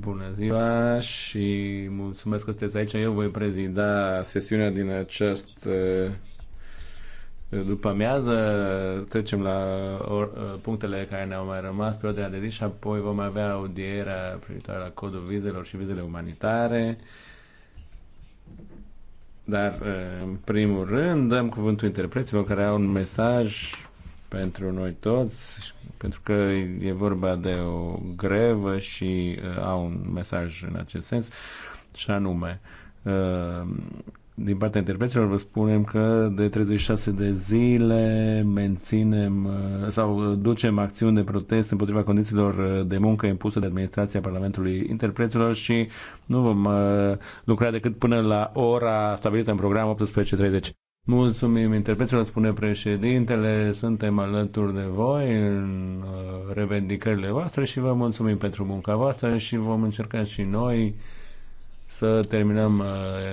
Bună ziua și mulțumesc că sunteți aici. Eu voi prezida sesiunea din acest uh, după amiază. Trecem la uh, punctele care ne-au mai rămas pe ordinea de zi și apoi vom avea audierea privitoare la codul vizelor și vizele umanitare. Dar, uh, în primul rând, dăm cuvântul interpreților care au un mesaj pentru noi toți, pentru că e vorba de o grevă și uh, au un mesaj în acest sens, și anume, uh, din partea interpreților vă spunem că de 36 de zile menținem uh, sau uh, ducem acțiuni de protest împotriva condițiilor de muncă impuse de administrația Parlamentului Interpreților și nu vom uh, lucra decât până la ora stabilită în program 18.30. Mulțumim interpreților, spune președintele, suntem alături de voi în uh, revendicările voastre și vă mulțumim pentru munca voastră și vom încerca și noi să terminăm uh,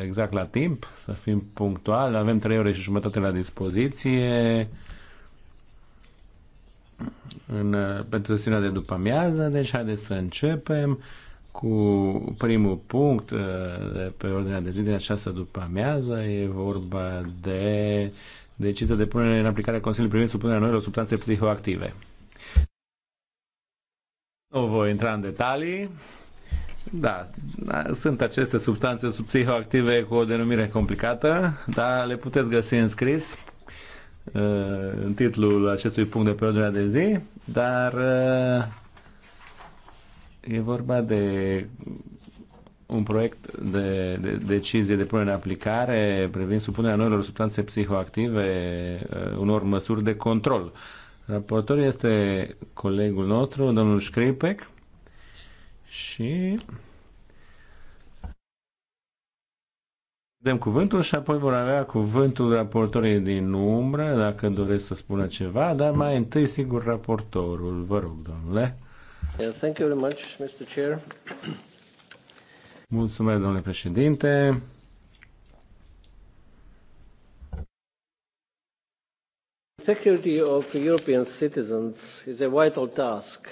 exact la timp, să fim punctuali. Avem trei ore și jumătate la dispoziție în, uh, pentru sesiunea de după amiază, deci haideți să începem cu primul punct uh, de pe ordinea de zi de această după amiază. E vorba de decizia de punere în aplicare a Consiliului privind supunerea noilor substanțe psihoactive. Nu voi intra în detalii. Da, sunt aceste substanțe psihoactive cu o denumire complicată, dar le puteți găsi în scris uh, în titlul acestui punct de pe ordinea de zi, dar uh, E vorba de un proiect de, de decizie de punere în aplicare privind supunerea noilor substanțe psihoactive uh, unor măsuri de control. Raportorul este colegul nostru, domnul Scripec, și dăm cuvântul și apoi vor avea cuvântul raportorii din umbră, dacă doresc să spună ceva, dar mai întâi, sigur, raportorul. Vă rog, domnule. Mulțumesc, domnule președinte. Security of European citizens is a vital task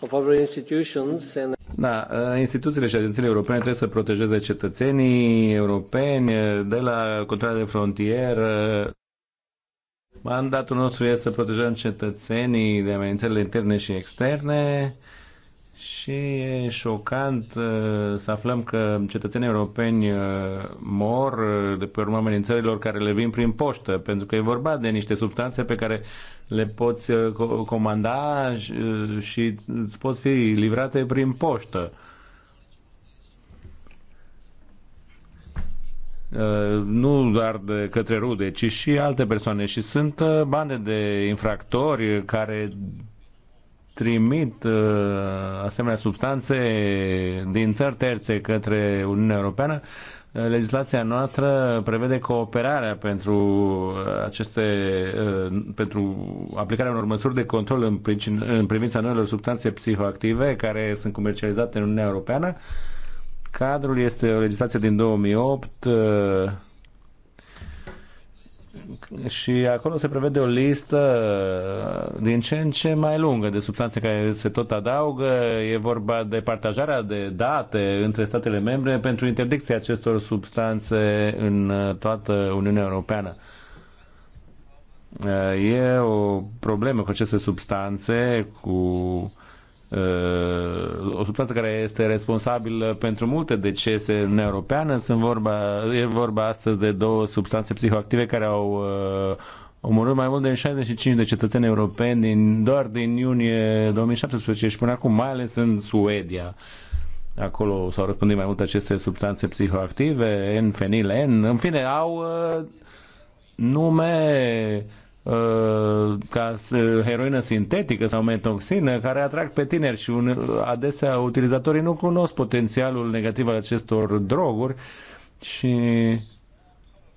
of our institutions and da, uh, instituțiile și agențiile europene trebuie să protejeze cetățenii europeni uh, de la controlele de frontieră Mandatul nostru este să protejăm cetățenii de amenințările interne și externe și e șocant uh, să aflăm că cetățenii europeni uh, mor uh, de pe urma amenințărilor care le vin prin poștă, pentru că e vorba de niște substanțe pe care le poți comanda și îți pot fi livrate prin poștă. Uh, nu doar de către rude, ci și alte persoane. Și sunt uh, bande de infractori care trimit uh, asemenea substanțe din țări terțe către Uniunea Europeană. Legislația noastră prevede cooperarea pentru aceste pentru aplicarea unor măsuri de control în, privința noilor substanțe psihoactive care sunt comercializate în Uniunea Europeană Cadrul este o legislație din 2008 uh, și acolo se prevede o listă uh, din ce în ce mai lungă de substanțe care se tot adaugă. E vorba de partajarea de date între statele membre pentru interdicția acestor substanțe în uh, toată Uniunea Europeană. E o problemă cu aceste substanțe, cu Uh, o substanță care este responsabilă pentru multe decese în europeană. Sunt vorba, e vorba astăzi de două substanțe psihoactive care au omorât uh, mai mult de 65 de cetățeni europeni din, doar din iunie 2017 și până acum, mai ales în Suedia. Acolo s-au răspândit mai mult aceste substanțe psihoactive, N-fenil, N, în fine, au uh, nume Uh, ca heroină sintetică sau metoxină care atrag pe tineri și adesea utilizatorii nu cunosc potențialul negativ al acestor droguri și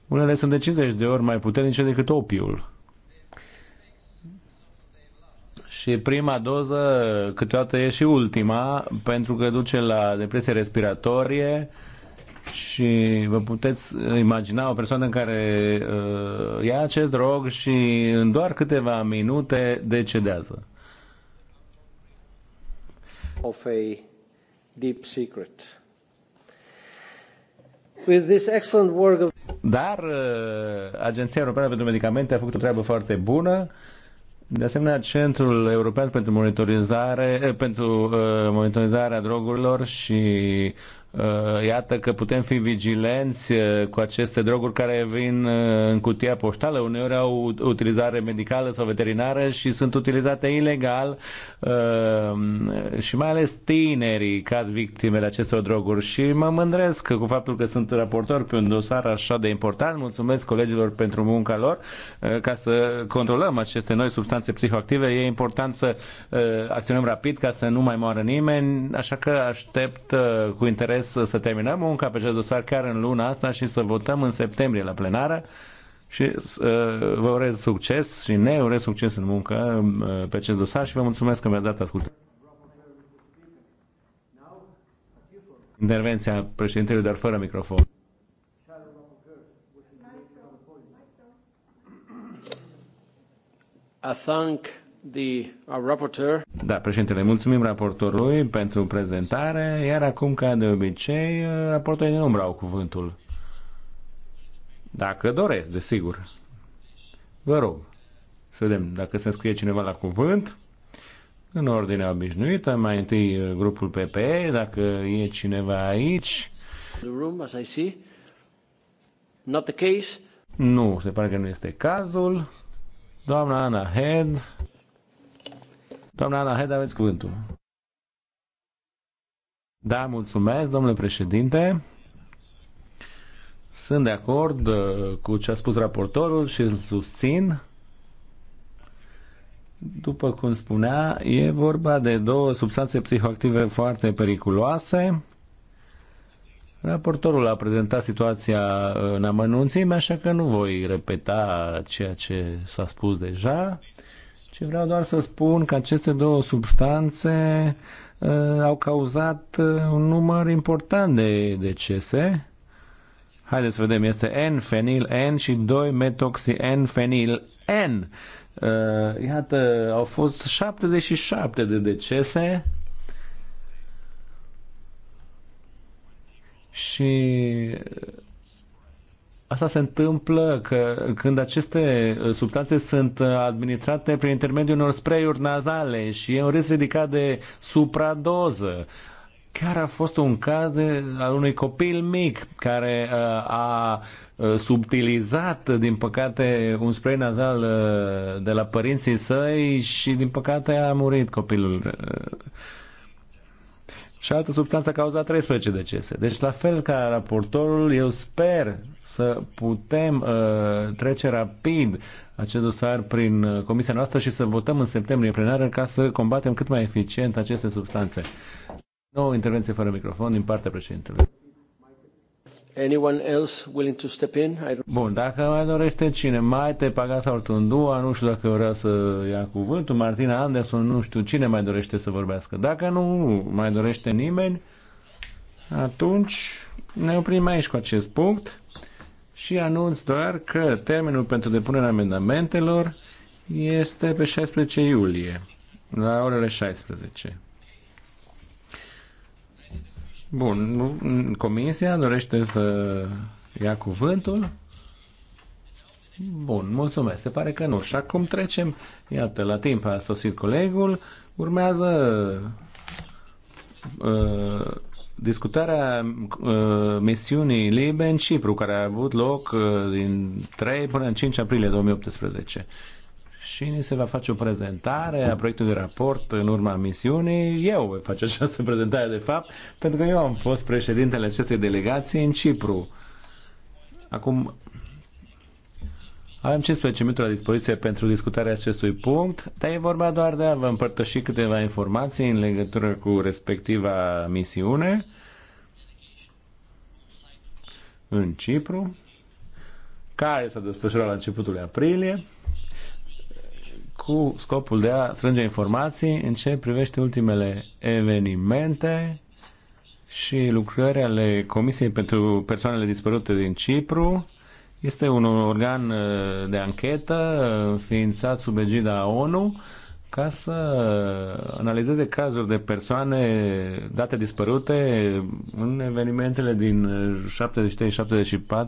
unele sunt de 50 de ori mai puternice decât opiul. Și prima doză câteodată e și ultima pentru că duce la depresie respiratorie, uh, și vă puteți imagina o persoană care uh, ia acest drog și în doar câteva minute decedează. Of a deep secret. With this excellent work of... Dar uh, Agenția Europeană pentru Medicamente a făcut o treabă foarte bună. De asemenea, Centrul European pentru Monitorizare, eh, pentru uh, monitorizarea drogurilor și Uh, iată că putem fi vigilenți uh, cu aceste droguri care vin uh, în cutia poștală, uneori au utilizare medicală sau veterinară și sunt utilizate ilegal Ehm, și mai ales tinerii cad victimele acestor droguri și mă mândresc cu faptul că sunt raportor pe un dosar așa de important. Mulțumesc colegilor pentru munca lor eh, ca să controlăm aceste noi substanțe psihoactive. E important să eh, acționăm rapid ca să nu mai moară nimeni, așa că aștept eh, cu interes să terminăm munca pe acest dosar chiar în luna asta și să votăm în septembrie la plenară. Și uh, vă urez succes și ne urez succes în muncă uh, pe acest dosar și vă mulțumesc că mi-a dat ascultare. Intervenția președintelui, dar fără microfon. I thank the rapporteur. Da, președintele, mulțumim raportorului pentru prezentare, iar acum, ca de obicei, uh, raportorii din umbră au cuvântul. Dacă doresc, desigur. Vă rog, să vedem dacă se scrie cineva la cuvânt. În ordinea obișnuită, mai întâi uh, grupul PPE, dacă e cineva aici. The room, as I see. Not the case. Nu, se pare că nu este cazul. Doamna Ana Head. Doamna Ana Head, aveți cuvântul. Da, mulțumesc, domnule președinte. Sunt de acord uh, cu ce a spus raportorul și îl susțin. După cum spunea, e vorba de două substanțe psihoactive foarte periculoase. Raportorul a prezentat situația în amănunțime, așa că nu voi repeta ceea ce s-a spus deja, ci vreau doar să spun că aceste două substanțe uh, au cauzat uh, un număr important de decese Haideți să vedem, este N-fenil N și 2-metoxi-N-fenil N. Uh, iată, au fost 77 de decese și Asta se întâmplă că când aceste uh, substanțe sunt uh, administrate prin intermediul unor spray-uri nazale și e un risc ridicat de supradoză chiar a fost un caz de, al unui copil mic care uh, a uh, subtilizat, din păcate, un spray nazal uh, de la părinții săi și, din păcate, a murit copilul. Uh. și altă substanță a cauzat 13 decese. Deci, la fel ca raportorul, eu sper să putem uh, trece rapid acest dosar prin uh, comisia noastră și să votăm în septembrie plenară ca să combatem cât mai eficient aceste substanțe. O intervenție fără microfon din partea președintelui. Anyone else willing to step in? I don't... Bun, dacă mai dorește cine, mai te paga sau două, nu știu dacă vrea să ia cuvântul, Martina Anderson, nu știu cine mai dorește să vorbească. Dacă nu mai dorește nimeni, atunci ne oprim aici cu acest punct și anunț doar că termenul pentru depunerea amendamentelor este pe 16 iulie, la orele 16. Bun, comisia dorește să ia cuvântul? Bun, mulțumesc. Se pare că nu. Și acum trecem, iată, la timp a sosit colegul, urmează uh, discutarea uh, misiunii Libe în Cipru, care a avut loc uh, din 3 până în 5 aprilie 2018 și ni se va face o prezentare a proiectului de raport în urma misiunii. Eu voi face această prezentare, de fapt, pentru că eu am fost președintele acestei delegații în Cipru. Acum avem 15 minute la dispoziție pentru discutarea acestui punct, dar e vorba doar de a vă împărtăși câteva informații în legătură cu respectiva misiune în Cipru, care s-a desfășurat la începutul aprilie cu scopul de a strânge informații în ce privește ultimele evenimente și lucrări ale Comisiei pentru persoanele dispărute din Cipru. Este un organ uh, de anchetă uh, ființat sub egida ONU ca să analizeze cazuri de persoane date dispărute în evenimentele din 73-74,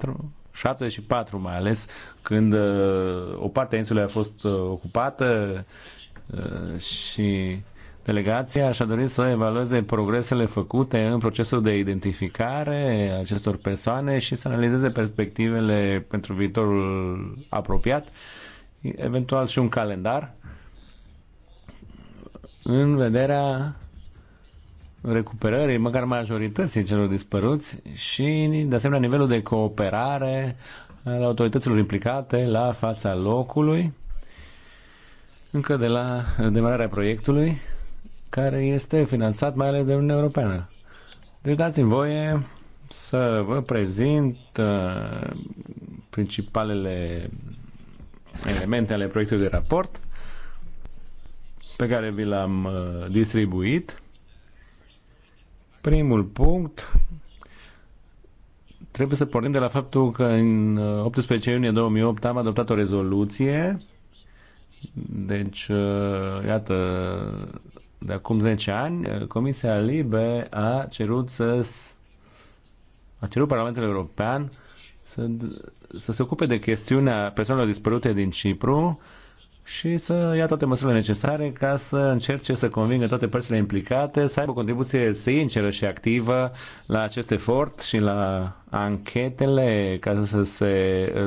74 mai ales, când uh, o parte a insulei a fost uh, ocupată uh, și delegația și-a dorit să evalueze progresele făcute în procesul de identificare a acestor persoane și să analizeze perspectivele pentru viitorul apropiat, eventual și un calendar în vederea recuperării, măcar majorității celor dispăruți și, de asemenea, nivelul de cooperare al autorităților implicate la fața locului, încă de la demararea proiectului, care este finanțat mai ales de Uniunea Europeană. Deci dați-mi voie să vă prezint uh, principalele elemente ale proiectului de raport pe care vi l-am uh, distribuit. Primul punct, trebuie să pornim de la faptul că în 18 uh, iunie 2008 am adoptat o rezoluție, deci, uh, iată, de acum 10 ani, Comisia Libe a cerut să a cerut Parlamentul European să, să se ocupe de chestiunea persoanelor dispărute din Cipru și să ia toate măsurile necesare ca să încerce să convingă toate părțile implicate să aibă o contribuție sinceră și activă la acest efort și la anchetele ca să se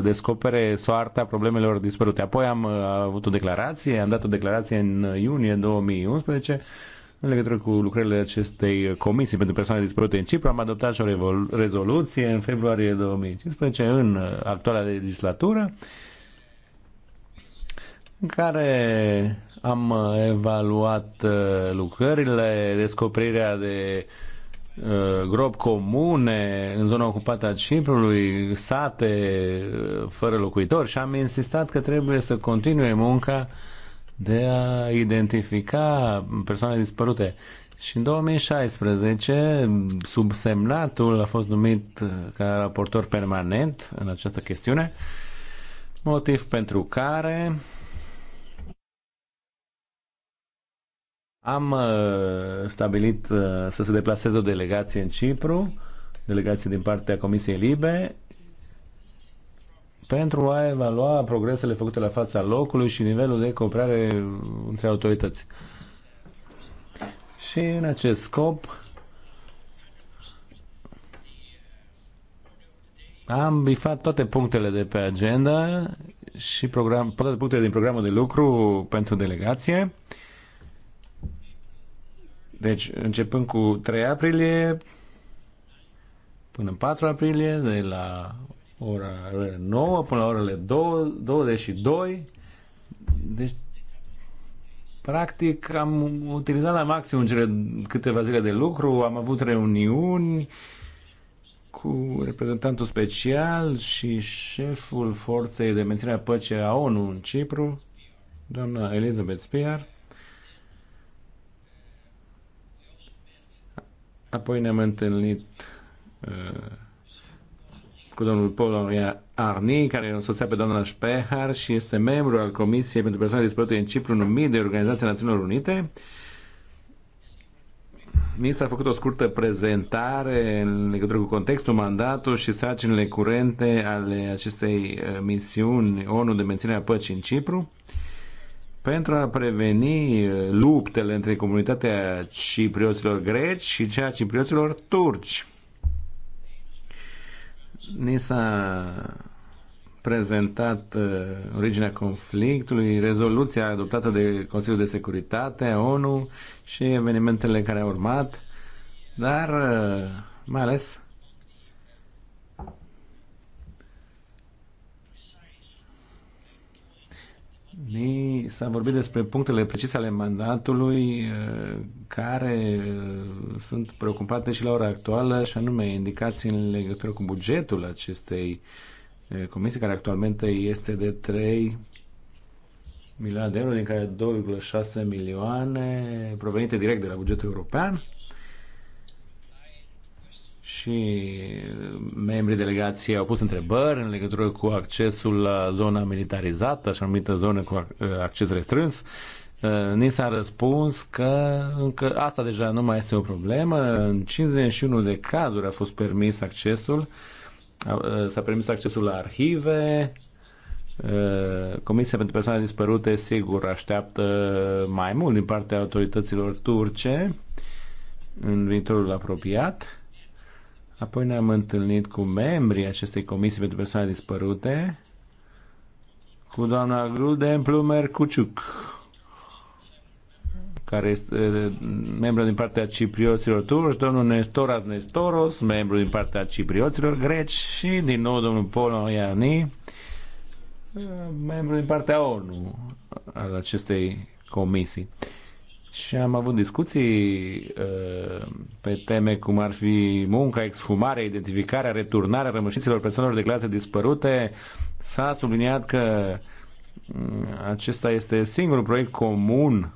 descopere soarta problemelor dispărute. Apoi am uh, avut o declarație, am dat o declarație în iunie 2011 în legătură cu lucrările acestei comisii pentru persoane dispărute în Cipru, am adoptat și o rezoluție în februarie 2015 în actuala legislatură în care am uh, evaluat uh, lucrările, descoperirea de uh, grob comune în zona ocupată a Ciprului, sate fără locuitori și am insistat că trebuie să continue munca de a identifica persoane dispărute. Și în 2016, subsemnatul a fost numit ca raportor permanent în această chestiune, motiv pentru care Am uh, stabilit uh, să se deplaseze o delegație în Cipru, delegație din partea Comisiei Libe, pentru a evalua progresele făcute la fața locului și nivelul de cooperare între autorități. Și în acest scop am bifat toate punctele de pe agenda și program, toate punctele din programul de lucru pentru delegație. Deci, începând cu 3 aprilie până în 4 aprilie, de la ora 9 până la orele 2, 22. Deci, practic, am utilizat la maxim cele câteva zile de lucru, am avut reuniuni cu reprezentantul special și șeful forței de menținere a păcii a ONU în Cipru, doamna Elizabeth Spear Apoi ne-am întâlnit uh, cu domnul Paul Arni, care însoțea pe doamna Spehar și este membru al Comisiei pentru Persoane Dispărute în Cipru, numit de Organizația Națiunilor Unite. Mi s-a făcut o scurtă prezentare în legătură cu contextul, mandatul și sarcinile curente ale acestei uh, misiuni ONU de menținere a păcii în Cipru pentru a preveni uh, luptele între comunitatea ciprioților greci și cea ciprioților turci. Ni s-a prezentat uh, originea conflictului, rezoluția adoptată de Consiliul de Securitate, ONU și evenimentele care au urmat, dar uh, mai ales ni s-a vorbit despre punctele precise ale mandatului eh, care eh, sunt preocupate și la ora actuală și anume indicații în legătură cu bugetul acestei eh, comisii care actualmente este de 3 milioane de euro, din care 2,6 milioane provenite direct de la bugetul european și membrii delegației au pus întrebări în legătură cu accesul la zona militarizată, așa numită zonă cu acces restrâns. Eh, ni s-a răspuns că încă asta deja nu mai este o problemă. În 51 de cazuri a fost permis accesul. Eh, s-a permis accesul la arhive. Eh, Comisia pentru persoane dispărute, sigur, așteaptă mai mult din partea autorităților turce în viitorul apropiat Apoi ne-am întâlnit cu membrii acestei comisii pentru persoane dispărute, cu doamna Gruden Plumer Cuciuc, care este eh, membru din partea ciprioților turci, domnul Nestoras Nestoros, membru din partea ciprioților greci și din nou domnul Polo Iani, eh, membru din partea ONU al acestei comisii. Și am avut discuții uh, pe teme cum ar fi munca, exhumarea, identificarea, returnarea rămășiților persoanelor declarate dispărute. S-a subliniat că mm, acesta este singurul proiect comun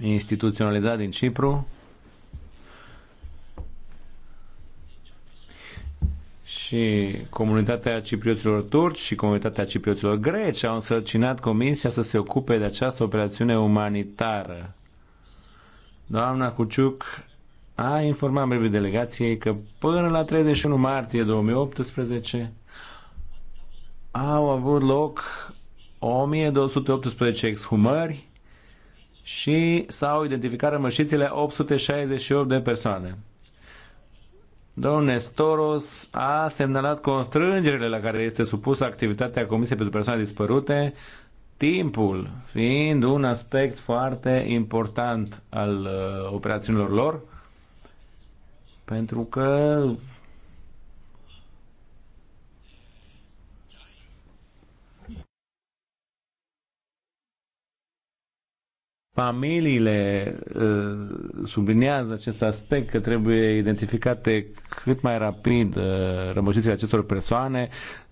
instituționalizat din Cipru. Și comunitatea ciprioților turci și comunitatea ciprioților greci au însărcinat comisia să se ocupe de această operațiune umanitară Doamna Cuciuc a informat membrii delegației că până la 31 martie 2018 au avut loc 1218 exhumări și s-au identificat rămășițile 868 de persoane. Domnul Nestoros a semnalat constrângerile la care este supusă activitatea Comisiei pentru Persoane Dispărute, timpul fiind un aspect foarte important al uh, operațiunilor lor, pentru că familiile uh, subliniază acest aspect că trebuie identificate cât mai rapid uh, rămășițele acestor persoane,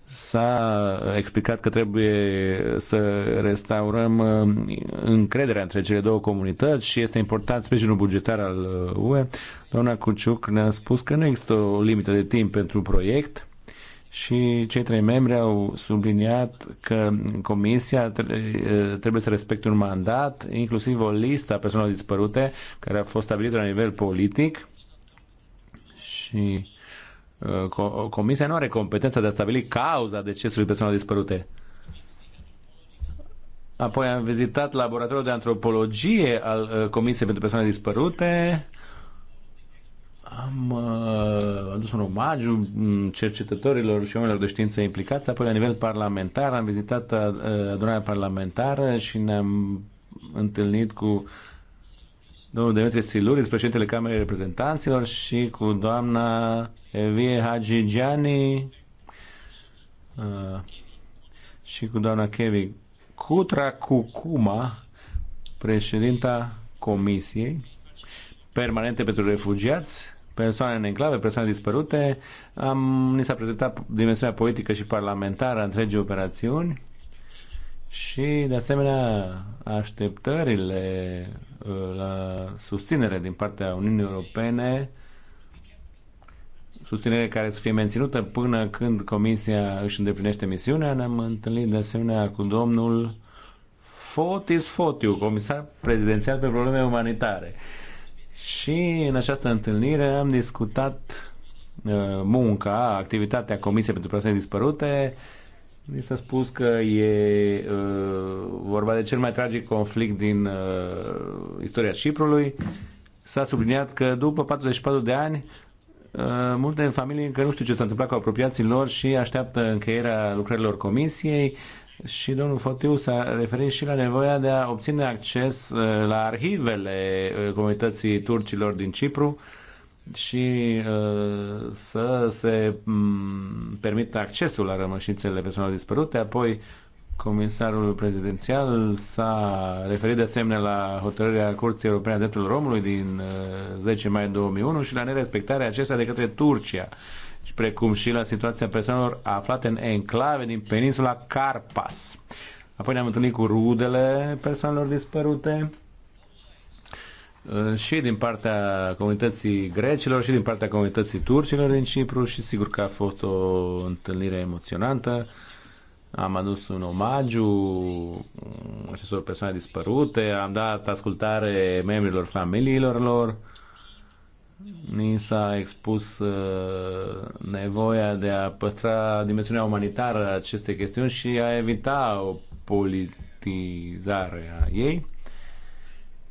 s-a explicat că trebuie să restaurăm uh, încrederea între cele două comunități și este important sprijinul bugetar al uh, UE. Doamna Cuciuc ne-a spus că nu există o limită de timp pentru proiect și cei trei membri au subliniat că Comisia uh, trebuie să respecte un mandat, inclusiv o listă a persoanelor dispărute care a fost stabilită la nivel politic și Uh, comisia nu are competența de a stabili cauza decesului persoanelor dispărute. Apoi am vizitat laboratorul de antropologie al uh, Comisiei pentru persoane dispărute. Am uh, adus un omagiu mm, cercetătorilor și oamenilor de știință implicați. Apoi, la nivel parlamentar, am vizitat uh, adunarea parlamentară și ne-am întâlnit cu uh, domnul Demetrie Siluris, președintele Camerei Reprezentanților și cu doamna Evie Hagigiani uh, și cu doamna Kevi Cutra Cucuma, președinta Comisiei Permanente pentru Refugiați, persoane în enclave, persoane dispărute. Am, ni s-a prezentat dimensiunea politică și parlamentară a întregii operațiuni și, de asemenea, așteptările uh, la susținere din partea Uniunii Europene, susținere care să fie menținută până când Comisia își îndeplinește misiunea. Ne-am întâlnit, de asemenea, cu domnul Fotis Fotiu, comisar prezidențial pe probleme umanitare. Și în această întâlnire am discutat uh, munca, activitatea Comisiei pentru Persoane Dispărute, mi s-a spus că e uh, vorba de cel mai tragic conflict din uh, istoria Ciprului. S-a subliniat că după 44 de ani, uh, multe familii încă nu știu ce s-a întâmplat cu apropiații lor și așteaptă încheierea lucrărilor comisiei. Și domnul Fotiu s-a referit și la nevoia de a obține acces uh, la arhivele uh, comunității turcilor din Cipru și uh, să se mm, permită accesul la rămășițele persoanelor dispărute. Apoi, comisarul prezidențial s-a referit de asemenea la hotărârea Curții Europene a Drepturilor Omului din 10 uh, mai 2001 și la nerespectarea acestea de către Turcia și precum și la situația persoanelor aflate în enclave din peninsula Carpas. Apoi ne-am întâlnit cu rudele persoanelor dispărute și din partea comunității grecilor și din partea comunității turcilor din Cipru și sigur că a fost o întâlnire emoționantă. Am adus un omagiu acestor persoane dispărute, am dat ascultare membrilor familiilor lor, ni s-a expus uh, nevoia de a păstra dimensiunea umanitară a acestei chestiuni și a evita o politizare a ei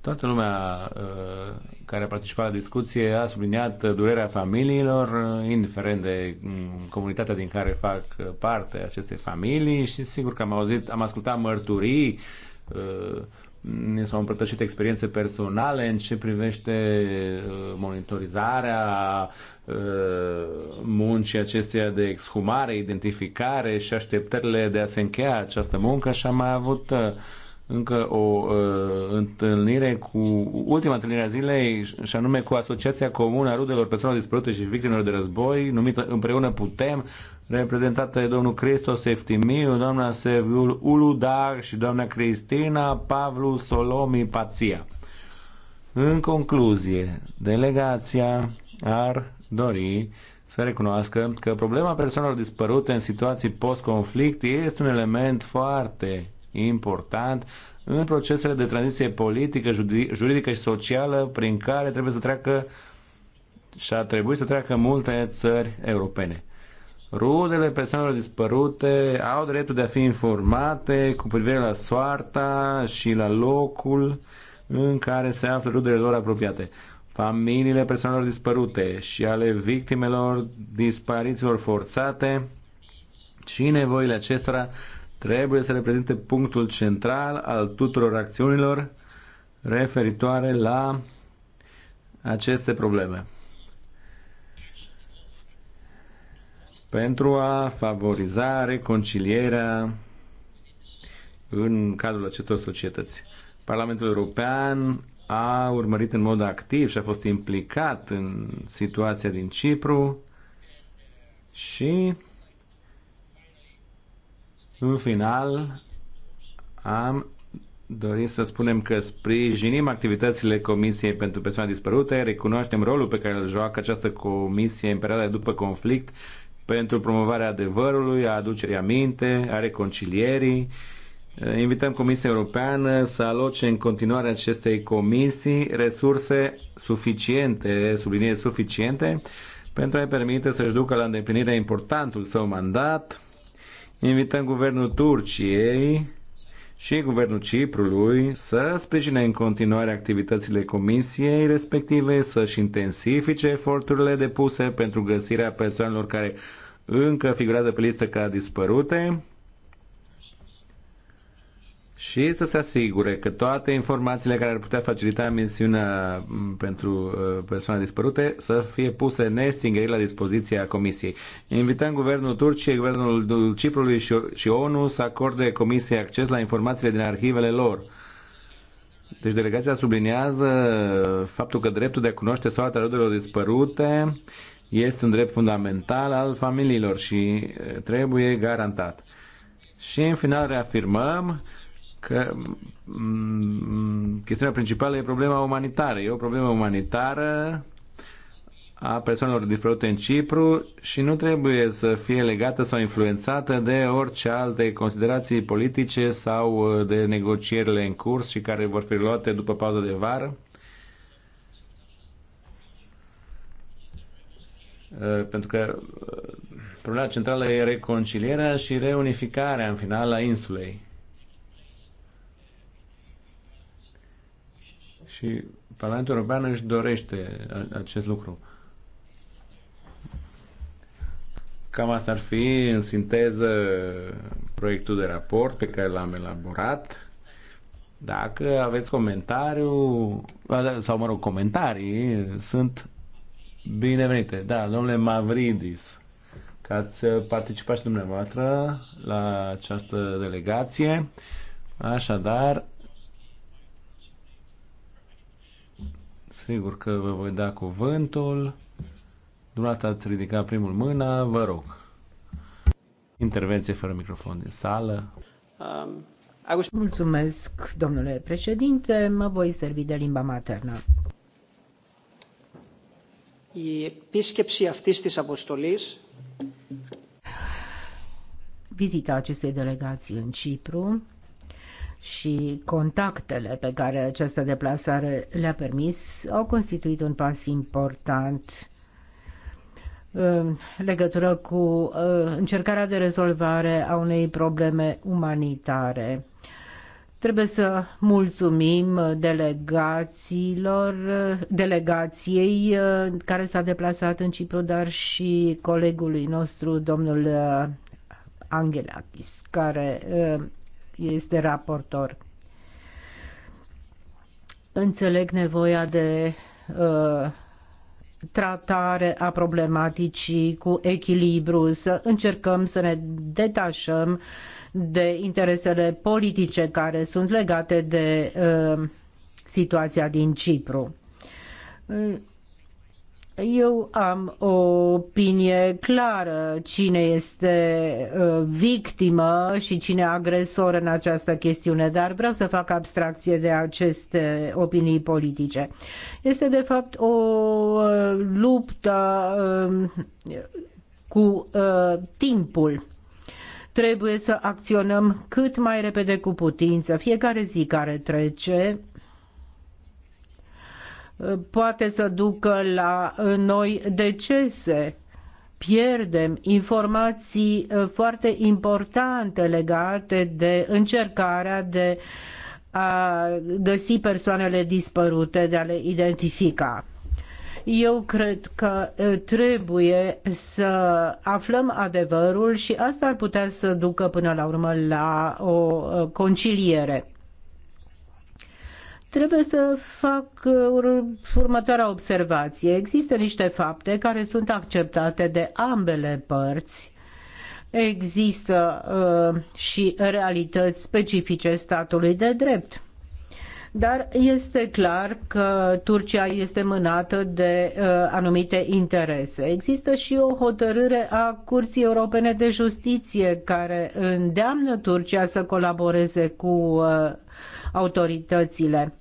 Toată lumea uh, care a participat la discuție a subliniat uh, durerea familiilor, uh, indiferent de mm, comunitatea din care fac parte aceste familii și sigur că am auzit, am ascultat mărturii, ne s-au împărtășit experiențe personale în ce privește monitorizarea muncii acesteia de exhumare, identificare și așteptările de a se încheia această muncă și am mai avut încă o uh, întâlnire cu ultima întâlnire a zilei și anume cu Asociația Comună a Rudelor Persoanelor Dispărute și Victimelor de Război, numită Împreună Putem, reprezentată de domnul Cristos Seftimiu, doamna Serviul Uludar și doamna Cristina Pavlu Solomi Pația. În concluzie, delegația ar dori să recunoască că problema persoanelor dispărute în situații post-conflict este un element foarte important în procesele de tranziție politică, juridică și socială prin care trebuie să treacă și a trebuit să treacă multe țări europene. Rudele persoanelor dispărute au dreptul de a fi informate cu privire la soarta și la locul în care se află rudele lor apropiate. Familiile persoanelor dispărute și ale victimelor dispariților forțate și nevoile acestora trebuie să reprezinte punctul central al tuturor acțiunilor referitoare la aceste probleme. Pentru a favoriza reconcilierea în cadrul acestor societăți. Parlamentul European a urmărit în mod activ și a fost implicat în situația din Cipru și în final, am dorit să spunem că sprijinim activitățile Comisiei pentru Persoane Dispărute, recunoaștem rolul pe care îl joacă această comisie în perioada după conflict pentru promovarea adevărului, a aducerii aminte, a reconcilierii. Invităm Comisia Europeană să aloce în continuare acestei comisii resurse suficiente, subliniere suficiente, pentru a-i permite să-și ducă la îndeplinire importantul său mandat, Invităm guvernul Turciei și guvernul Ciprului să sprijine în continuare activitățile comisiei respective, să-și intensifice eforturile depuse pentru găsirea persoanelor care încă figurează pe listă ca dispărute și să se asigure că toate informațiile care ar putea facilita misiunea pentru uh, persoane dispărute să fie puse nestingerit la dispoziția Comisiei. Invităm Guvernul Turciei, Guvernul Ciprului și ONU să acorde Comisiei acces la informațiile din arhivele lor. Deci delegația subliniază faptul că dreptul de a cunoaște soarta rudelor dispărute este un drept fundamental al familiilor și uh, trebuie garantat. Și în final reafirmăm că mm, chestiunea principală e problema umanitară. E o problemă umanitară a persoanelor dispărute în Cipru și nu trebuie să fie legată sau influențată de orice alte considerații politice sau uh, de negocierile în curs și care vor fi luate după pauza de vară. Uh, pentru că uh, problema centrală e reconcilierea și reunificarea în final a insulei. Și Parlamentul European își dorește acest lucru. Cam asta ar fi, în sinteză, proiectul de raport pe care l-am elaborat. Dacă aveți comentariu, da, sau mă rog, comentarii, sunt binevenite. Da, domnule Mavridis, că ați participat și dumneavoastră la această delegație. Așadar, Sigur că vă voi da cuvântul. Dumneavoastră ați ridicat primul mâna, vă rog. Intervenție fără microfon din sală. Um, Mulțumesc, domnule președinte. Mă voi servi de limba maternă. Vizita acestei delegații în Cipru și contactele pe care această deplasare le-a permis au constituit un pas important în uh, legătură cu uh, încercarea de rezolvare a unei probleme umanitare. Trebuie să mulțumim delegațiilor, uh, delegației care s-a deplasat în Cipru, dar și colegului nostru, domnul Angelakis, care este raportor. Înțeleg nevoia de uh, tratare a problematicii cu echilibru, să încercăm să ne detașăm de interesele politice care sunt legate de uh, situația din Cipru. Eu am o opinie clară cine este ă, victimă și cine agresor în această chestiune, dar vreau să fac abstracție de aceste opinii politice. Este de fapt o ă, luptă ă, cu timpul trebuie să acționăm cât mai repede cu putință. Fiecare zi care trece poate să ducă la uh, noi decese. Pierdem informații uh, foarte importante legate de încercarea de a găsi persoanele dispărute, de a le identifica. Eu cred că uh, trebuie să aflăm adevărul și asta ar putea să ducă până la urmă la o conciliere. Trebuie să fac uh, următoarea observație. Există niște fapte care sunt acceptate de ambele părți. Există uh, și realități specifice statului de drept. Dar este clar că Turcia este mânată de uh, anumite interese. Există și o hotărâre a Curții Europene de Justiție care îndeamnă Turcia să colaboreze cu uh, autoritățile.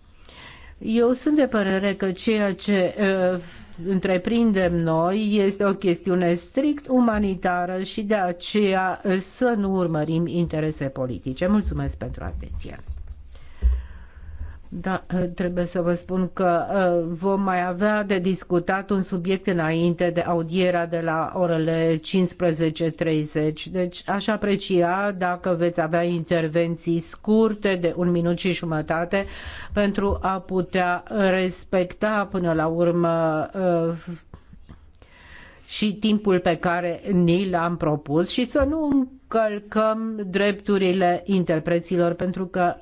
Eu sunt de părere că ceea ce uh, întreprindem noi este o chestiune strict umanitară și de aceea să nu urmărim interese politice. Mulțumesc pentru atenție. Da, eh, trebuie să vă spun că eh, vom mai avea de discutat un subiect înainte de audiera de la orele 15.30. Deci aș aprecia dacă veți avea intervenții scurte de un minut și jumătate pentru a putea respecta până la urmă eh, și timpul pe care ni l-am propus și să nu călcăm drepturile interpreților pentru că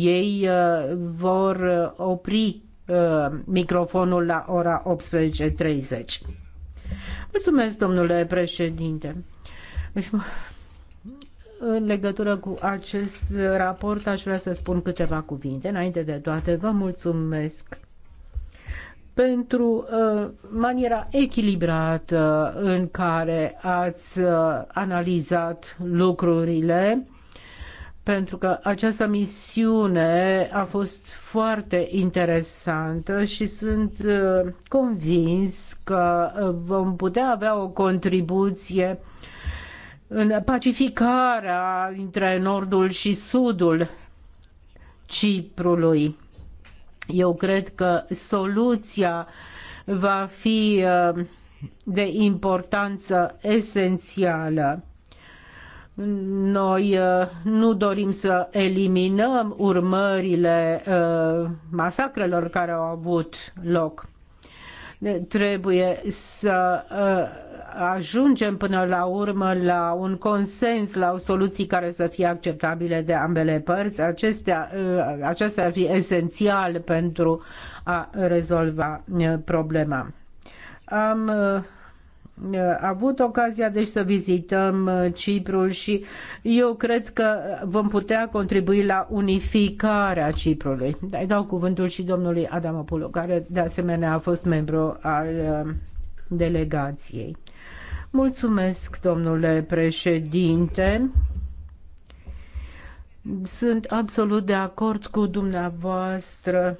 ei uh, vor uh, opri uh, microfonul la ora 18.30. Mulțumesc, domnule președinte. Deci, în legătură cu acest raport aș vrea să spun câteva cuvinte. Înainte de toate, vă mulțumesc pentru uh, maniera echilibrată în care ați uh, analizat lucrurile, pentru că această misiune a fost foarte interesantă și sunt uh, convins că uh, vom putea avea o contribuție în pacificarea între nordul și sudul Ciprului eu cred că soluția va fi uh, de importanță esențială. Noi uh, nu dorim să eliminăm urmările uh, masacrelor care au avut loc. Trebuie să ajungem până la urmă la un consens, la o soluții care să fie acceptabile de ambele părți. Acestea, uh, aceasta ar fi esențial pentru a rezolva uh, problema. Am uh, avut ocazia deci să vizităm Ciprul și eu cred că vom putea contribui la unificarea Ciprului. Dai dau cuvântul și domnului Adamopoulos, care de asemenea a fost membru al delegației. Mulțumesc, domnule președinte. Sunt absolut de acord cu dumneavoastră.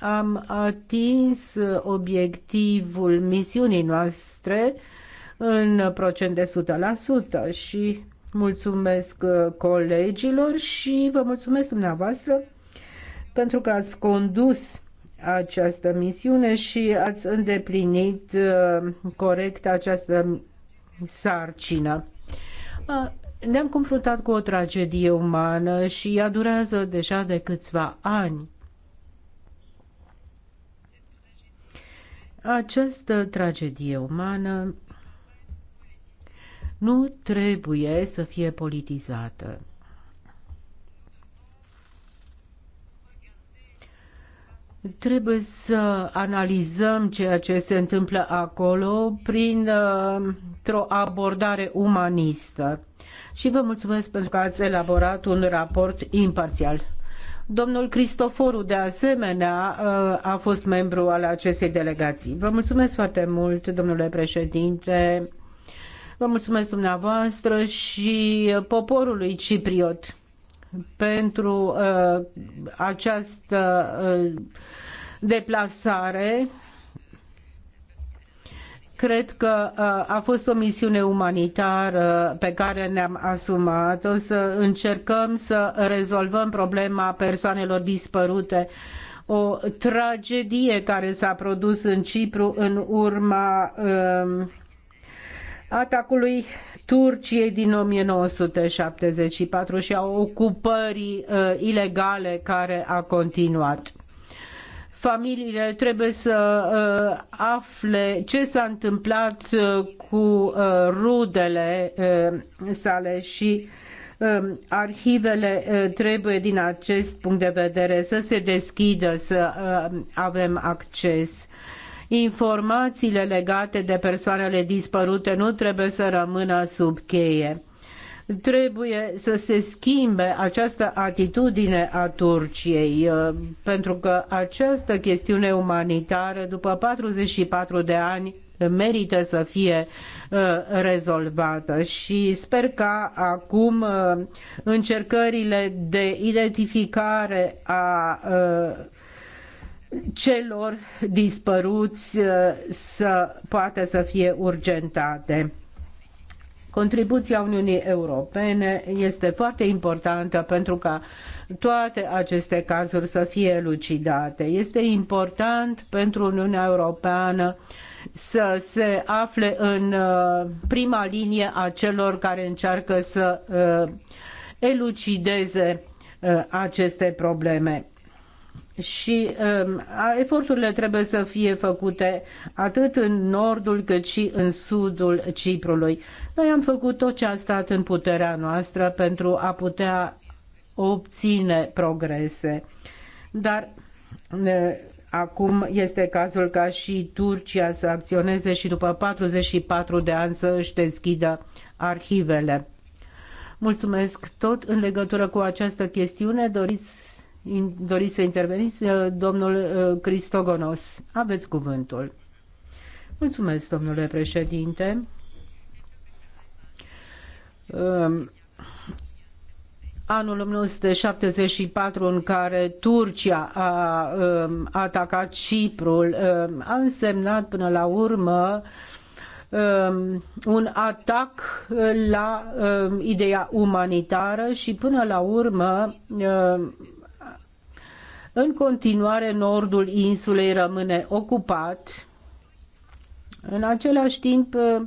Am atins obiectivul misiunii noastre în procent de 100% și mulțumesc colegilor și vă mulțumesc dumneavoastră pentru că ați condus această misiune și ați îndeplinit uh, corect această sarcină. Ne-am confruntat cu o tragedie umană și ea durează deja de câțiva ani. Această tragedie umană nu trebuie să fie politizată. Trebuie să analizăm ceea ce se întâmplă acolo prin uh, o abordare umanistă. Și vă mulțumesc pentru că ați elaborat un raport imparțial. Domnul Cristoforu, de asemenea, uh, a fost membru al acestei delegații. Vă mulțumesc foarte mult, domnule președinte. Vă mulțumesc dumneavoastră și poporului cipriot pentru uh, această uh, deplasare. Cred că uh, a fost o misiune umanitară pe care ne-am asumat-o să încercăm să rezolvăm problema persoanelor dispărute o tragedie care s-a produs în Cipru în urma uh, atacului Turciei din 1974 și a ocupării uh, ilegale care a continuat. Familiile trebuie să uh, afle ce s-a întâmplat uh, cu uh, rudele uh, sale și um, arhivele uh, trebuie din acest punct de vedere să se deschidă, să avem acces uh, informațiile legate de persoanele dispărute nu trebuie să rămână sub cheie. Trebuie să se schimbe această atitudine a Turciei, uh, pentru că această chestiune umanitară, după 44 de ani, merită să fie uh, rezolvată și sper ca acum uh, încercările de identificare a celor dispăruți uh, să poată să fie urgentate. Contribuția Uniunii Europene este foarte importantă pentru ca toate aceste cazuri să fie elucidate. Este important pentru Uniunea Europeană să se afle în uh, prima linie a celor care încearcă să uh, elucideze aceste probleme și uh, eforturile trebuie să fie făcute atât în nordul cât și în sudul Ciprului. Noi am făcut tot ce a stat în puterea noastră pentru a putea obține progrese. Dar Acum este cazul ca și Turcia să acționeze și după 44 de ani să își deschidă arhivele. Mulțumesc tot în legătură cu această chestiune. Doriți doriți să interveniți, uh, domnul uh, Cristogonos. Aveți cuvântul. Mulțumesc, domnule președinte. Um, anul 1974, în care Turcia a um, atacat Ciprul, um, a însemnat până la urmă un atac la ideea umanitară și până la urmă în continuare, nordul insulei rămâne ocupat. În același timp, uh,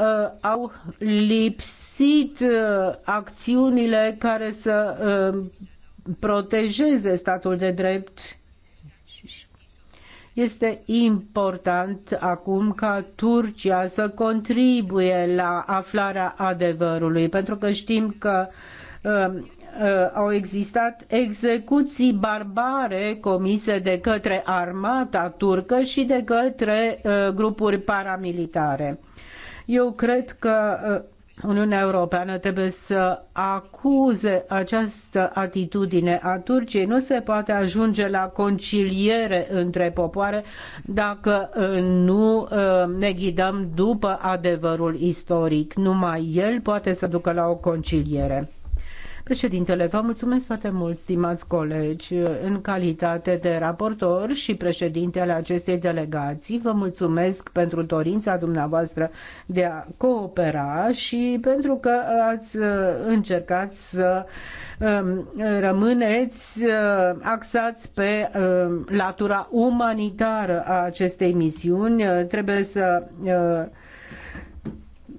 uh, au lipsit uh, acțiunile care să protejeze statul de drept. Este important acum ca Turcia să contribuie la aflarea adevărului, pentru că știm că Uh, au existat execuții barbare comise de către armata turcă și de către uh, grupuri paramilitare. Eu cred că uh, Uniunea Europeană trebuie să acuze această atitudine a Turciei. Nu se poate ajunge la conciliere între popoare dacă nu ne ghidăm după adevărul istoric. Numai el poate să ducă la o conciliere. Președintele, vă mulțumesc foarte mult, stimați colegi, în calitate de raportor și președintele acestei delegații. Vă mulțumesc pentru dorința dumneavoastră de a coopera și pentru că ați uh, încercat să um, rămâneți uh, axați pe um, latura umanitară a acestei misiuni. Uh, trebuie să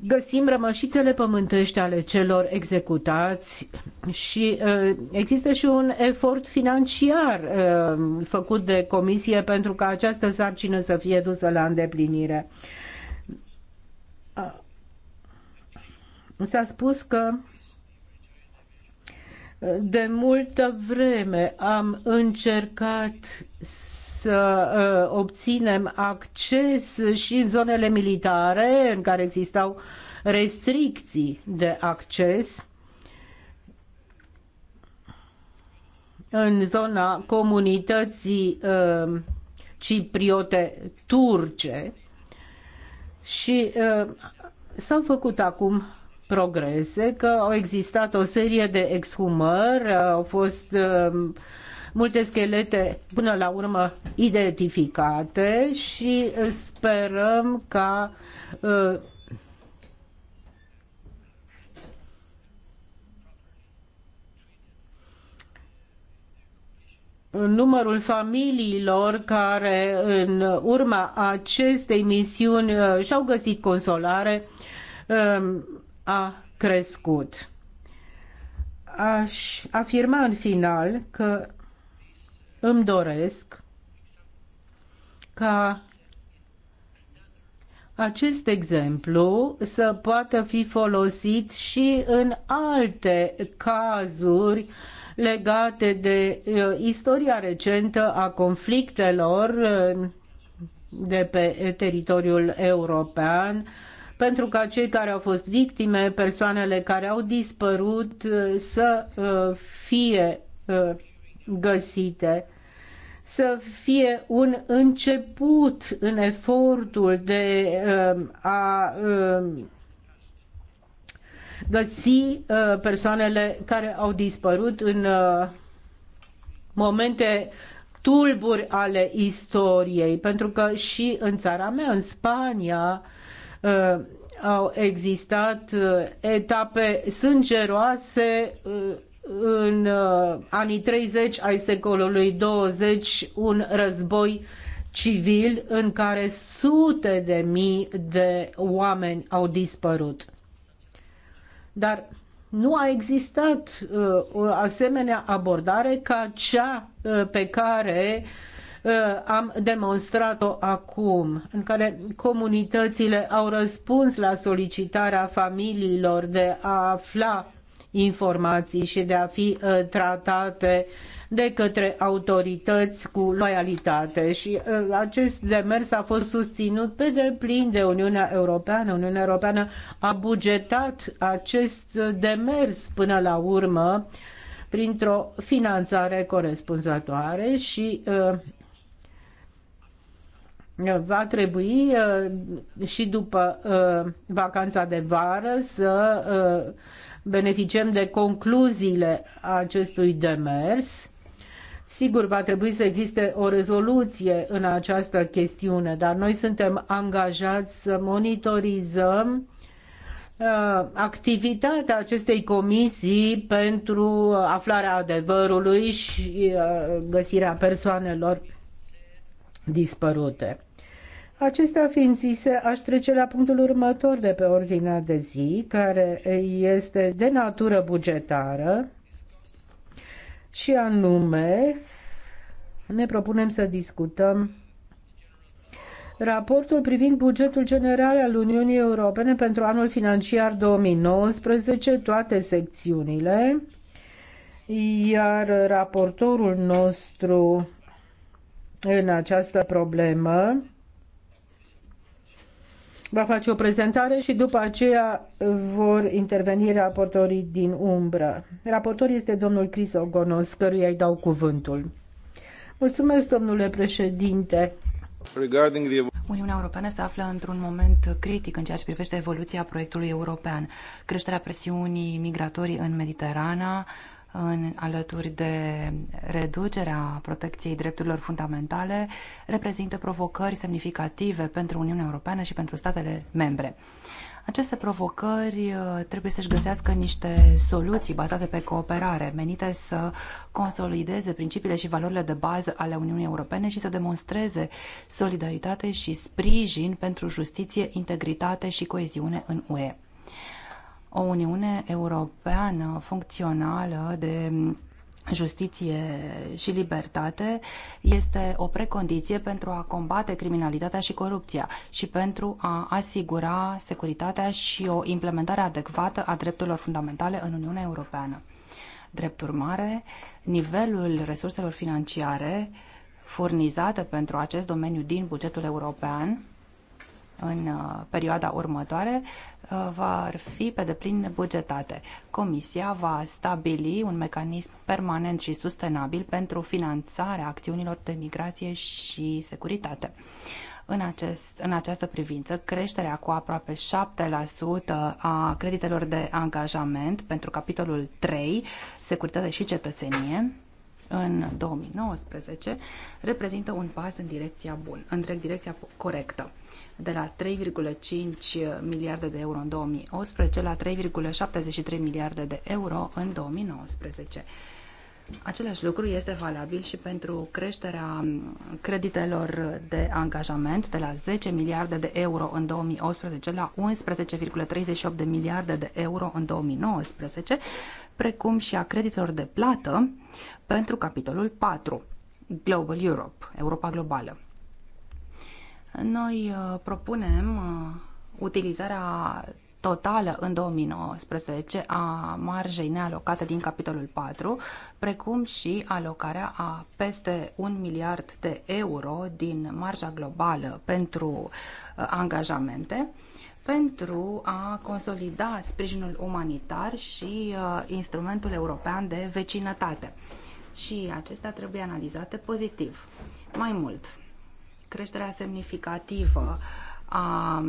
găsim rămășițele pământești ale celor executați și uh, există și un efort financiar uh, făcut de comisie pentru ca această sarcină să fie dusă la îndeplinire. Uh, s-a spus că de multă vreme am încercat să ă, obținem acces și în zonele militare în care existau restricții de acces în zona comunității ă, cipriote turce și ă, s-au făcut acum progrese, că au existat o serie de exhumări, au fost multe schelete până la urmă identificate și uh, sperăm ca uh, numărul familiilor care în urma acestei misiuni uh, și-au găsit consolare um, a crescut. Aș afirma în final că îmi doresc ca acest exemplu să poată fi folosit și în alte cazuri legate de uh, istoria recentă a conflictelor uh, de pe teritoriul european, pentru ca cei care au fost victime, persoanele care au dispărut uh, să fie găsite să fie un început în efortul de um, a um, găsi uh, persoanele care au dispărut în uh, momente tulburi ale istoriei, pentru că și în țara mea, în Spania, uh, au existat etape sângeroase în uh, anii 30 ai secolului 20 un război civil în care sute de mii de oameni au dispărut. Dar nu a existat uh, o asemenea abordare ca cea uh, pe care uh, am demonstrat-o acum, în care comunitățile au răspuns la solicitarea familiilor de a afla informații și de a fi uh, tratate de către autorități cu loialitate și uh, acest demers a fost susținut pe deplin de Uniunea Europeană. Uniunea Europeană a bugetat acest demers până la urmă printr-o finanțare corespunzătoare și uh, va trebui și după vacanța de vară să beneficiem de concluziile acestui demers. Sigur, va trebui să existe o rezoluție în această chestiune, dar noi suntem angajați să monitorizăm uh, activitatea acestei comisii pentru aflarea adevărului și uh, găsirea persoanelor dispărute acestea fiind zise, aș trece la punctul următor de pe ordinea de zi, care este de natură bugetară și anume ne propunem să discutăm raportul privind bugetul general al Uniunii Europene pentru anul financiar 2019, toate secțiunile, iar raportorul nostru în această problemă va face o prezentare și după aceea vor interveni raportorii din umbră. Raportor este domnul Ogonos, căruia îi dau cuvântul. Mulțumesc, domnule președinte. Uniunea Europeană se află într-un moment critic în ceea ce privește evoluția proiectului european. Creșterea presiunii migratorii în Mediterana, în, alături de reducerea protecției drepturilor fundamentale, reprezintă provocări semnificative pentru Uniunea Europeană și pentru statele membre. Aceste provocări uh, trebuie să-și găsească niște soluții bazate pe cooperare, menite să consolideze principiile și valorile de bază ale Uniunii Europene și să demonstreze solidaritate și sprijin pentru justiție, integritate și coeziune în UE o Uniune Europeană funcțională de justiție și libertate este o precondiție pentru a combate criminalitatea și corupția și pentru a asigura securitatea și o implementare adecvată a drepturilor fundamentale în Uniunea Europeană. Drept urmare, nivelul resurselor financiare furnizate pentru acest domeniu din bugetul european în uh, perioada următoare Uh, va fi pe deplin bugetate. Comisia va stabili un mecanism permanent și sustenabil pentru finanțarea acțiunilor de migrație și securitate. În, acest, în această privință, creșterea cu aproape 7% a creditelor de angajament pentru capitolul 3, securitate și cetățenie, în 2019, reprezintă un pas în direcția bună, în direcția corectă de la 3,5 miliarde de euro în 2018 la 3,73 miliarde de euro în 2019. Același lucru este valabil și pentru creșterea creditelor de angajament de la 10 miliarde de euro în 2018 la 11,38 de miliarde de euro în 2019, precum și a creditelor de plată pentru capitolul 4, Global Europe, Europa Globală. Noi uh, propunem uh, utilizarea totală în 2019 a marjei nealocate din capitolul 4, precum și alocarea a peste un miliard de euro din marja globală pentru uh, angajamente pentru a consolida sprijinul umanitar și instrumentul european de vecinătate. Și acestea trebuie analizate pozitiv. Mai mult, creșterea semnificativă a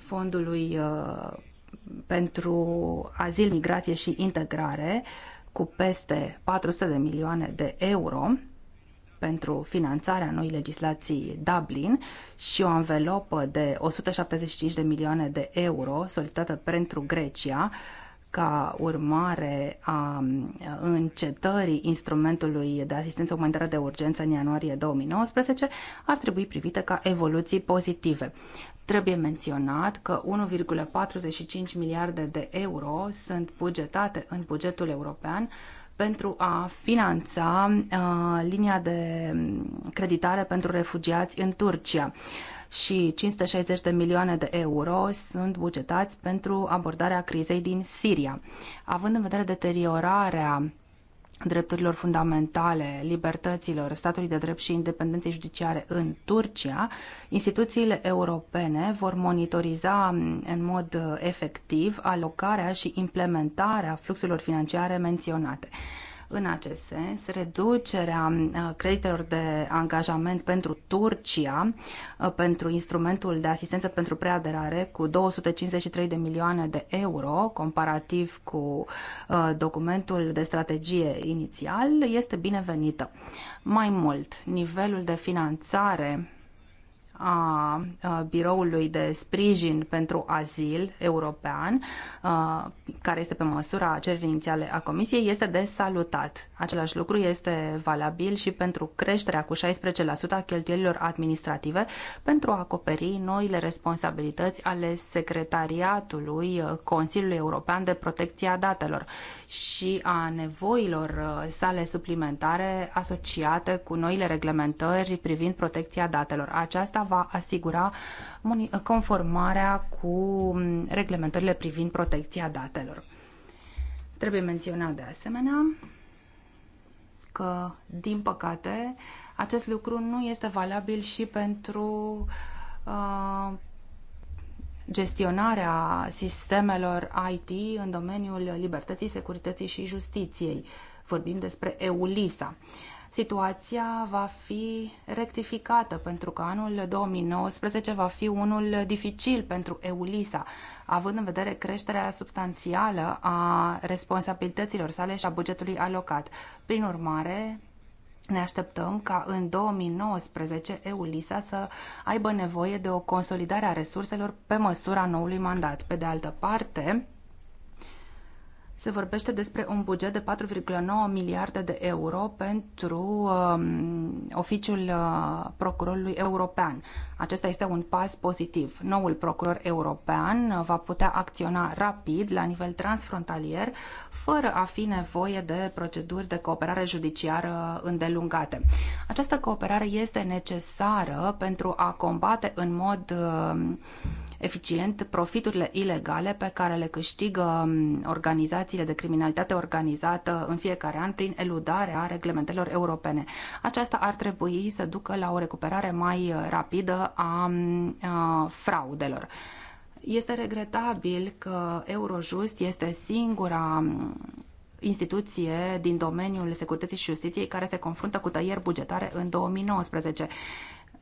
fondului uh, pentru azil, migrație și integrare cu peste 400 de milioane de euro pentru finanțarea noii legislații Dublin și o anvelopă de 175 de milioane de euro solicitată pentru Grecia ca urmare a încetării instrumentului de asistență umanitară de urgență în ianuarie 2019 ar trebui privite ca evoluții pozitive. Trebuie menționat că 1,45 miliarde de euro sunt bugetate în bugetul european pentru a finanța uh, linia de creditare pentru refugiați în Turcia. Uh, și 560 de milioane de euro sunt bugetați pentru abordarea crizei din Siria. Având în vedere deteriorarea drepturilor fundamentale, libertăților, statului de drept și independenței judiciare în Turcia, instituțiile europene vor monitoriza în mod efectiv alocarea și implementarea fluxurilor financiare menționate. În acest sens, reducerea uh, creditelor de angajament pentru Turcia, uh, pentru instrumentul de asistență pentru preaderare cu 253 de milioane de euro, comparativ cu uh, documentul de strategie inițial, este binevenită. Mai mult, nivelul de finanțare a Biroului de Sprijin pentru Azil European, care este pe măsura cererii inițiale a Comisiei, este de salutat. Același lucru este valabil și pentru creșterea cu 16% a cheltuielilor administrative pentru a acoperi noile responsabilități ale Secretariatului Consiliului European de Protecție a Datelor și a nevoilor sale suplimentare asociate cu noile reglementări privind protecția datelor. Aceasta va asigura conformarea cu mm, reglementările privind protecția datelor. Trebuie menționat de asemenea că, din păcate, acest lucru nu este valabil și pentru uh, gestionarea sistemelor IT în domeniul libertății, securității și justiției. Vorbim despre EULISA. Uh, situația va fi rectificată pentru că anul 2019 va fi unul dificil pentru EULISA, având în vedere creșterea substanțială a responsabilităților sale și a bugetului alocat. Prin urmare, ne așteptăm ca în 2019 EULISA să aibă nevoie de o consolidare a resurselor pe măsura noului mandat. Pe de altă parte, se vorbește despre un buget de 4,9 miliarde de euro pentru uh, oficiul uh, procurorului european. Acesta este un pas pozitiv. Noul procuror european uh, va putea acționa rapid la nivel transfrontalier fără a fi nevoie de proceduri de cooperare judiciară îndelungate. Această cooperare este necesară pentru a combate în mod uh, eficient profiturile ilegale pe care le câștigă um, organizațiile de criminalitate organizată în fiecare an prin eludarea reglementelor europene. Aceasta ar trebui să ducă la o recuperare mai uh, rapidă a, um, a fraudelor. Este regretabil că Eurojust este singura um, instituție din domeniul securității și justiției care se confruntă cu tăieri bugetare în 2019.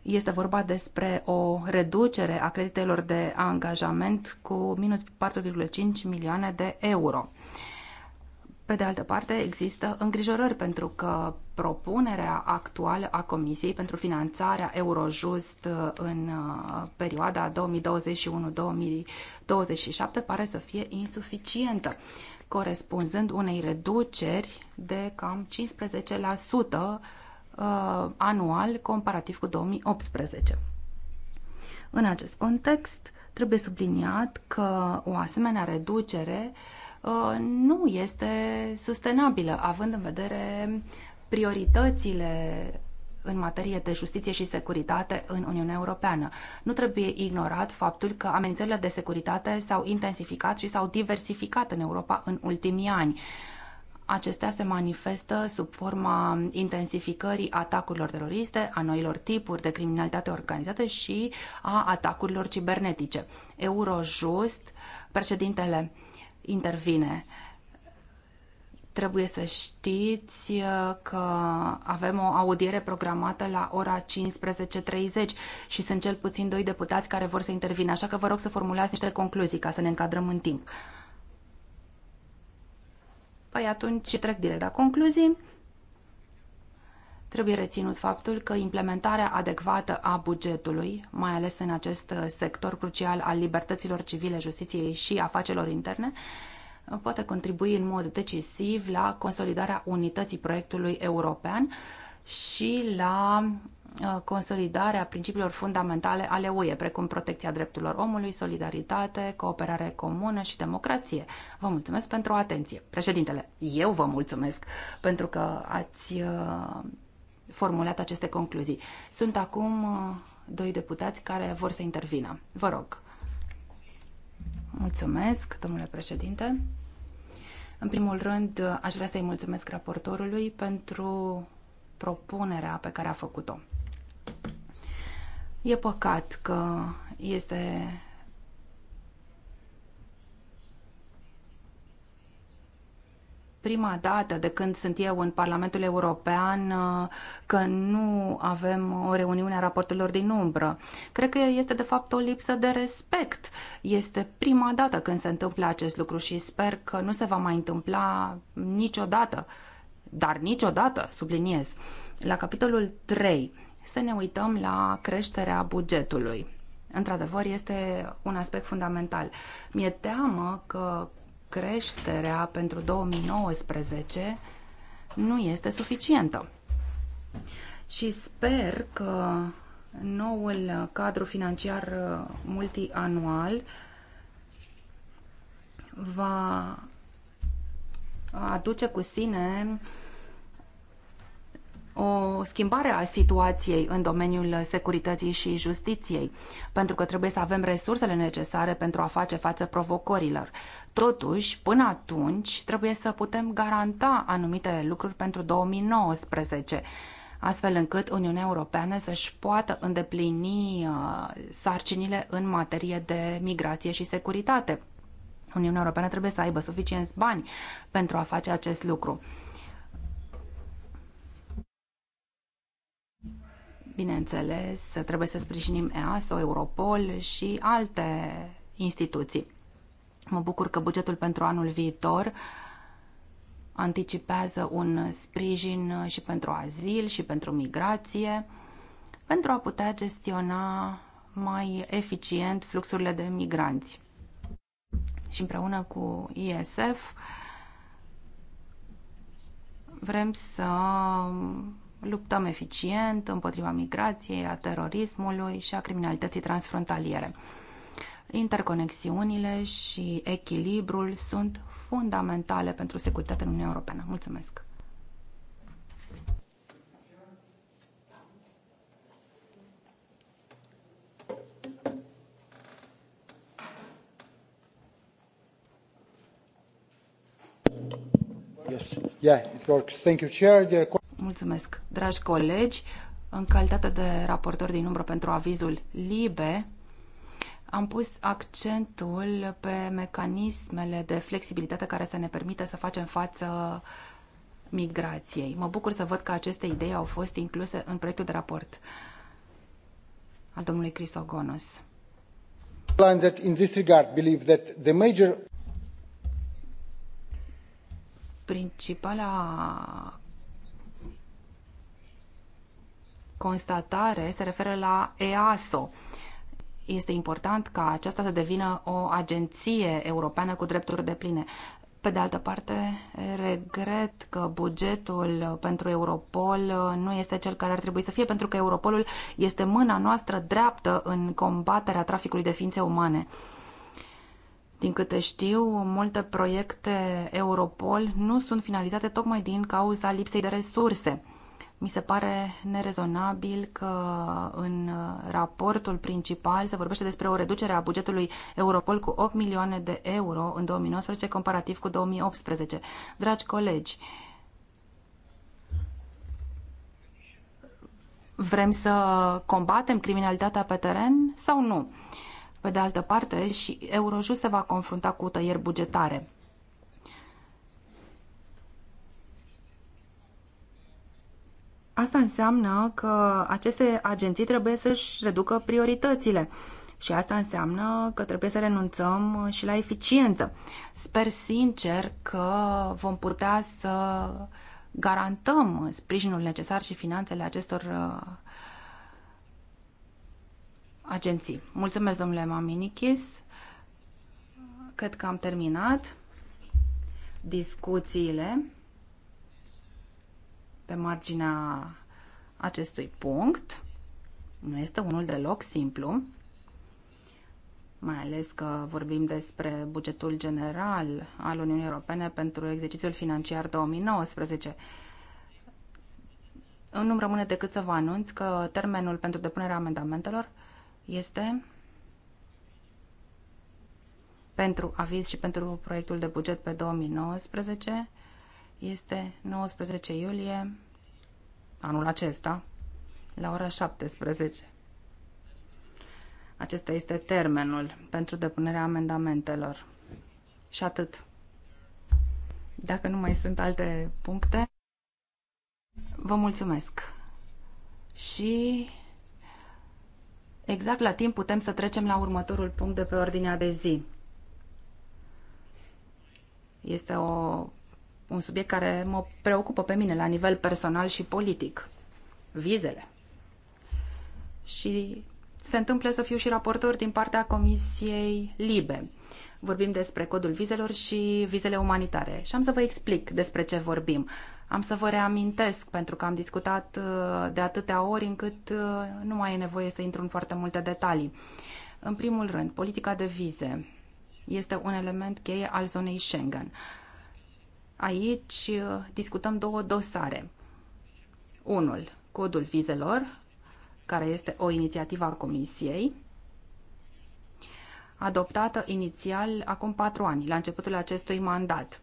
Este vorba despre o reducere a creditelor de angajament cu minus 4,5 milioane de euro. Pe de altă parte, există îngrijorări pentru că propunerea actuală a Comisiei pentru finanțarea Eurojust uh, în uh, perioada 2021-2027 pare să fie insuficientă, corespunzând unei reduceri de cam 15% uh, anual comparativ cu 2018. În acest context, trebuie subliniat că o asemenea reducere uh, nu este sustenabilă, având în vedere prioritățile în materie de justiție și securitate în Uniunea Europeană. Nu trebuie ignorat faptul că amenințările de securitate s-au intensificat și s-au diversificat în Europa în ultimii ani. Uh, Acestea se manifestă sub forma intensificării atacurilor teroriste, a noilor tipuri de criminalitate organizată și a atacurilor cibernetice. Eurojust, președintele intervine trebuie să știți uh, că avem o audiere programată la ora 15.30 și sunt cel puțin doi deputați care vor să intervină, așa că vă rog să formulați niște concluzii ca să ne încadrăm în timp. Păi atunci trec direct la concluzii. Trebuie reținut faptul că implementarea adecvată a bugetului, mai ales în acest sector crucial al libertăților civile, justiției și afacerilor interne, poate contribui în mod decisiv la consolidarea unității proiectului european și la Uh, consolidarea principiilor fundamentale ale UE, precum protecția drepturilor omului, solidaritate, cooperare comună și democrație. Vă mulțumesc pentru atenție. Președintele, eu vă mulțumesc pentru că ați uh, formulat aceste concluzii. Sunt acum uh, doi deputați care vor să intervină. Vă rog. Mulțumesc, domnule președinte. În primul rând, aș vrea să-i mulțumesc raportorului pentru propunerea pe care a făcut-o. E păcat că este prima dată de când sunt eu în Parlamentul European uh, că nu avem o reuniune a raportelor din umbră. Cred că este de fapt o lipsă de respect. Este prima dată când se întâmplă acest lucru și sper că nu se va mai întâmpla niciodată. Dar niciodată, subliniez. La capitolul 3 să ne uităm la creșterea bugetului. Într-adevăr, este un aspect fundamental. Mi-e teamă că creșterea pentru 2019 nu este suficientă. Și sper că noul cadru financiar multianual va aduce cu sine o schimbare a situației în domeniul securității și justiției, pentru că trebuie să avem resursele necesare pentru a face față provocărilor. Totuși, până atunci, trebuie să putem garanta anumite lucruri pentru 2019 astfel încât Uniunea Europeană să-și poată îndeplini uh, sarcinile în materie de migrație și securitate. Uniunea Europeană trebuie să aibă suficienți bani pentru a face acest lucru. bineînțeles, trebuie să sprijinim EASO, Europol și alte instituții. Mă bucur că bugetul pentru anul viitor anticipează un sprijin și pentru azil și pentru migrație, pentru a putea gestiona mai eficient fluxurile de migranți. Și împreună cu ISF vrem să luptăm eficient împotriva migrației, a terorismului și a criminalității transfrontaliere. Interconexiunile și echilibrul sunt fundamentale pentru securitatea Uniunii Europene. Mulțumesc! Yes. Yeah, it works. Thank you, Chair. Mulțumesc, dragi colegi. În calitate de raportor din umbră pentru avizul LIBE, am pus accentul pe mecanismele de flexibilitate care să ne permită să facem față migrației. Mă bucur să văd că aceste idei au fost incluse în proiectul de raport al domnului Crisogonos. That in this regard believe that the major principala constatare se referă la EASO. Este important ca aceasta să devină o agenție europeană cu drepturi de pline. Pe de altă parte, regret că bugetul pentru Europol nu este cel care ar trebui să fie, pentru că Europolul este mâna noastră dreaptă în combaterea traficului de ființe umane. Din câte știu, multe proiecte Europol nu sunt finalizate tocmai din cauza lipsei de resurse. Mi se pare nerezonabil că în raportul principal se vorbește despre o reducere a bugetului Europol cu 8 milioane de euro în 2019 comparativ cu 2018. Dragi colegi, vrem să combatem criminalitatea pe teren sau nu? Pe de altă parte, și Eurojust se va confrunta cu tăieri bugetare. Asta înseamnă că aceste agenții trebuie să-și reducă prioritățile. Și asta înseamnă că trebuie să renunțăm și la eficiență. Sper sincer că vom putea să garantăm sprijinul necesar și finanțele acestor uh, agenții. Mulțumesc, domnule Maminichis. Cred că am terminat discuțiile pe marginea acestui punct. Nu este unul deloc simplu, mai ales că vorbim despre bugetul general al Uniunii Europene pentru exercițiul financiar 2019. Nu-mi rămâne decât să vă anunț că termenul pentru depunerea amendamentelor este pentru aviz și pentru proiectul de buget pe 2019 este 19 iulie anul acesta la ora 17. Acesta este termenul pentru depunerea amendamentelor. Și atât. Dacă nu mai sunt alte puncte, vă mulțumesc. Și exact la timp putem să trecem la următorul punct de pe ordinea de zi. Este o un subiect care mă preocupă pe mine la nivel personal și politic, vizele. Și se întâmplă să fiu și raportor din partea Comisiei Libe. Vorbim despre codul vizelor și vizele umanitare. Și am să vă explic despre ce vorbim. Am să vă reamintesc, pentru că am discutat uh, de atâtea ori încât uh, nu mai e nevoie să intru în foarte multe detalii. În primul rând, politica de vize este un element cheie al zonei Schengen. Aici uh, discutăm două dosare. Unul, codul vizelor, care este o inițiativă a Comisiei, adoptată inițial acum patru ani, la începutul acestui mandat.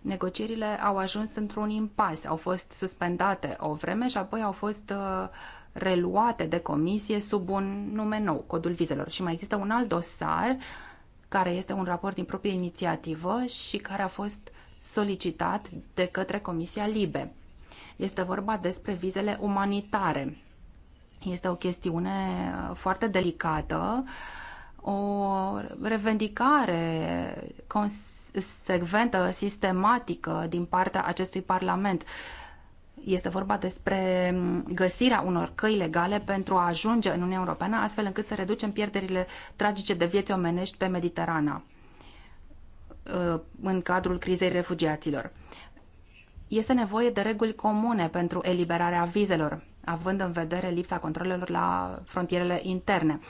Negocierile au ajuns într-un impas, au fost suspendate o vreme și apoi au fost uh, reluate de comisie sub un nume nou, codul vizelor. Și mai există un alt dosar care este un raport din proprie inițiativă și care a fost uh, solicitat de către Comisia Libe. Este vorba despre vizele umanitare. Este o chestiune uh, foarte delicată, o revendicare consecventă, sistematică din partea acestui Parlament. Este vorba despre mm, găsirea unor căi legale pentru a ajunge în Uniunea Europeană, astfel încât să reducem pierderile tragice de vieți omenești pe Mediterana. Uh, în cadrul crizei refugiaților. Este nevoie de reguli comune pentru eliberarea vizelor, având în vedere lipsa controlelor la frontierele interne.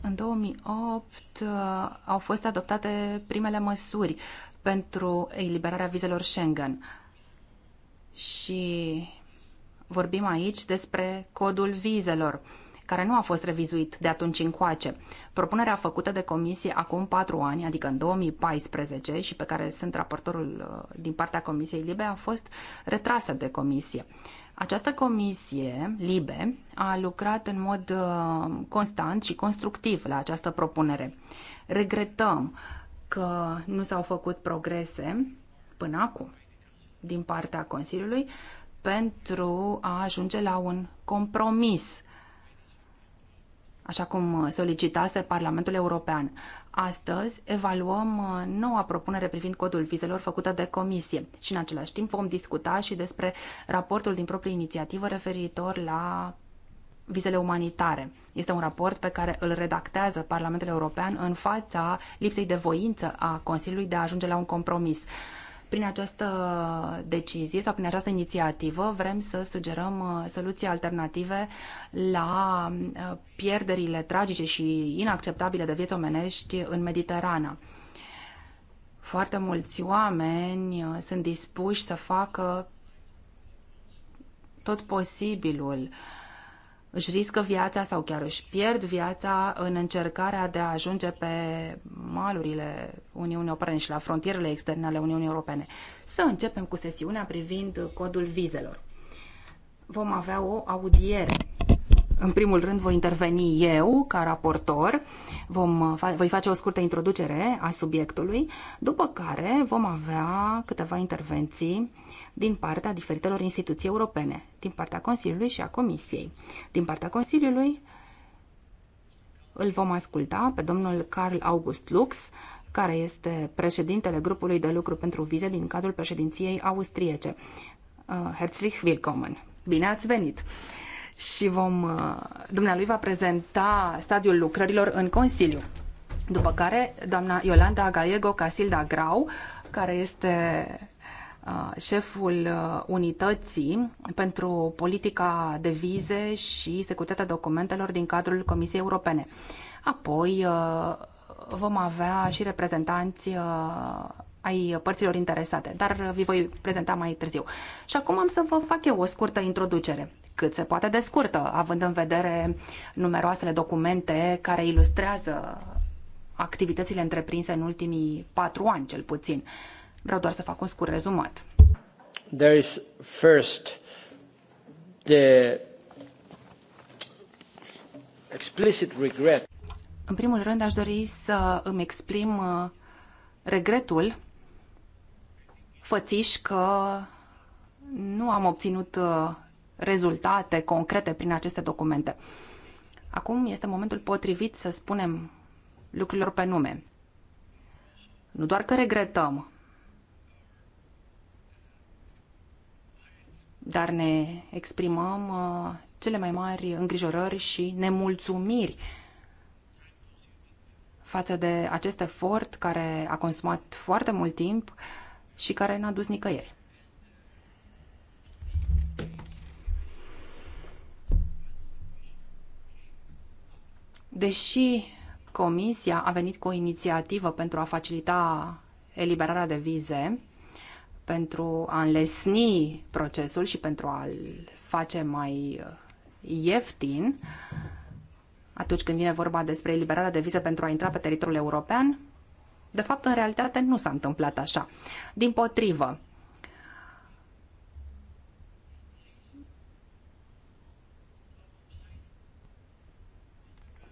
În 2008 uh, au fost adoptate primele măsuri pentru eliberarea vizelor Schengen. Și vorbim aici despre codul vizelor care nu a fost revizuit de atunci încoace. Propunerea făcută de comisie acum patru ani, adică în 2014, și pe care sunt raportorul uh, din partea Comisiei Libe, a fost retrasă de comisie. Această comisie, LIBE, a lucrat în mod uh, constant și constructiv la această propunere. Regretăm că nu s-au făcut progrese până acum din partea Consiliului pentru a ajunge la un compromis așa cum uh, solicitase Parlamentul European. Astăzi evaluăm uh, noua propunere privind codul vizelor făcută de Comisie și în același timp vom discuta și despre raportul din proprie inițiativă referitor la vizele umanitare. Este un raport pe care îl redactează Parlamentul European în fața lipsei de voință a Consiliului de a ajunge la un compromis. Prin această decizie sau prin această inițiativă vrem să sugerăm uh, soluții alternative la uh, pierderile tragice și inacceptabile de vieți omenești în Mediterana foarte mulți oameni uh, sunt dispuși să facă tot posibilul își riscă viața sau chiar își pierd viața în încercarea de a ajunge pe malurile Uniunii Europene și la frontierele externe ale Uniunii Europene. Să începem cu sesiunea privind codul vizelor. Vom avea o audiere în primul rând voi interveni eu ca raportor, vom, voi face o scurtă introducere a subiectului, după care vom avea câteva intervenții din partea diferitelor instituții europene, din partea Consiliului și a Comisiei. Din partea Consiliului îl vom asculta pe domnul Carl August Lux, care este președintele grupului de lucru pentru vize din cadrul președinției austriece. Uh, Herzlich willkommen! Bine ați venit! și vom, uh, dumnealui va prezenta stadiul lucrărilor în Consiliu. După care, doamna Iolanda Gallego Casilda Grau, care este uh, șeful uh, unității pentru politica de vize și securitatea documentelor din cadrul Comisiei Europene. Apoi vom avea și reprezentanți ai părților interesate, dar vi voi prezenta mai târziu. Și acum am să vă fac eu o scurtă introducere, cât se poate de scurtă, având în vedere numeroasele documente care ilustrează activitățile întreprinse în ultimii patru ani, cel puțin. Vreau doar să fac un scurt rezumat. There is first the explicit regret. În primul rând, aș dori să îmi exprim uh, regretul fățiș că nu am obținut uh, rezultate concrete prin aceste documente. Acum este momentul potrivit să spunem lucrurilor pe nume. Nu doar că regretăm, dar ne exprimăm uh, cele mai mari îngrijorări și nemulțumiri față de acest efort care a consumat foarte mult timp și care n-a dus nicăieri. Deși Comisia a venit cu o inițiativă pentru a facilita eliberarea de vize, pentru a înlesni procesul și pentru a-l face mai uh, ieftin, atunci când vine vorba despre eliberarea de vize pentru a intra pe teritoriul european, de fapt, în realitate nu s-a întâmplat așa. Din potrivă,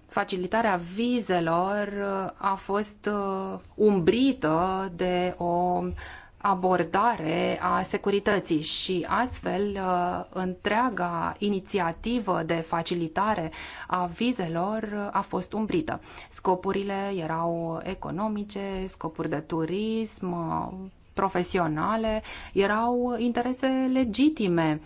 facilitarea vizelor a fost uh, umbrită de o abordare a securității și astfel uh, întreaga inițiativă de facilitare a vizelor a fost umbrită. Scopurile erau economice, scopuri de turism, uh, profesionale, erau interese legitime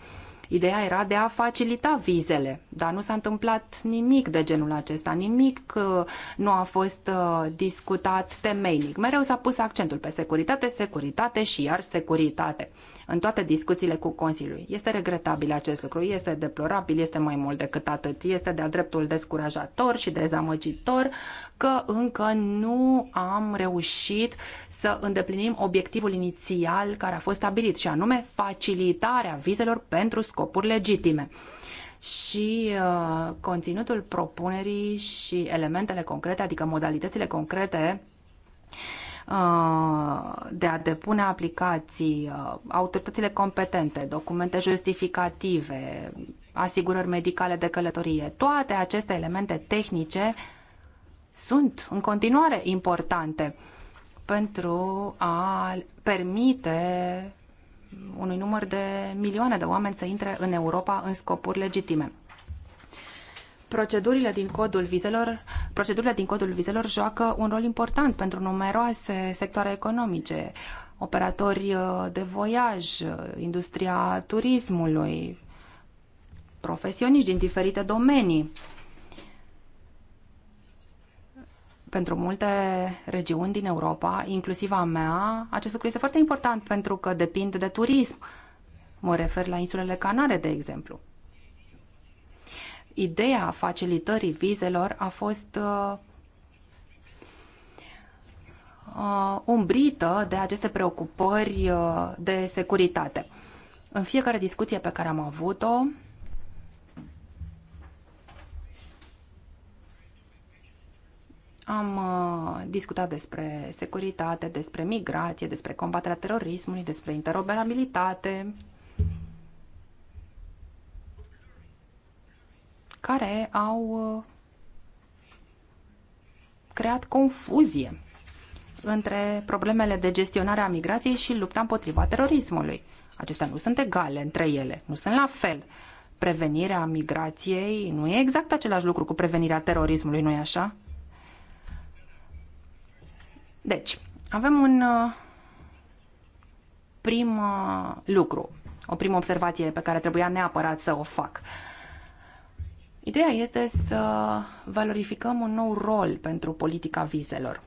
Ideea era de a facilita vizele, dar nu s-a întâmplat nimic de genul acesta, nimic uh, nu a fost uh, discutat temeinic. Mereu s-a pus accentul pe securitate, securitate și iar securitate în toate discuțiile cu Consiliul. Este regretabil acest lucru, este deplorabil, este mai mult decât atât. Este de-a dreptul descurajator și dezamăgitor că încă nu am reușit să îndeplinim obiectivul inițial care a fost stabilit, și anume facilitarea vizelor pentru scopuri legitime și uh, conținutul propunerii și elementele concrete, adică modalitățile concrete Uh, de a depune aplicații, uh, autoritățile competente, documente justificative, asigurări medicale de călătorie, toate aceste elemente tehnice sunt în continuare importante pentru a permite unui număr de milioane de oameni să intre în Europa în scopuri legitime. Procedurile din codul vizelor, procedurile din codul vizelor joacă un rol important pentru numeroase sectoare economice, operatori uh, de voiaj, uh, industria turismului, profesioniști din diferite domenii. pentru multe regiuni din Europa, inclusiv a mea, acest lucru este foarte important pentru că depind de turism. Mă refer la insulele Canare, de exemplu ideea facilitării vizelor a fost uh, uh, umbrită de aceste preocupări uh, de securitate. În fiecare discuție pe care am avut-o, am discutat despre securitate, despre migrație, despre combaterea terorismului, despre interoperabilitate, care au uh, creat confuzie între problemele de gestionare a migrației și lupta împotriva terorismului. Acestea nu sunt egale între ele, nu sunt la fel. Prevenirea migrației nu e exact același lucru cu prevenirea terorismului, nu-i așa? Deci, avem un uh, prim uh, lucru, o primă observație pe care trebuia neapărat să o fac. Ideea este să valorificăm un nou rol pentru politica vizelor.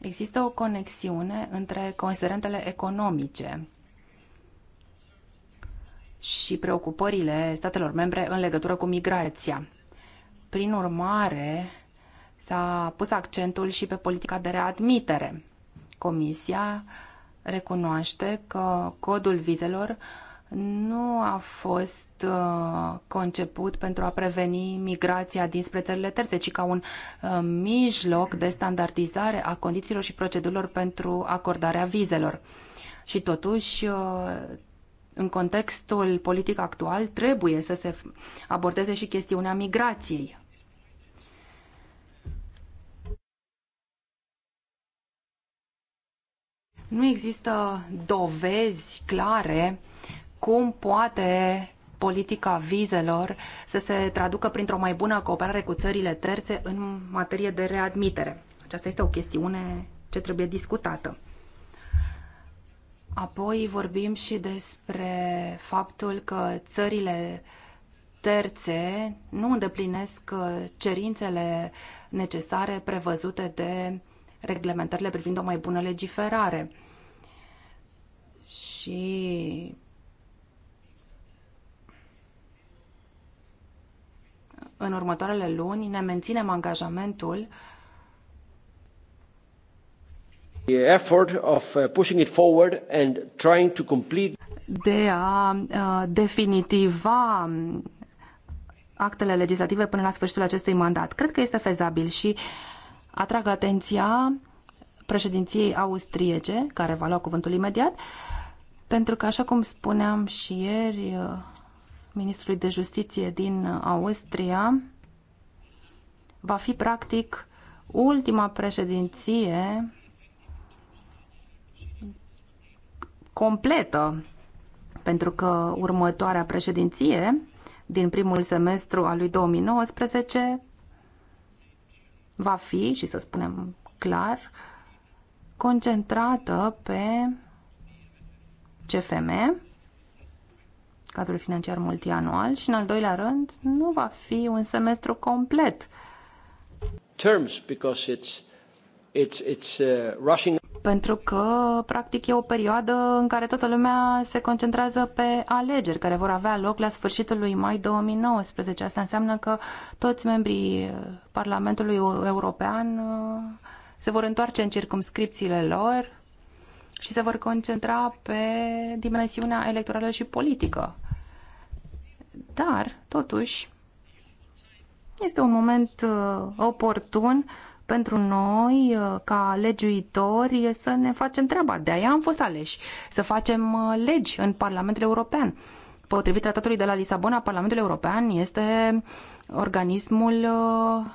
Există o conexiune între considerentele economice și preocupările statelor membre în legătură cu migrația. Prin urmare, s-a pus accentul și pe politica de readmitere. Comisia recunoaște că codul vizelor nu a fost uh, conceput pentru a preveni migrația dinspre țările terțe, ci ca un uh, mijloc de standardizare a condițiilor și procedurilor pentru acordarea vizelor. Și totuși, uh, în contextul politic actual, trebuie să se abordeze și chestiunea migrației. Nu există dovezi clare cum poate politica vizelor să se traducă printr-o mai bună cooperare cu țările terțe în materie de readmitere. Aceasta este o chestiune ce trebuie discutată. Apoi vorbim și despre faptul că țările terțe nu îndeplinesc uh, cerințele necesare prevăzute de reglementările privind o mai bună legiferare. Și în următoarele luni ne menținem angajamentul de a uh, definitiva actele legislative până la sfârșitul acestui mandat. Cred că este fezabil și atrag atenția președinției austriece, care va lua cuvântul imediat, pentru că, așa cum spuneam și ieri, uh, ministrului de justiție din uh, Austria, va fi practic ultima președinție completă, pentru că următoarea președinție din primul semestru al lui 2019 va fi, și să spunem clar, concentrată pe CFM, cadrul financiar multianual și, în al doilea rând, nu va fi un semestru complet. Terms, because it's, it's, it's, uh, rushing. Pentru că, practic, e o perioadă în care toată lumea se concentrează pe alegeri care vor avea loc la sfârșitul lui mai 2019. Asta înseamnă că toți membrii Parlamentului European uh, se vor întoarce în circumscripțiile lor și se vor concentra pe dimensiunea electorală și politică. Dar, totuși, este un moment uh, oportun pentru noi, uh, ca legiuitori, să ne facem treaba. De aia am fost aleși, să facem uh, legi în Parlamentul European. Potrivit tratatului de la Lisabona, Parlamentul European este organismul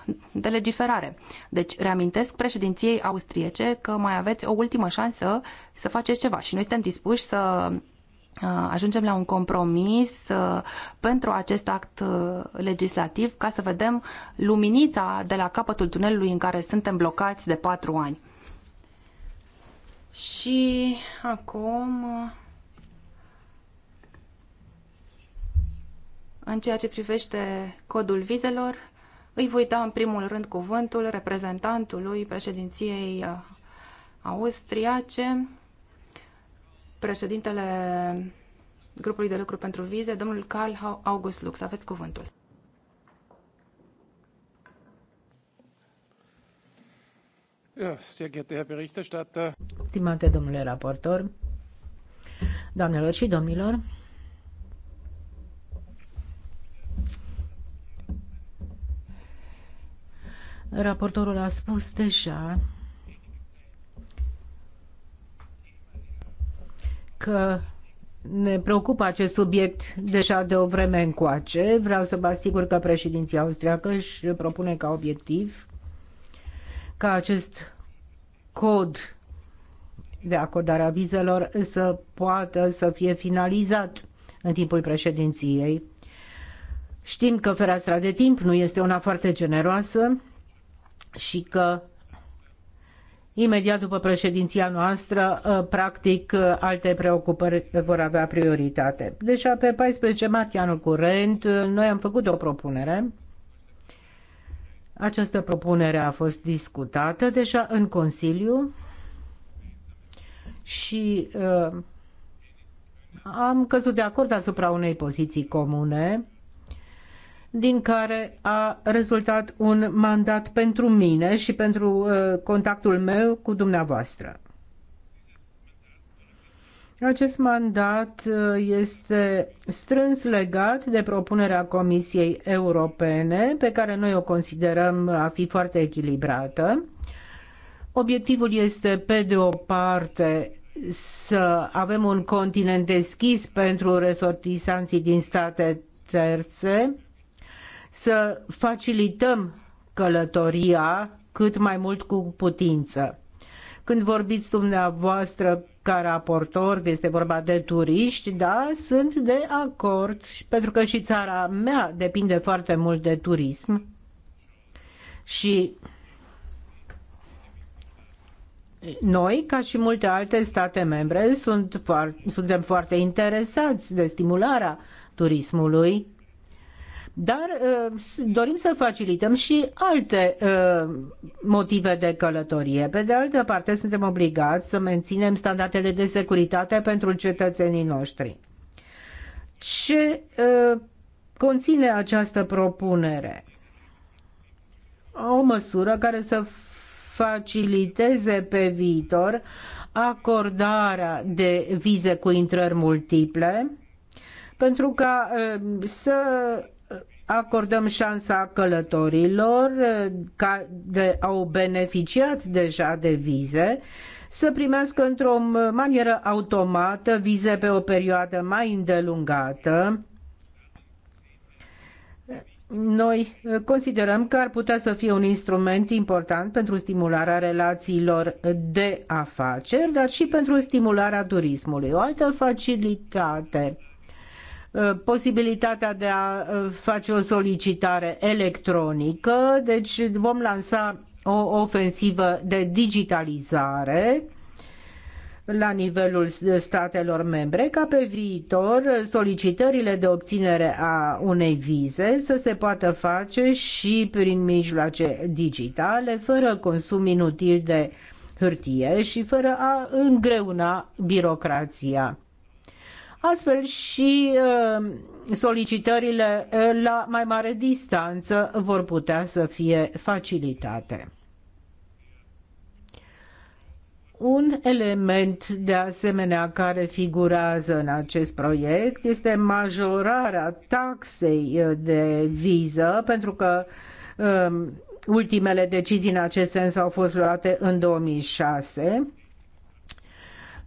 uh, de legiferare. Deci reamintesc președinției austriece că mai aveți o ultimă șansă să faceți ceva și noi suntem dispuși să uh, ajungem la un compromis uh, pentru acest act legislativ ca să vedem luminița de la capătul tunelului în care suntem blocați de patru ani. Și acum În ceea ce privește codul vizelor, îi voi da în primul rând cuvântul reprezentantului președinției uh, austriace, președintele grupului de lucru pentru vize, domnul Carl August Lux. Aveți cuvântul. Stimate domnule raportor, doamnelor și domnilor, Raportorul a spus deja că ne preocupă acest subiect deja de o vreme încoace. Vreau să vă asigur că președinția austriacă își propune ca obiectiv ca acest cod de acordare a vizelor să poată să fie finalizat în timpul președinției. Știm că fereastra de timp nu este una foarte generoasă, și că imediat după președinția noastră, ă, practic, ă, alte preocupări vor avea prioritate. Deja pe 14 martie anul curent, ă, noi am făcut o propunere. Această propunere a fost discutată deja în Consiliu și uh, am căzut de acord asupra unei poziții comune din care a rezultat un mandat pentru mine și pentru uh, contactul meu cu dumneavoastră. Acest mandat uh, este strâns legat de propunerea Comisiei Europene, pe care noi o considerăm a fi foarte echilibrată. Obiectivul este, pe de o parte, să avem un continent deschis pentru resortisanții din state terțe, să facilităm călătoria cât mai mult cu putință. Când vorbiți dumneavoastră ca raportor, este vorba de turiști, da, sunt de acord, pentru că și țara mea depinde foarte mult de turism. Și noi, ca și multe alte state membre, sunt foarte, suntem foarte interesați de stimularea turismului dar uh, dorim să facilităm și alte uh, motive de călătorie. Pe de altă parte, suntem obligați să menținem standardele de securitate pentru cetățenii noștri. Ce uh, conține această propunere? O măsură care să faciliteze pe viitor acordarea de vize cu intrări multiple pentru ca să acordăm șansa călătorilor eh, care au beneficiat deja de vize să primească într-o manieră automată vize pe o perioadă mai îndelungată. Noi eh, considerăm că ar putea să fie un instrument important pentru stimularea relațiilor de afaceri, dar și pentru stimularea turismului. O altă facilitate Uh, posibilitatea de a uh, face o solicitare electronică, deci vom lansa o ofensivă de digitalizare la nivelul uh, statelor membre ca pe viitor solicitările de obținere a unei vize să se poată face și prin mijloace digitale, fără consum inutil de hârtie și fără a îngreuna birocrația. Astfel și uh, solicitările uh, la mai mare distanță vor putea să fie facilitate. Un element de asemenea care figurează în acest proiect este majorarea taxei uh, de viză, pentru că um, ultimele decizii în acest sens au fost luate în 2006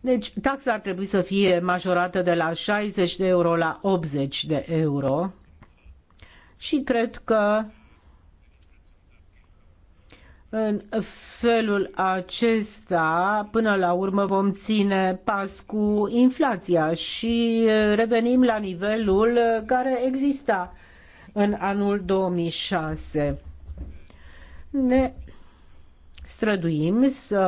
deci taxa ar trebui să fie majorată de la 60 de euro la 80 de euro și cred că în felul acesta, până la urmă, vom ține pas cu inflația și revenim la nivelul care exista în anul 2006. Ne străduim să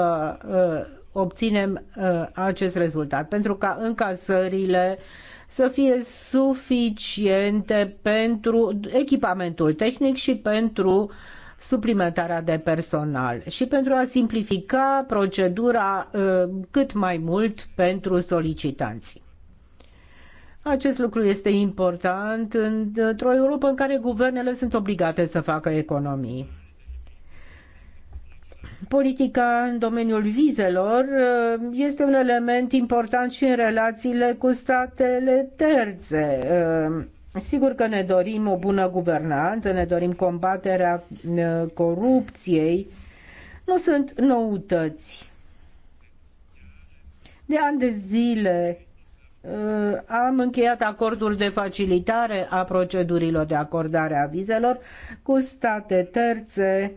uh, obținem uh, acest rezultat, pentru ca încasările să fie suficiente pentru echipamentul tehnic și pentru suplimentarea de personal și pentru a simplifica procedura uh, cât mai mult pentru solicitanții. Acest lucru este important într-o Europa în care guvernele sunt obligate să facă economii. Politica în domeniul vizelor uh, este un element important și în relațiile cu statele terțe. Uh, sigur că ne dorim o bună guvernanță, ne dorim combaterea uh, corupției. Nu sunt noutăți. De ani de zile am încheiat acorduri de facilitare a procedurilor de acordare a vizelor cu state terțe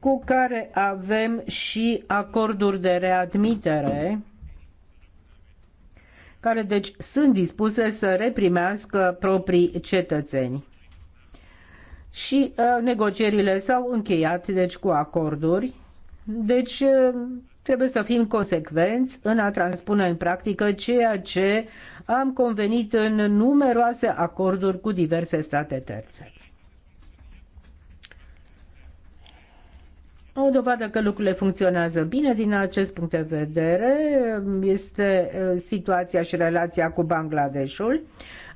cu care avem și acorduri de readmitere, care deci sunt dispuse să reprimească proprii cetățeni. Și uh, negocierile s-au încheiat deci cu acorduri, deci uh, trebuie să fim consecvenți în a transpune în practică ceea ce am convenit în numeroase acorduri cu diverse state terțe. O dovadă că lucrurile funcționează bine din acest punct de vedere este situația și relația cu Bangladeshul.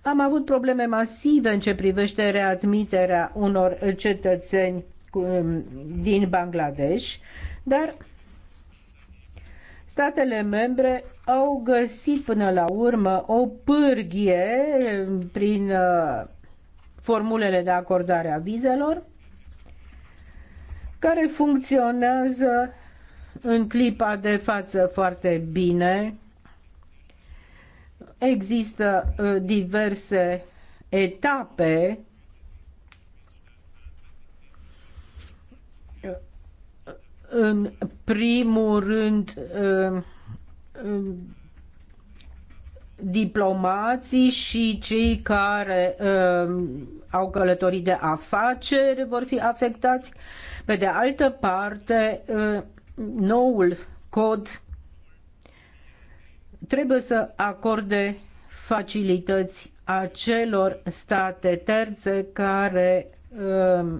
Am avut probleme masive în ce privește readmiterea unor cetățeni um, din Bangladesh, dar statele membre au găsit până la urmă o pârghie prin uh, formulele de acordare a vizelor care funcționează în clipa de față foarte bine. Există uh, diverse etape în primul rând uh, uh, diplomații și cei care au călătorii de afaceri vor fi afectați. Pe de altă parte, uh, noul cod trebuie să acorde facilități acelor state terțe care uh,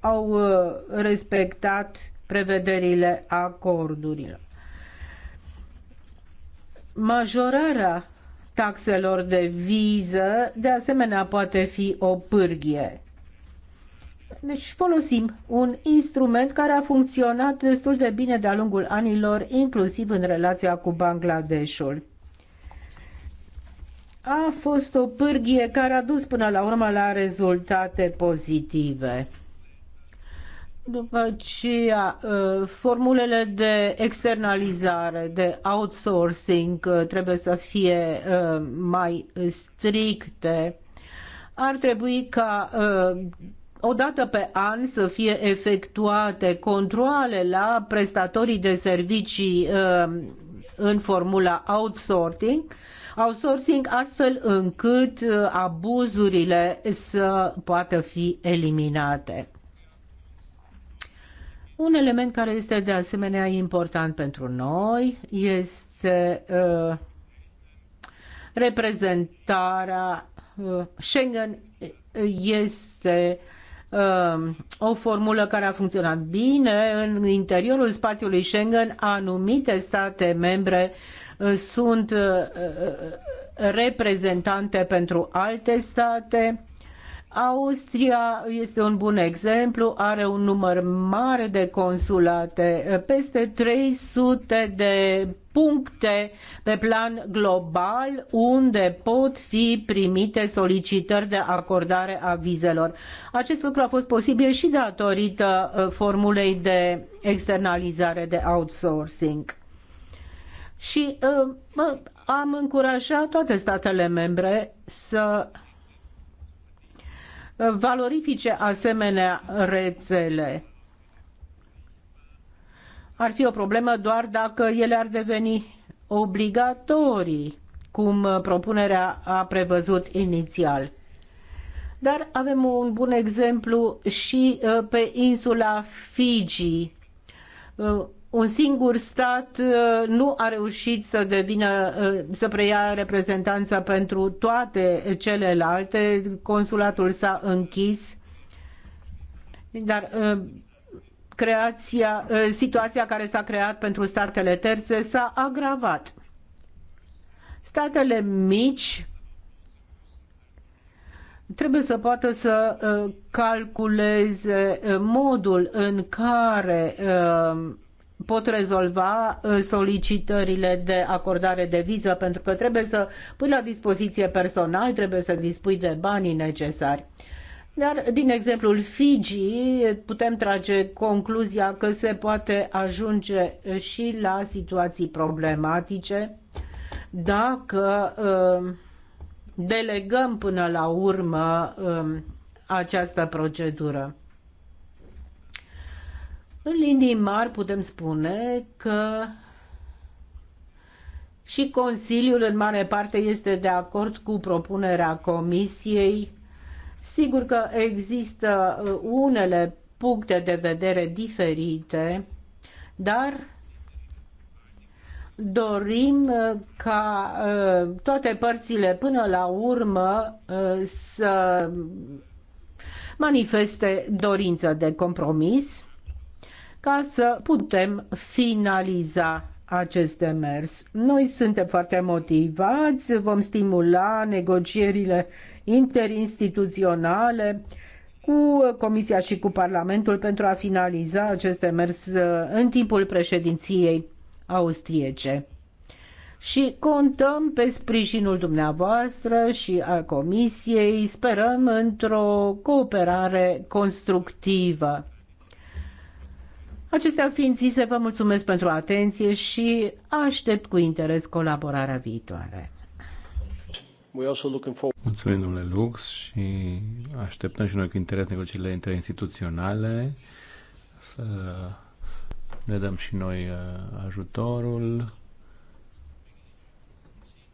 au uh, respectat prevederile acordurilor. Majorarea taxelor de viză, de asemenea poate fi o pârghie. Deci folosim un instrument care a funcționat destul de bine de-a lungul anilor, inclusiv în relația cu Bangladeshul. A fost o pârghie care a dus până la urmă la rezultate pozitive. După ce uh, formulele de externalizare, de outsourcing uh, trebuie să fie uh, mai stricte. Ar trebui ca odată pe an să fie efectuate controle la prestatorii de servicii în formula outsourcing, outsourcing astfel încât abuzurile să poată fi eliminate. Un element care este de asemenea important pentru noi este uh, reprezentarea uh, Schengen este uh, o formulă care a funcționat bine în interiorul spațiului Schengen. Anumite state membre uh, sunt uh, uh, reprezentante pentru alte state Austria este un bun exemplu, are un număr mare de consulate, peste 300 de puncte pe plan global unde pot fi primite solicitări de acordare a vizelor. Acest lucru a fost posibil și datorită uh, formulei de externalizare de outsourcing. Și uh, am încurajat toate statele membre să valorifice asemenea rețele. Ar fi o problemă doar dacă ele ar deveni obligatorii, cum propunerea a prevăzut inițial. Dar avem un bun exemplu și uh, pe insula Fiji, uh, un singur stat uh, nu a reușit să devină, uh, să preia reprezentanța pentru toate celelalte, consulatul s-a închis, dar uh, creația, situația care s-a creat pentru statele terțe s-a agravat. Statele mici trebuie să poată să calculeze modul în care pot rezolva uh, solicitările de acordare de viză, pentru că trebuie să pui la dispoziție personal, trebuie să dispui de banii necesari. Dar din exemplul Fiji putem trage concluzia că se poate ajunge uh, și la situații problematice dacă uh, delegăm până la urmă această procedură. În linii mari putem spune că și Consiliul în mare parte este de acord cu propunerea Comisiei. Sigur că există uh, unele puncte de vedere diferite, dar dorim uh, ca uh, toate părțile până la urmă să manifeste dorință de compromis ca să putem finaliza acest demers. Noi suntem foarte motivați, vom stimula negocierile interinstituționale cu Comisia și cu Parlamentul pentru a finaliza acest demers uh, în timpul președinției austriece. Și contăm pe sprijinul dumneavoastră și al Comisiei, sperăm într-o cooperare constructivă Acestea fiind zise, vă mulțumesc pentru atenție și aștept cu interes colaborarea viitoare. Mulțumim, domnule Lux, și așteptăm și noi cu interes negocierile interinstituționale să ne dăm și noi uh, ajutorul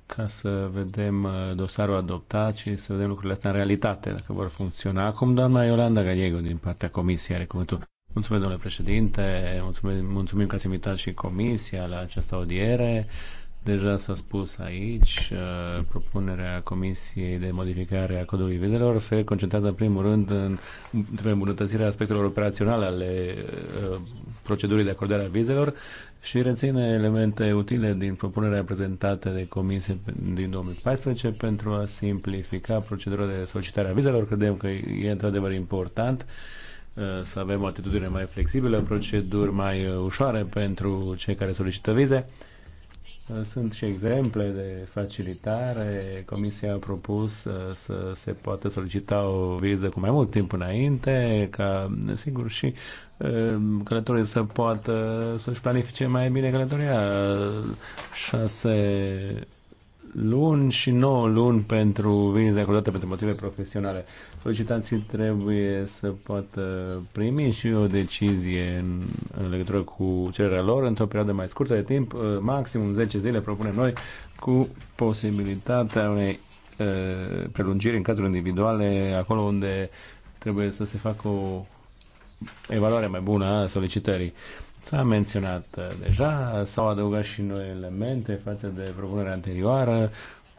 ca să vedem uh, dosarul adoptat și să vedem lucrurile astea în realitate, dacă vor funcționa. Acum doamna Iolanda Gallego din partea Comisiei are cuvântul. Mulțumesc, domnule președinte, mulțumim, mulțumim că ați invitat și comisia la această audiere. Deja s-a spus aici, uh, propunerea Comisiei de modificare a codului vizelor se concentrează în primul rând în, îmbunătățirea aspectelor operaționale ale uh, procedurii de acordare a vizelor și reține elemente utile din propunerea prezentată de Comisie din 2014 pentru a simplifica procedura de solicitare a vizelor. Credem că e într-adevăr important Eh, să avem o atitudine mai flexibilă, proceduri mai eh, ușoare pentru cei care solicită vize. Eh, sunt și exemple de facilitare. Comisia a propus să se poată solicita o viză cu mai mult timp înainte, ca, sigur, și călătorii să poată să-și planifice mai bine călătoria. Șase luni și 9 luni pentru vize acordate pentru motive profesionale solicitanții trebuie să poată primi și o decizie în, în legătură cu cererea lor într-o perioadă mai scurtă de timp, uh, maximum 10 zile, propunem noi, cu posibilitatea unei uh, prelungiri în cadrul individuale, acolo unde trebuie să se facă o evaluare mai bună a solicitării. S-a menționat uh, deja, s-au adăugat și noi elemente față de propunerea anterioară,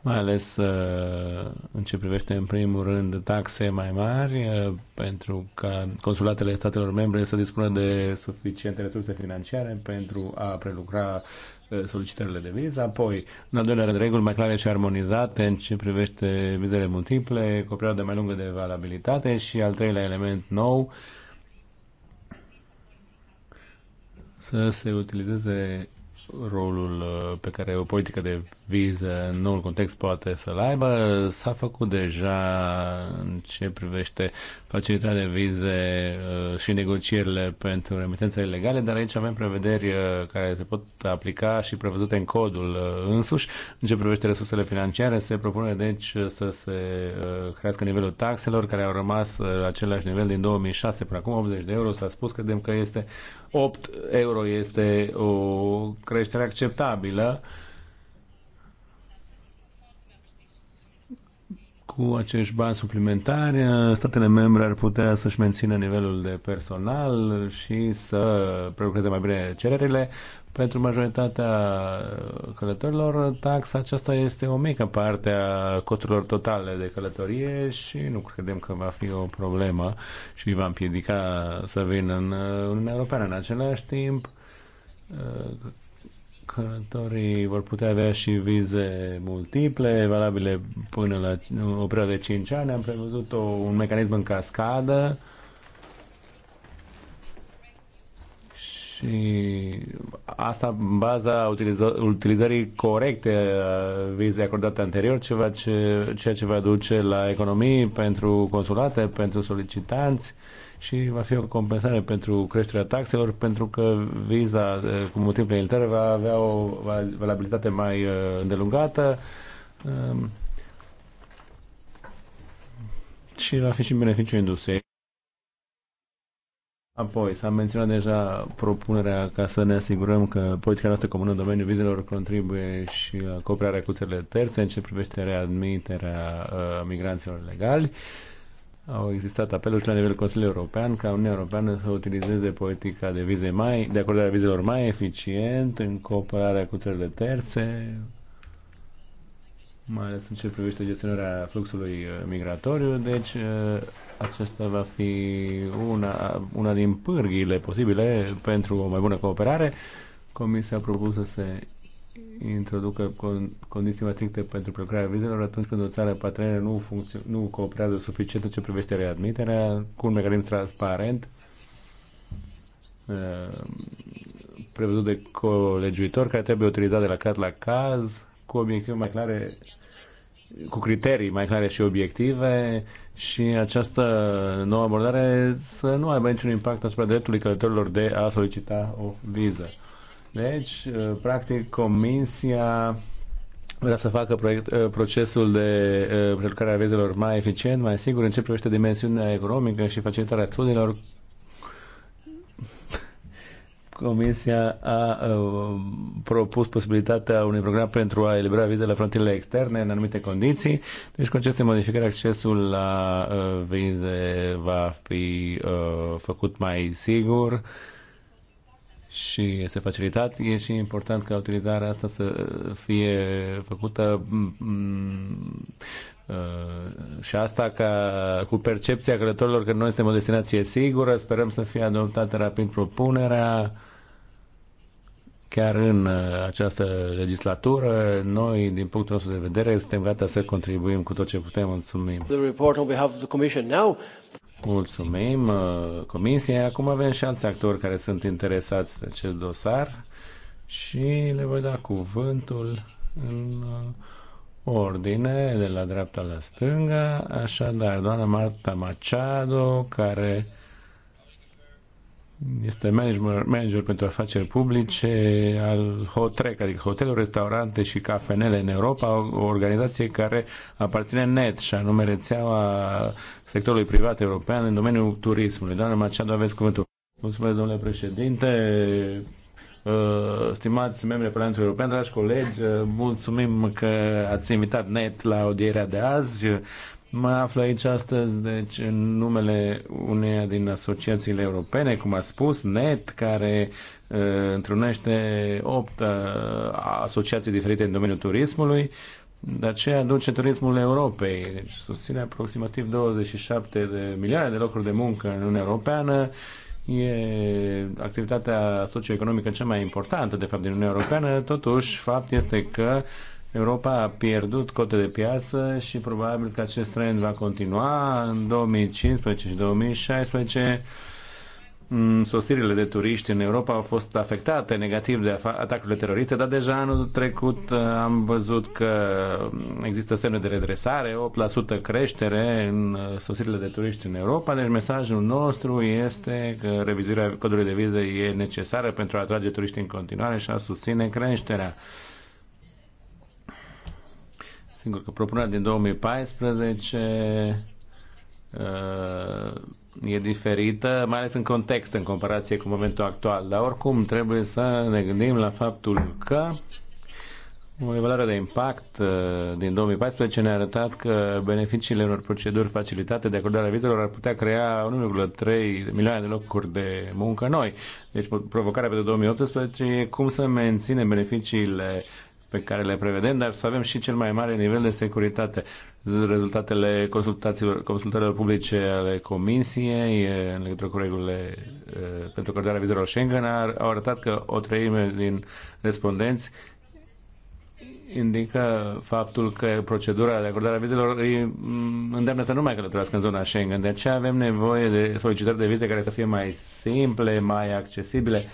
mai ales uh, în ce privește în primul rând taxe mai mari uh, pentru ca consulatele statelor membre să dispună de suficiente resurse financiare pentru a prelucra uh, solicitările de viză, apoi, în al doilea rând, reguli mai clare și armonizate în ce privește vizele multiple, cu o perioadă mai lungă de valabilitate și al treilea element nou, să se utilizeze rolul uh, pe care o politică de viză în noul context poate să-l aibă. S-a făcut deja în ce privește facilitatea de vize uh, și negocierile pentru remitențele ilegale, dar aici avem prevederi uh, care se pot aplica și prevăzute în codul uh, însuși. În ce privește resursele financiare, se propune deci să se crească nivelul taxelor care au rămas la același nivel din 2006 până acum, 80 de euro. S-a spus, credem că este 8 euro este o creștere acceptabilă cu acești bani suplimentari, statele membre ar putea să-și mențină nivelul de personal și să prelucreze mai bine cererile. Pentru majoritatea călătorilor, taxa aceasta este o mică parte a costurilor totale de călătorie și nu credem că va fi o problemă și va împiedica să vină în Uniunea Europeană. În același timp, călătorii vor putea avea și vize multiple, valabile până la o perioadă de 5 ani. Am prevăzut o, un mecanism în cascadă și asta în baza utiliză, utilizării corecte a vizei acordate anterior, ceva ce, ceea ce va duce la economii pentru consulate, pentru solicitanți și va fi o compensare pentru creșterea taxelor, pentru că viza eh, cu motiv militar va avea o valabilitate mai eh, îndelungată ehm, și va fi și în beneficiul industriei. Apoi, s-a menționat deja propunerea ca să ne asigurăm că politica noastră comună în domeniul vizelor contribuie și la cooperarea cu țările terțe în ce privește readmiterea uh, migranților legali. Uh, au existat apeluri și la nivelul Consiliului European ca Uniunea Europeană să utilizeze politica de vize mai, de acordarea vizelor mai eficient în cooperarea cu țările terțe, mai ales în ce privește gestionarea fluxului uh, migratoriu, deci uh, acesta va fi una, una din pârghile posibile pentru o mai bună cooperare. Comisia a propus să se introducă condiții mai stricte pentru prelucrarea vizelor atunci când o țară patrenă nu, nu cooperează suficient în ce privește readmiterea cu un mecanism transparent uh, prevăzut de colegiuitor care trebuie utilizat de la caz la caz cu obiective mai clare cu criterii mai clare și obiective și această nouă abordare să nu aibă niciun impact asupra dreptului călătorilor de a solicita o viză. Deci, uh, practic, Comisia vrea să facă proiect, uh, procesul de uh, prelucrare a vizelor mai eficient, mai sigur, în ce privește dimensiunea economică și facilitarea studiilor. Comisia a propus posibilitatea unui program pentru a elibera vize la frontierele externe în anumite condiții. Deci, cu aceste modificări, accesul la vize va fi făcut mai sigur și este facilitat, e și important ca utilizarea asta să fie făcută mm, mm, uh, și asta ca, cu percepția călătorilor că noi suntem o destinație sigură, sperăm să fie adoptată rapid propunerea chiar în uh, această legislatură. Noi, din punctul nostru de vedere, suntem gata să contribuim cu tot ce putem. Mulțumim. The report on behalf of the Commission now. Mulțumim uh, Comisia. Acum avem și alți actori care sunt interesați de acest dosar și le voi da cuvântul în uh, ordine de la dreapta la stânga. Așadar, doamna Marta Machado, care este manager, manager pentru afaceri publice al Hotrec, adică hoteluri, restaurante și cafenele în Europa, o organizație care aparține net și anume rețeaua sectorului privat european în domeniul turismului. Doamne Maceado, aveți cuvântul. Mulțumesc, domnule președinte. Uh, stimați membri Parlamentului European, dragi colegi, uh, mulțumim că ați invitat net la audierea de azi. Mă aflu aici astăzi, deci, în numele uneia din asociațiile europene, cum a spus, NET, care uh, întrunește opt uh, asociații diferite în domeniul turismului, de aceea aduce turismul Europei, deci susține aproximativ 27 de milioane de locuri de muncă în Uniunea Europeană, e activitatea socioeconomică cea mai importantă, de fapt, din Uniunea Europeană, totuși, fapt este că uh, Europa a pierdut cote de piață și probabil că acest trend va continua în 2015 și 2016 mm, sosirile de turiști în Europa au fost afectate negativ de atacurile teroriste, dar deja anul trecut uh, am văzut că există semne de redresare, 8% creștere în uh, sosirile de turiști în Europa, deci mesajul nostru este că revizuirea codului de viză e necesară pentru a atrage turiști în continuare și a susține creșterea. Singur că propunerea din 2014 uh, e diferită, mai ales în context, în comparație cu momentul actual. Dar oricum trebuie să ne gândim la faptul că o evaluare de impact uh, din 2014 ne-a arătat că beneficiile unor proceduri facilitate de acordare a vizelor ar putea crea 1,3 milioane de locuri de muncă noi. Deci provocarea pentru 2018 e cum să menținem beneficiile pe care le prevedem, dar să avem și cel mai mare nivel de securitate. Rezultatele consultațiilor, consultărilor publice ale Comisiei în legătură cu regulile pentru acordarea vizelor Schengen au arătat că o treime din respondenți indică faptul că procedura de acordare a vizelor îi îndeamnă să nu mai călătorească în zona Schengen. De aceea avem nevoie de solicitări de vize care să fie mai simple, mai accesibile,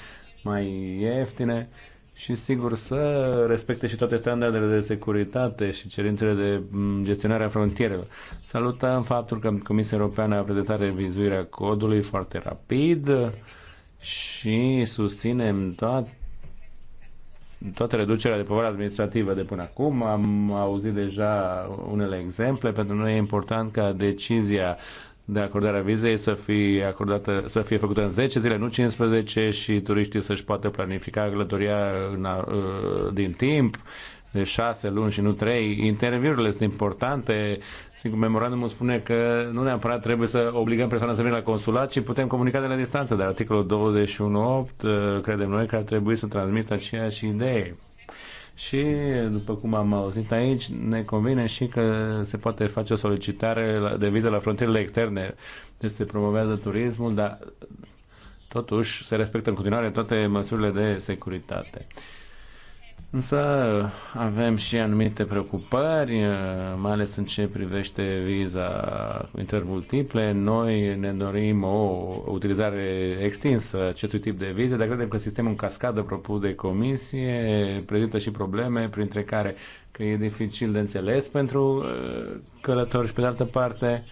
mai ieftine și sigur să respecte și toate standardele de securitate și cerințele de gestionare a frontierelor. Salutăm faptul că Comisia Europeană a prezentat revizuirea codului foarte rapid și susținem toat, toată reducerea de povară administrativă de până acum. Am auzit deja unele exemple. Pentru noi e important ca decizia de acordarea vizei să fie, acordată, să fie făcută în 10 zile, nu 15 și turiștii să-și poată planifica călătoria în, ă, din timp de 6 luni și nu 3. Interviurile sunt importante. Sigur, memorandumul spune că nu neapărat trebuie să obligăm persoana să vină la consulat, ci putem comunica de la distanță. Dar articolul 21.8 ă, credem noi că ar trebui să transmită aceeași idee și, după cum am auzit aici, ne convine și că se poate face o solicitare de viză la frontierele externe. Deci se promovează turismul, dar totuși se respectă în continuare toate măsurile de securitate. Însă avem și anumite preocupări, eh, mai ales în ce privește viza cu intermultiple. Noi ne dorim o utilizare extinsă a acestui tip de vize, dar credem că sistemul în cascadă propus de comisie prezintă și probleme, printre care că e dificil de înțeles pentru eh, călători și pe de altă parte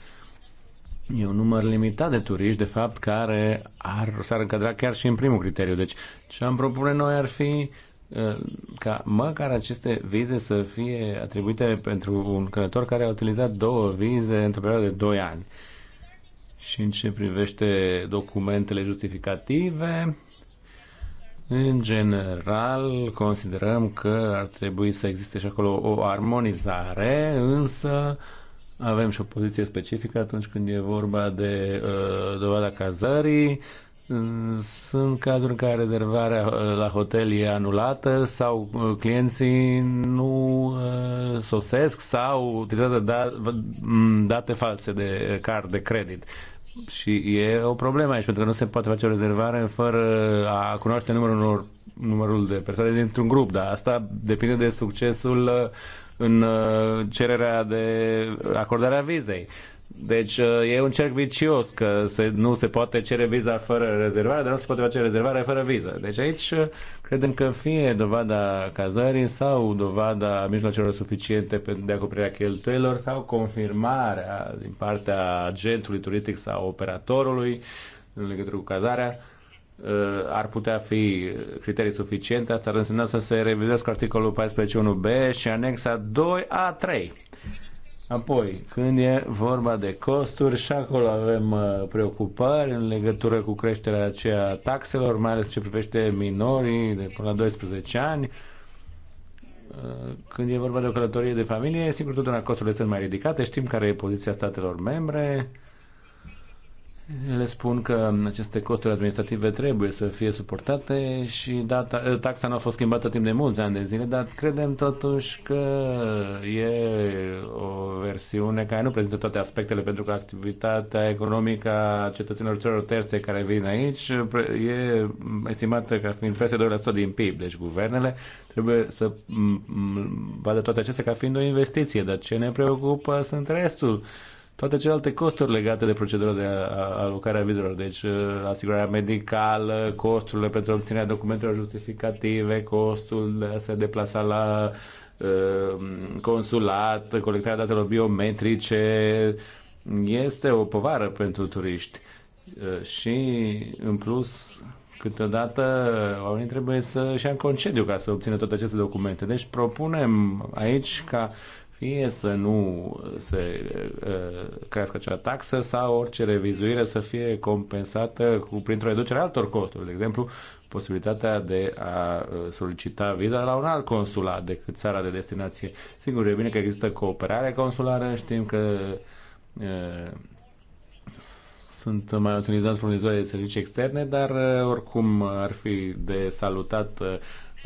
E un număr limitat de turiști, de fapt, care ar, s-ar încadra chiar și în primul criteriu. Deci, ce am propune noi ar fi ca măcar aceste vize să fie atribuite pentru un călător care a utilizat două vize într-o perioadă de 2 ani. Și în ce privește documentele justificative, în general, considerăm că ar trebui să existe și acolo o armonizare, însă avem și o poziție specifică atunci când e vorba de uh, dovada cazării, sunt cazuri în care rezervarea uh, la hotel e anulată sau uh, clienții nu uh, sosesc sau utilizează da, date false de card de credit. Și e o problemă aici, pentru că nu se poate face o rezervare fără a cunoaște numărul, unor, numărul de persoane dintr-un grup, dar asta depinde de succesul în cererea de acordarea vizei. Deci uh, e un cerc vicios că se, nu se poate cere viza fără rezervare, dar nu se poate face rezervare fără viză. Deci aici uh, credem că fie dovada cazării sau dovada mijloacelor suficiente de acoperire a cheltuielor sau confirmarea din partea agentului turistic sau operatorului în legătură cu cazarea uh, ar putea fi criterii suficiente, asta ar însemna să se revizească articolul 14.1b și anexa 2a3 Apoi, când e vorba de costuri, și acolo avem uh, preocupări în legătură cu creșterea aceea taxelor, mai ales ce privește minorii de până la 12 ani. Uh, când e vorba de o călătorie de familie, sigur, totdeauna costurile sunt mai ridicate. Știm care e poziția statelor membre ele spun că aceste costuri administrative trebuie să fie suportate și data, ă, taxa nu a fost schimbată timp de mulți ani de zile, dar credem totuși că e o versiune care nu prezintă toate aspectele, pentru că activitatea economică a cetățenilor celor terțe care vin aici e estimată ca fiind peste 2% din PIB. Deci guvernele trebuie să vadă toate acestea ca fiind o investiție, dar ce ne preocupă sunt restul toate celelalte costuri legate de procedura de alocare a vizelor, deci uh, asigurarea medicală, costurile pentru obținerea documentelor justificative, costul de a se deplasa la uh, consulat, colectarea datelor biometrice, este o povară pentru turiști. Uh, și, în plus, câteodată oamenii trebuie să-și ia în concediu ca să obțină toate aceste documente. Deci propunem aici ca fie să nu se uh, crească acea taxă sau orice revizuire să fie compensată cu, printr-o reducere a altor costuri. De exemplu, posibilitatea de a uh, solicita viza la un alt consulat decât țara de destinație. Sigur, e bine că există cooperare consulară, știm că e, uh, sunt mai utilizați furnizori de servicii externe, dar oricum ar fi de salutat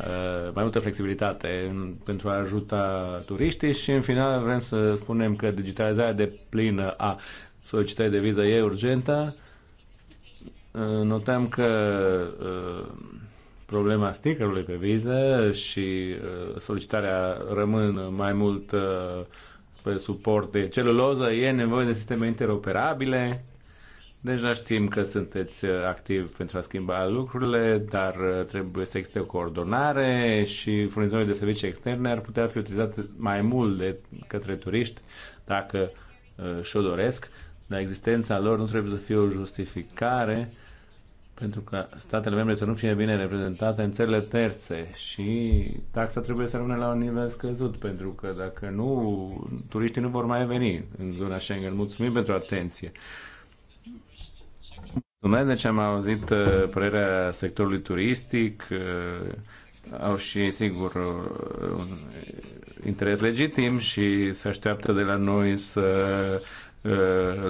Uh, mai multă flexibilitate în, pentru a ajuta turiștii și în final vrem să spunem că digitalizarea de plină a solicitării de viză e urgentă. Uh, notăm că uh, problema stickerului pe viză și solicitarea rămân mai mult pe suport de celuloză, e nevoie de sisteme interoperabile Deja știm că sunteți uh, activ pentru a schimba lucrurile, dar uh, trebuie să existe o coordonare și furnizorii de servicii externe ar putea fi utilizat mai mult de către turiști dacă uh, și-o doresc, dar existența lor nu trebuie să fie o justificare pentru că statele membre să nu fie bine reprezentate în țările terțe și taxa trebuie să rămână la un nivel scăzut, pentru că dacă nu, turiștii nu vor mai veni în zona Schengen. Mulțumim pentru atenție! de deci ce am auzit uh, părerea sectorului turistic, uh, au și, sigur, uh, un interes legitim și se așteaptă de la noi să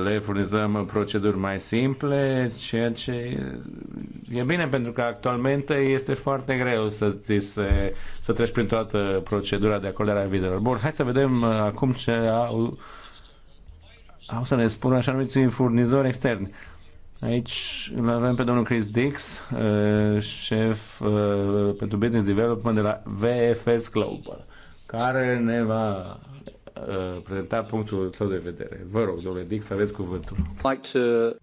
le furnizăm proceduri mai simple, ceea ce e bine pentru că actualmente este foarte greu să, ți se, să treci prin toată procedura de acordare a vizelor. Bun, hai să vedem acum ce au, au să ne spună așa numiți furnizori externi. Aici îl avem pe domnul Chris Dix, eh, șef eh, pentru Business Development de la VFS Global, care ne va Uh, prezenta punctul său de vedere. Vă rog, domnule Dix, aveți cuvântul.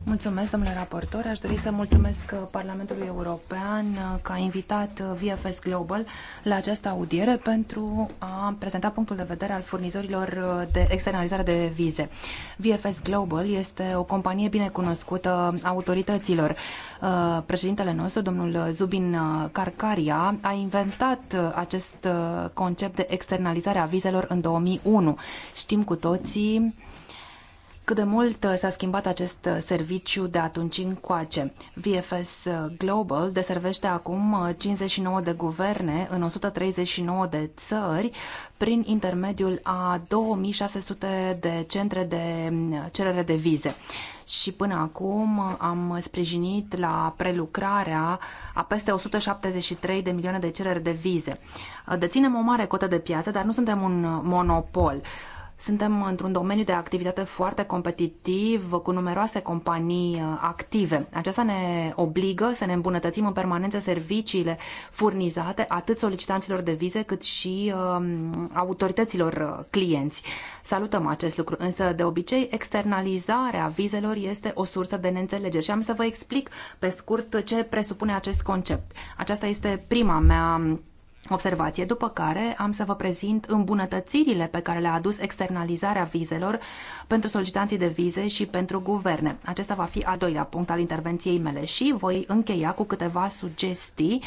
Mulțumesc, domnule raportor. Aș dori să mulțumesc uh, Parlamentului European uh, că a invitat VFS Global la această audiere pentru a prezenta punctul de vedere al furnizorilor de externalizare de vize. VFS Global este o companie bine cunoscută autorităților. Președintele nostru, domnul Zubin Carcaria, a inventat acest concept de externalizare a vizelor în 2001. Știm cu toții cât de mult uh, s-a schimbat acest uh, serviciu de atunci încoace. VFS uh, Global deservește acum 59 de guverne în 139 de țări prin intermediul a 2600 de centre de mm, cerere de vize. Și până acum am sprijinit la prelucrarea a peste 173 de milioane de cereri de vize. Deținem o mare cotă de piață, dar nu suntem un monopol. Suntem într-un domeniu de activitate foarte competitiv, cu numeroase companii uh, active. Aceasta ne obligă să ne îmbunătățim în permanență serviciile furnizate atât solicitanților de vize cât și um, autorităților uh, clienți. Salutăm acest lucru, însă de obicei externalizarea vizelor este o sursă de neînțelegeri și am să vă explic pe scurt ce presupune acest concept. Aceasta este prima mea observație, după care am să vă prezint îmbunătățirile pe care le-a adus externalizarea vizelor pentru solicitanții de vize și pentru guverne. Acesta va fi a doilea punct al intervenției mele și voi încheia cu câteva sugestii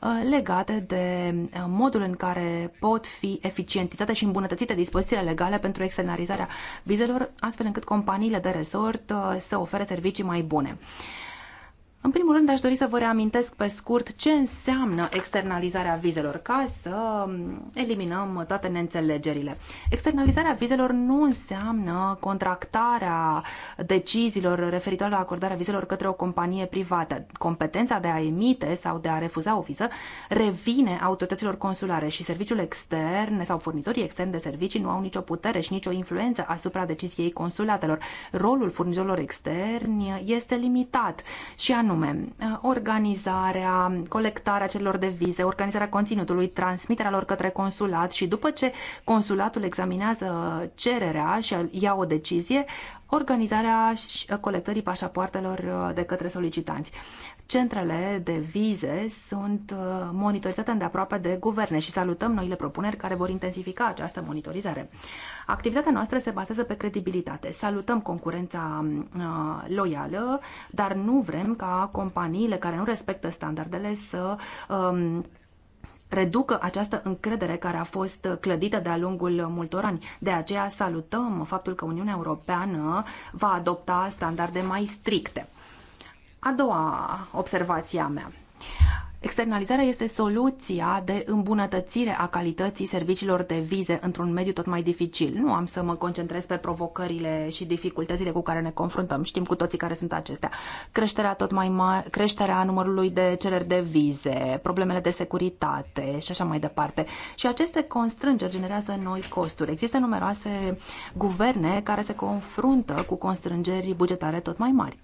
uh, legate de uh, modul în care pot fi eficientizate și îmbunătățite dispozițiile legale pentru externalizarea vizelor, astfel încât companiile de resort uh, să ofere servicii mai bune. În primul rând, aș dori să vă reamintesc pe scurt ce înseamnă externalizarea vizelor, ca să eliminăm toate neînțelegerile. Externalizarea vizelor nu înseamnă contractarea deciziilor referitoare la acordarea vizelor către o companie privată. Competența de a emite sau de a refuza o viză revine autorităților consulare și serviciul extern sau furnizorii externi de servicii nu au nicio putere și nicio influență asupra deciziei consulatelor. Rolul furnizorilor externi este limitat și anume anume organizarea, colectarea celor de vize, organizarea conținutului, transmiterea lor către consulat și după ce consulatul examinează cererea și ia o decizie, organizarea și colectării pașapoartelor uh, de către solicitanți. Centrele de vize sunt uh, monitorizate îndeaproape de guverne și salutăm noile propuneri care vor intensifica această monitorizare. Activitatea noastră se bazează pe credibilitate. Salutăm concurența uh, loială, dar nu vrem ca companiile care nu respectă standardele să um, reducă această încredere care a fost clădită de-a lungul multor ani. De aceea salutăm faptul că Uniunea Europeană va adopta standarde mai stricte. A doua observație a mea. Externalizarea este soluția de îmbunătățire a calității serviciilor de vize într-un mediu tot mai dificil. Nu am să mă concentrez pe provocările și dificultățile cu care ne confruntăm. Știm cu toții care sunt acestea. Creșterea tot mai mare, creșterea numărului de cereri de vize, problemele de securitate și așa mai departe. Și aceste constrângeri generează noi costuri. Există numeroase guverne care se confruntă cu constrângeri bugetare tot mai mari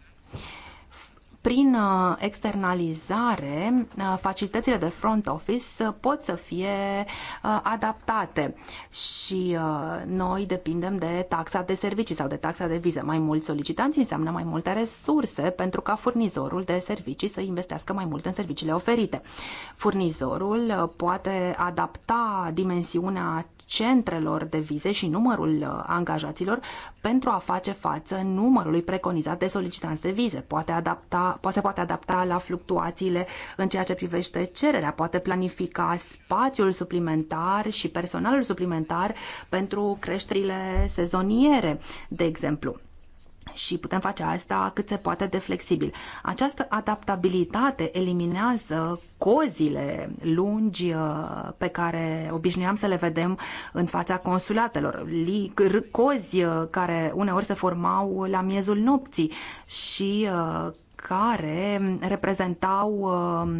prin uh, externalizare, uh, facilitățile de front office uh, pot să fie adaptate și noi depindem de taxa de servicii sau de taxa de viză. Mai mulți solicitanți înseamnă mai multe resurse pentru ca furnizorul de servicii să investească mai mult în serviciile oferite. Furnizorul poate adapta dimensiunea centrelor de vize și numărul uh, angajaților pentru a face față numărului preconizat de solicitanți de vize. Poate adapta, poate, se poate adapta la fluctuațiile în ceea ce privește cererea, poate planifica spațiul suplimentar și personalul suplimentar pentru creșterile sezoniere, de exemplu și putem face asta cât se poate de flexibil. Această adaptabilitate eliminează cozile lungi uh, pe care obișnuiam să le vedem în fața consulatelor, cozi uh, care uneori se formau la miezul nopții și uh, care reprezentau uh,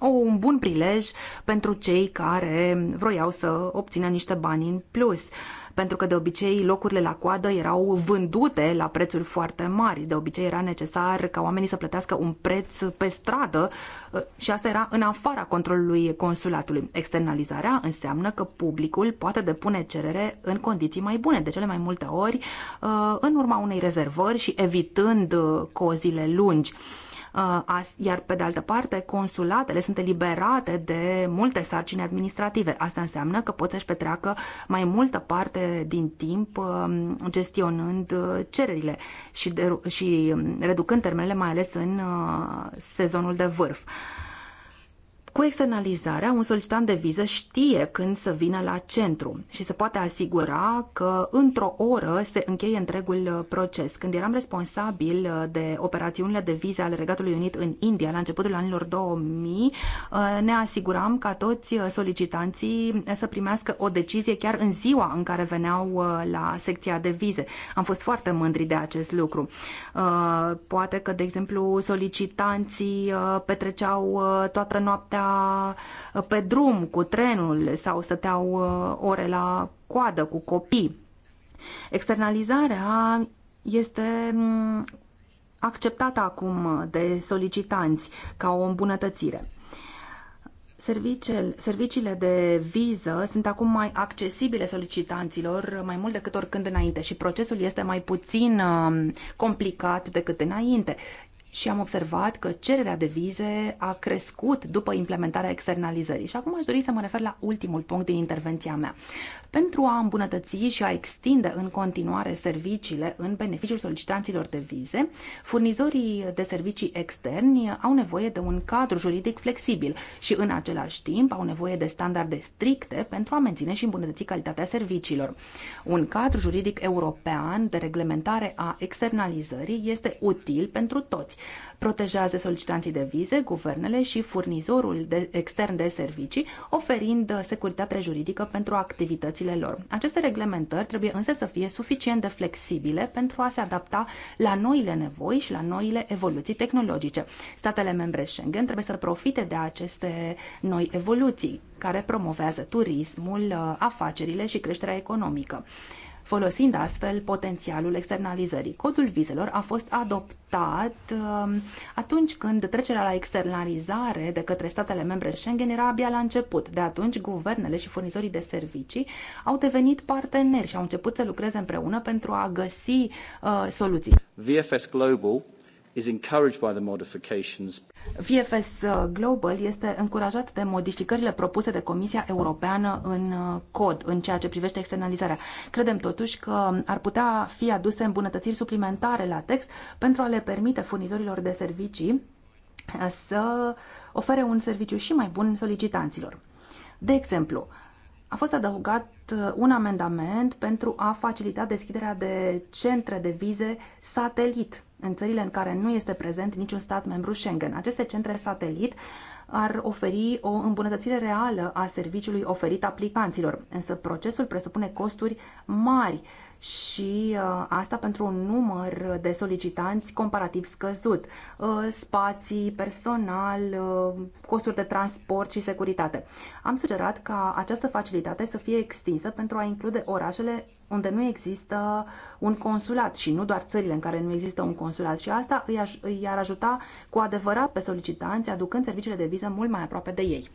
un bun prilej pentru cei care vroiau să obțină niște bani în plus. Uh, pentru că de obicei locurile la coadă erau vândute la prețuri foarte mari. De obicei era necesar ca oamenii să plătească un preț pe stradă ă, și asta era în afara controlului consulatului. Externalizarea înseamnă că publicul poate depune cerere în condiții mai bune, de cele mai multe ori ă, în urma unei rezervări și evitând ă, cozile lungi. Uh, iar pe de altă parte consulatele sunt eliberate de multe sarcini administrative. Asta înseamnă că poți să-și petreacă mai multă parte din timp um, gestionând uh, cererile și, de, și um, reducând termenele, mai ales în uh, sezonul de vârf. Cu externalizarea, un solicitant de viză știe când să vină la centru și se poate asigura că într-o oră se încheie întregul uh, proces. Când eram responsabil uh, de operațiunile de vize ale Regatului Unit în India la începutul anilor 2000, uh, ne asiguram ca toți solicitanții să primească o decizie chiar în ziua în care veneau la secția de vize. Am fost foarte mândri de acest lucru. Poate că, de exemplu, solicitanții petreceau toată noaptea pe drum cu trenul sau stăteau uh, ore la coadă cu copii. Externalizarea este mm, acceptată acum de solicitanți ca o îmbunătățire. Serviciile de viză sunt acum mai accesibile solicitanților mai mult decât oricând înainte și procesul este mai puțin uh, complicat decât înainte și am observat că cererea de vize a crescut după implementarea externalizării. Și acum aș dori să mă refer la ultimul punct din intervenția mea. Pentru a îmbunătăți și a extinde în continuare serviciile în beneficiul solicitanților de vize, furnizorii de servicii externi au nevoie de un cadru juridic flexibil și în același timp au nevoie de standarde stricte pentru a menține și îmbunătăți calitatea serviciilor. Un cadru juridic european de reglementare a externalizării este util pentru toți protejează solicitanții de vize, guvernele și furnizorul de, extern de servicii, oferind uh, securitate juridică pentru activitățile lor. Aceste reglementări trebuie însă să fie suficient de flexibile pentru a se adapta la noile nevoi și la noile evoluții tehnologice. Statele membre Schengen trebuie să profite de aceste noi evoluții care promovează turismul, uh, afacerile și creșterea economică folosind astfel potențialul externalizării. Codul vizelor a fost adoptat um, atunci când trecerea la externalizare de către statele membre Schengen era abia la început. De atunci, guvernele și furnizorii de servicii au devenit parteneri și au început să lucreze împreună pentru a găsi uh, soluții. VFS Global is encouraged by the modifications. VFS Global este încurajat de modificările propuse de Comisia Europeană în uh, cod în ceea ce privește externalizarea. Credem totuși că ar putea fi aduse îmbunătățiri suplimentare la text pentru a le permite furnizorilor de servicii uh, să ofere un serviciu și mai bun solicitanților. De exemplu, a fost adăugat uh, un amendament pentru a facilita deschiderea de centre de vize satelit în țările în care nu este prezent niciun stat membru Schengen. Aceste centre satelit ar oferi o îmbunătățire reală a serviciului oferit aplicanților, însă procesul presupune costuri mari și uh, asta pentru un număr de solicitanți comparativ scăzut. Uh, spații, personal, uh, costuri de transport și securitate. Am sugerat ca această facilitate să fie extinsă pentru a include orașele unde nu există un consulat și nu doar țările în care nu există un consulat și asta îi, ar ajuta cu adevărat pe solicitanți, aducând serviciile de viză mult mai aproape de ei.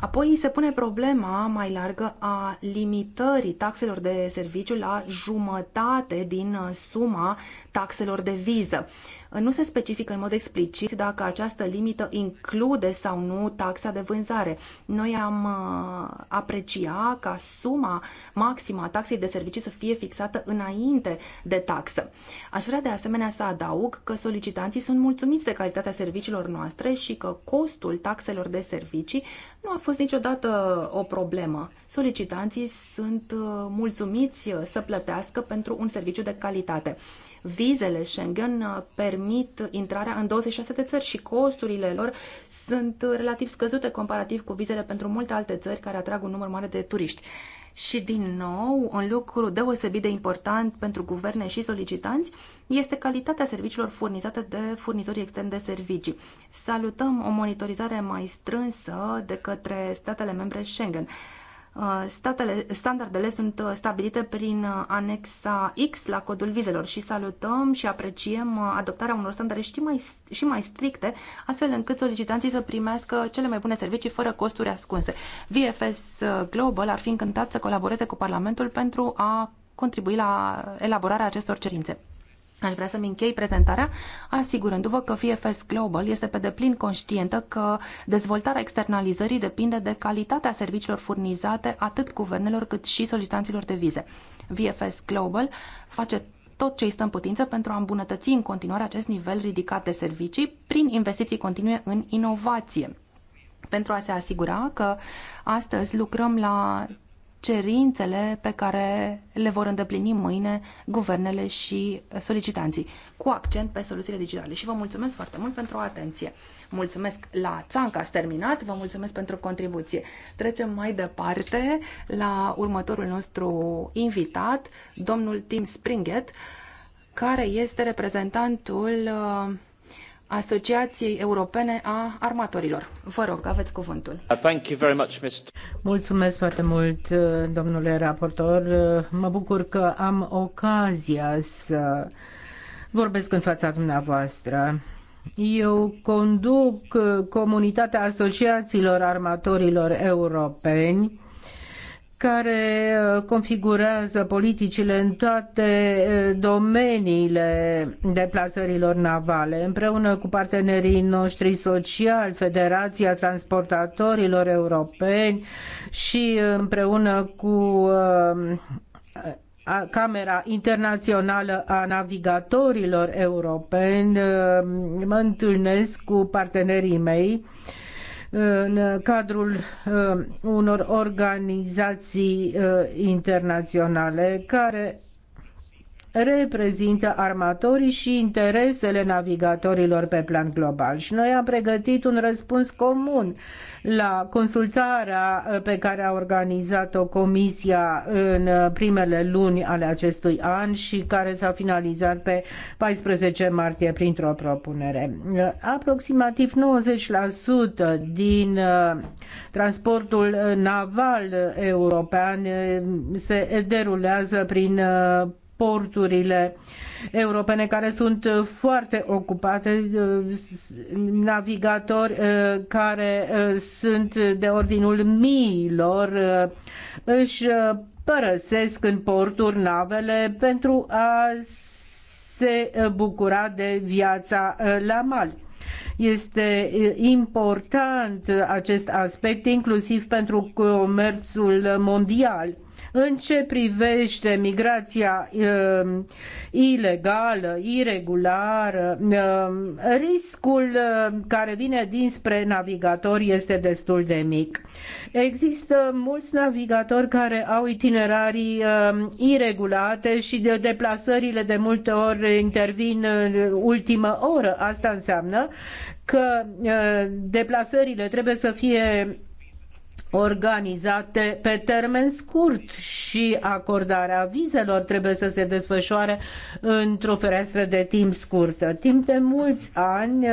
Apoi se pune problema mai largă a limitării taxelor de serviciu la jumătate din suma taxelor de viză. Nu se specifică în mod explicit dacă această limită include sau nu taxa de vânzare. Noi am uh, aprecia ca suma maximă a taxei de servicii să fie fixată înainte de taxă. Aș vrea de asemenea să adaug că solicitanții sunt mulțumiți de calitatea serviciilor noastre și că costul taxelor de servicii nu a fost niciodată uh, o problemă. Solicitanții sunt uh, mulțumiți să plătească pentru un serviciu de calitate. Vizele Schengen uh, permit intrarea în 26 de țări și costurile lor sunt uh, relativ scăzute comparativ cu vizele pentru multe alte țări care atrag un număr mare de turiști. Și din nou, un lucru deosebit de important pentru guverne și solicitanți este calitatea serviciilor furnizate de furnizorii externi de servicii. Salutăm o monitorizare mai strânsă de către statele membre Schengen. Uh, statele, standardele sunt uh, stabilite prin uh, anexa X la codul vizelor și salutăm și apreciem adoptarea unor standarde și mai, și mai stricte, astfel încât solicitanții să primească cele mai bune servicii fără costuri ascunse. VFS Global ar fi încântat să colaboreze cu Parlamentul pentru a contribui la elaborarea acestor cerințe. Aș vrea să-mi închei prezentarea asigurându-vă că VFS Global este pe deplin conștientă că dezvoltarea externalizării depinde de calitatea serviciilor furnizate atât guvernelor cât și solicitanților de vize. VFS Global face tot ce îi stă în putință pentru a îmbunătăți în continuare acest nivel ridicat de servicii prin investiții continue în inovație pentru a se asigura că astăzi lucrăm la cerințele pe care le vor îndeplini mâine guvernele și solicitanții, cu accent pe soluțiile digitale. Și vă mulțumesc foarte mult pentru atenție. Mulțumesc la Țanca, ați terminat, vă mulțumesc pentru contribuție. Trecem mai departe la următorul nostru invitat, domnul Tim Springet, care este reprezentantul uh, Asociației Europene a Armatorilor. Vă rog, aveți cuvântul. Uh, thank you very much, Mr. Mulțumesc foarte mult, uh, domnule raportor. Uh, mă bucur că am ocazia să vorbesc în fața dumneavoastră. Eu conduc comunitatea asociațiilor armatorilor europeni care uh, configurează politicile în toate uh, domeniile deplasărilor navale, împreună cu partenerii noștri sociali, Federația Transportatorilor Europeni și uh, împreună cu Camera Internațională a Navigatorilor Europeni, mă întâlnesc cu partenerii mei în cadrul uh, unor organizații uh, internaționale care reprezintă armatorii și interesele navigatorilor pe plan global. Și noi am pregătit un răspuns comun la consultarea uh, pe care a organizat-o Comisia în uh, primele luni ale acestui an și care s-a finalizat pe 14 martie printr-o propunere. Uh, aproximativ 90% din transportul naval european se derulează prin porturile europene care sunt foarte ocupate, navigatori eh, care eh, sunt de ordinul miilor, eh, își părăsesc în porturi navele pentru a se bucura de viața la mal. Este important acest aspect inclusiv pentru comerțul mondial în ce privește migrația uh, ilegală, iregulară, uh, riscul uh, care vine dinspre navigatori este destul de mic. Există mulți navigatori care au itinerarii uh, iregulate și de deplasările de multe ori intervin în ultimă oră. Asta înseamnă că uh, deplasările trebuie să fie organizate pe termen scurt și acordarea vizelor trebuie să se desfășoare într-o fereastră de timp scurtă. Timp de mulți ani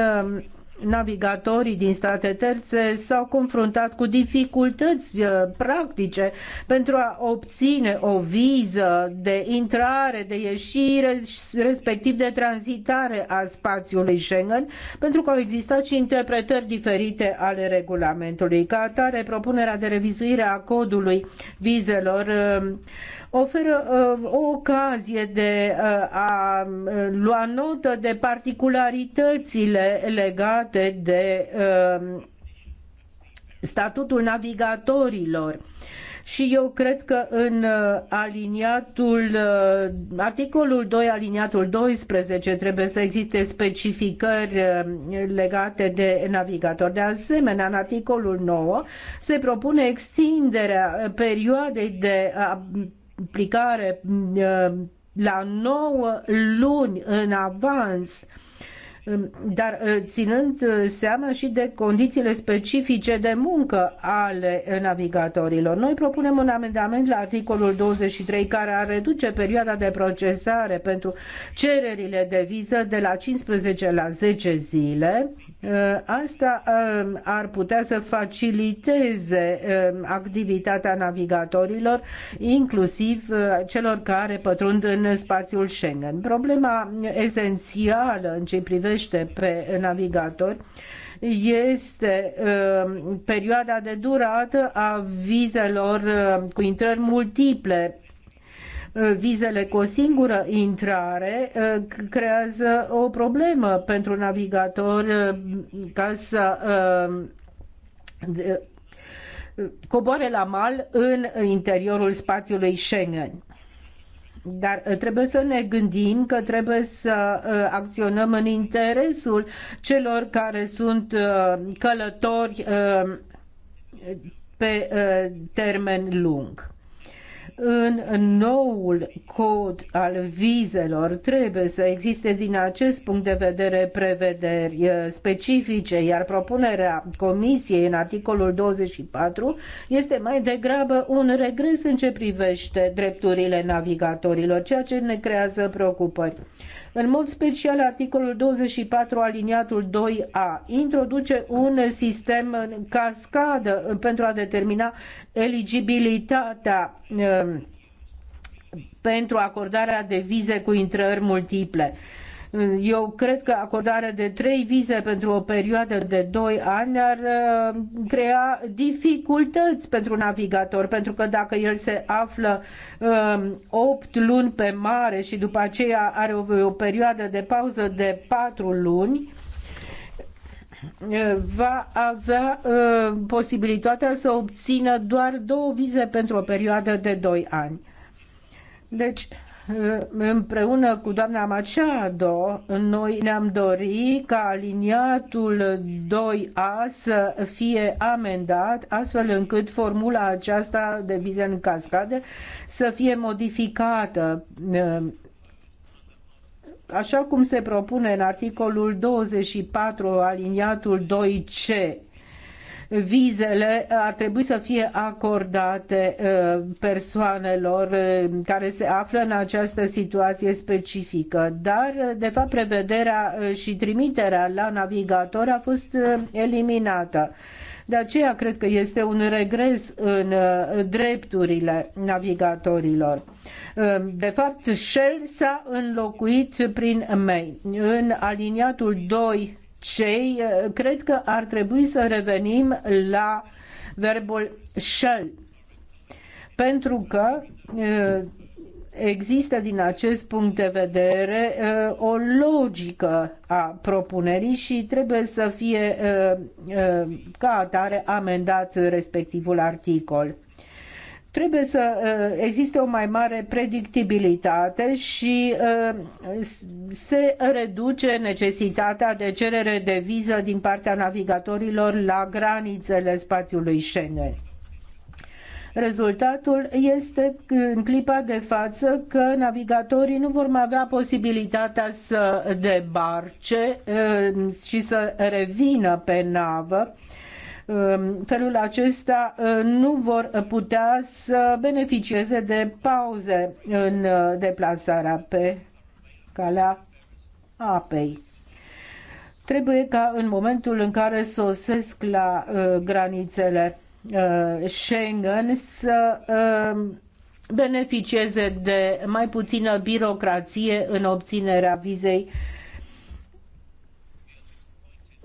navigatorii din state terțe s-au confruntat cu dificultăți uh, practice pentru a obține o viză de intrare, de ieșire, respectiv de tranzitare a spațiului Schengen, pentru că au existat și interpretări diferite ale regulamentului. Ca atare, propunerea de revizuire a codului vizelor uh, oferă uh, o ocazie de uh, a uh, lua notă de particularitățile legate de statutul navigatorilor și eu cred că în aliniatul, articolul 2, aliniatul 12, trebuie să existe specificări legate de navigator. De asemenea, în articolul 9 se propune extinderea perioadei de implicare mm, uh, la 9 luni în avans mm, dar uh, ținând uh, seama și de condițiile specifice de muncă ale navigatorilor. Noi propunem un amendament la articolul 23 care ar reduce perioada de procesare pentru cererile de viză de la 15 la 10 zile Uh, asta um, ar putea să faciliteze um, activitatea navigatorilor, inclusiv uh, celor care pătrund în spațiul Schengen. Problema esențială în ce privește pe navigatori este um, perioada de durată a vizelor uh, cu intrări multiple Uh, vizele cu o singură intrare uh, creează o problemă pentru navigator uh, ca să coboare la mal în interiorul spațiului Schengen. Dar trebuie să ne gândim că trebuie să acționăm în interesul celor care sunt călători pe termen lung. În noul cod al vizelor trebuie să existe din acest punct de vedere prevederi uh, specifice, iar propunerea Comisiei în articolul 24 este mai degrabă un regres în ce privește drepturile navigatorilor, ceea ce ne creează preocupări. În mod special, articolul 24 aliniatul 2A introduce un sistem în cascadă pentru a determina eligibilitatea ehm, pentru acordarea de vize cu intrări multiple. Eu cred că acordarea de trei vize pentru o perioadă de doi ani ar uh, crea dificultăți pentru navigator, pentru că dacă el se află uh, opt luni pe mare și după aceea are o, perioadă de pauză de patru luni, uh, va avea uh, posibilitatea să obțină doar două vize pentru o perioadă de 2 ani. Deci, împreună cu doamna Machado, noi ne-am dorit ca aliniatul 2A să fie amendat, astfel încât formula aceasta de vize în cascade să fie modificată așa cum se propune în articolul 24 aliniatul 2C vizele ar trebui să fie acordate uh, persoanelor uh, care se află în această situație specifică. Dar, uh, de fapt, prevederea și trimiterea la navigator a fost eliminată. De aceea cred că este un regres în drepturile navigatorilor. De fapt, Shell s-a înlocuit prin Mail. În aliniatul 2 cei, eh, cred că ar trebui să revenim la verbul shall. Pentru că eh, există din acest punct de vedere eh, o logică a propunerii și trebuie să fie ca atare amendat respectivul articol. Trebuie să uh, existe o mai mare predictibilitate și uh, se reduce necesitatea de cerere de viză din partea navigatorilor la granițele spațiului Schengen. Rezultatul este în clipa de față că navigatorii nu vor mai avea posibilitatea să debarce uh, și să revină pe navă felul acesta uh, nu vor putea să beneficieze de pauze în uh, deplasarea pe calea apei. Trebuie ca în momentul în care sosesc la uh, granițele Schengen să beneficieze de mai puțină birocrație în obținerea vizei uh,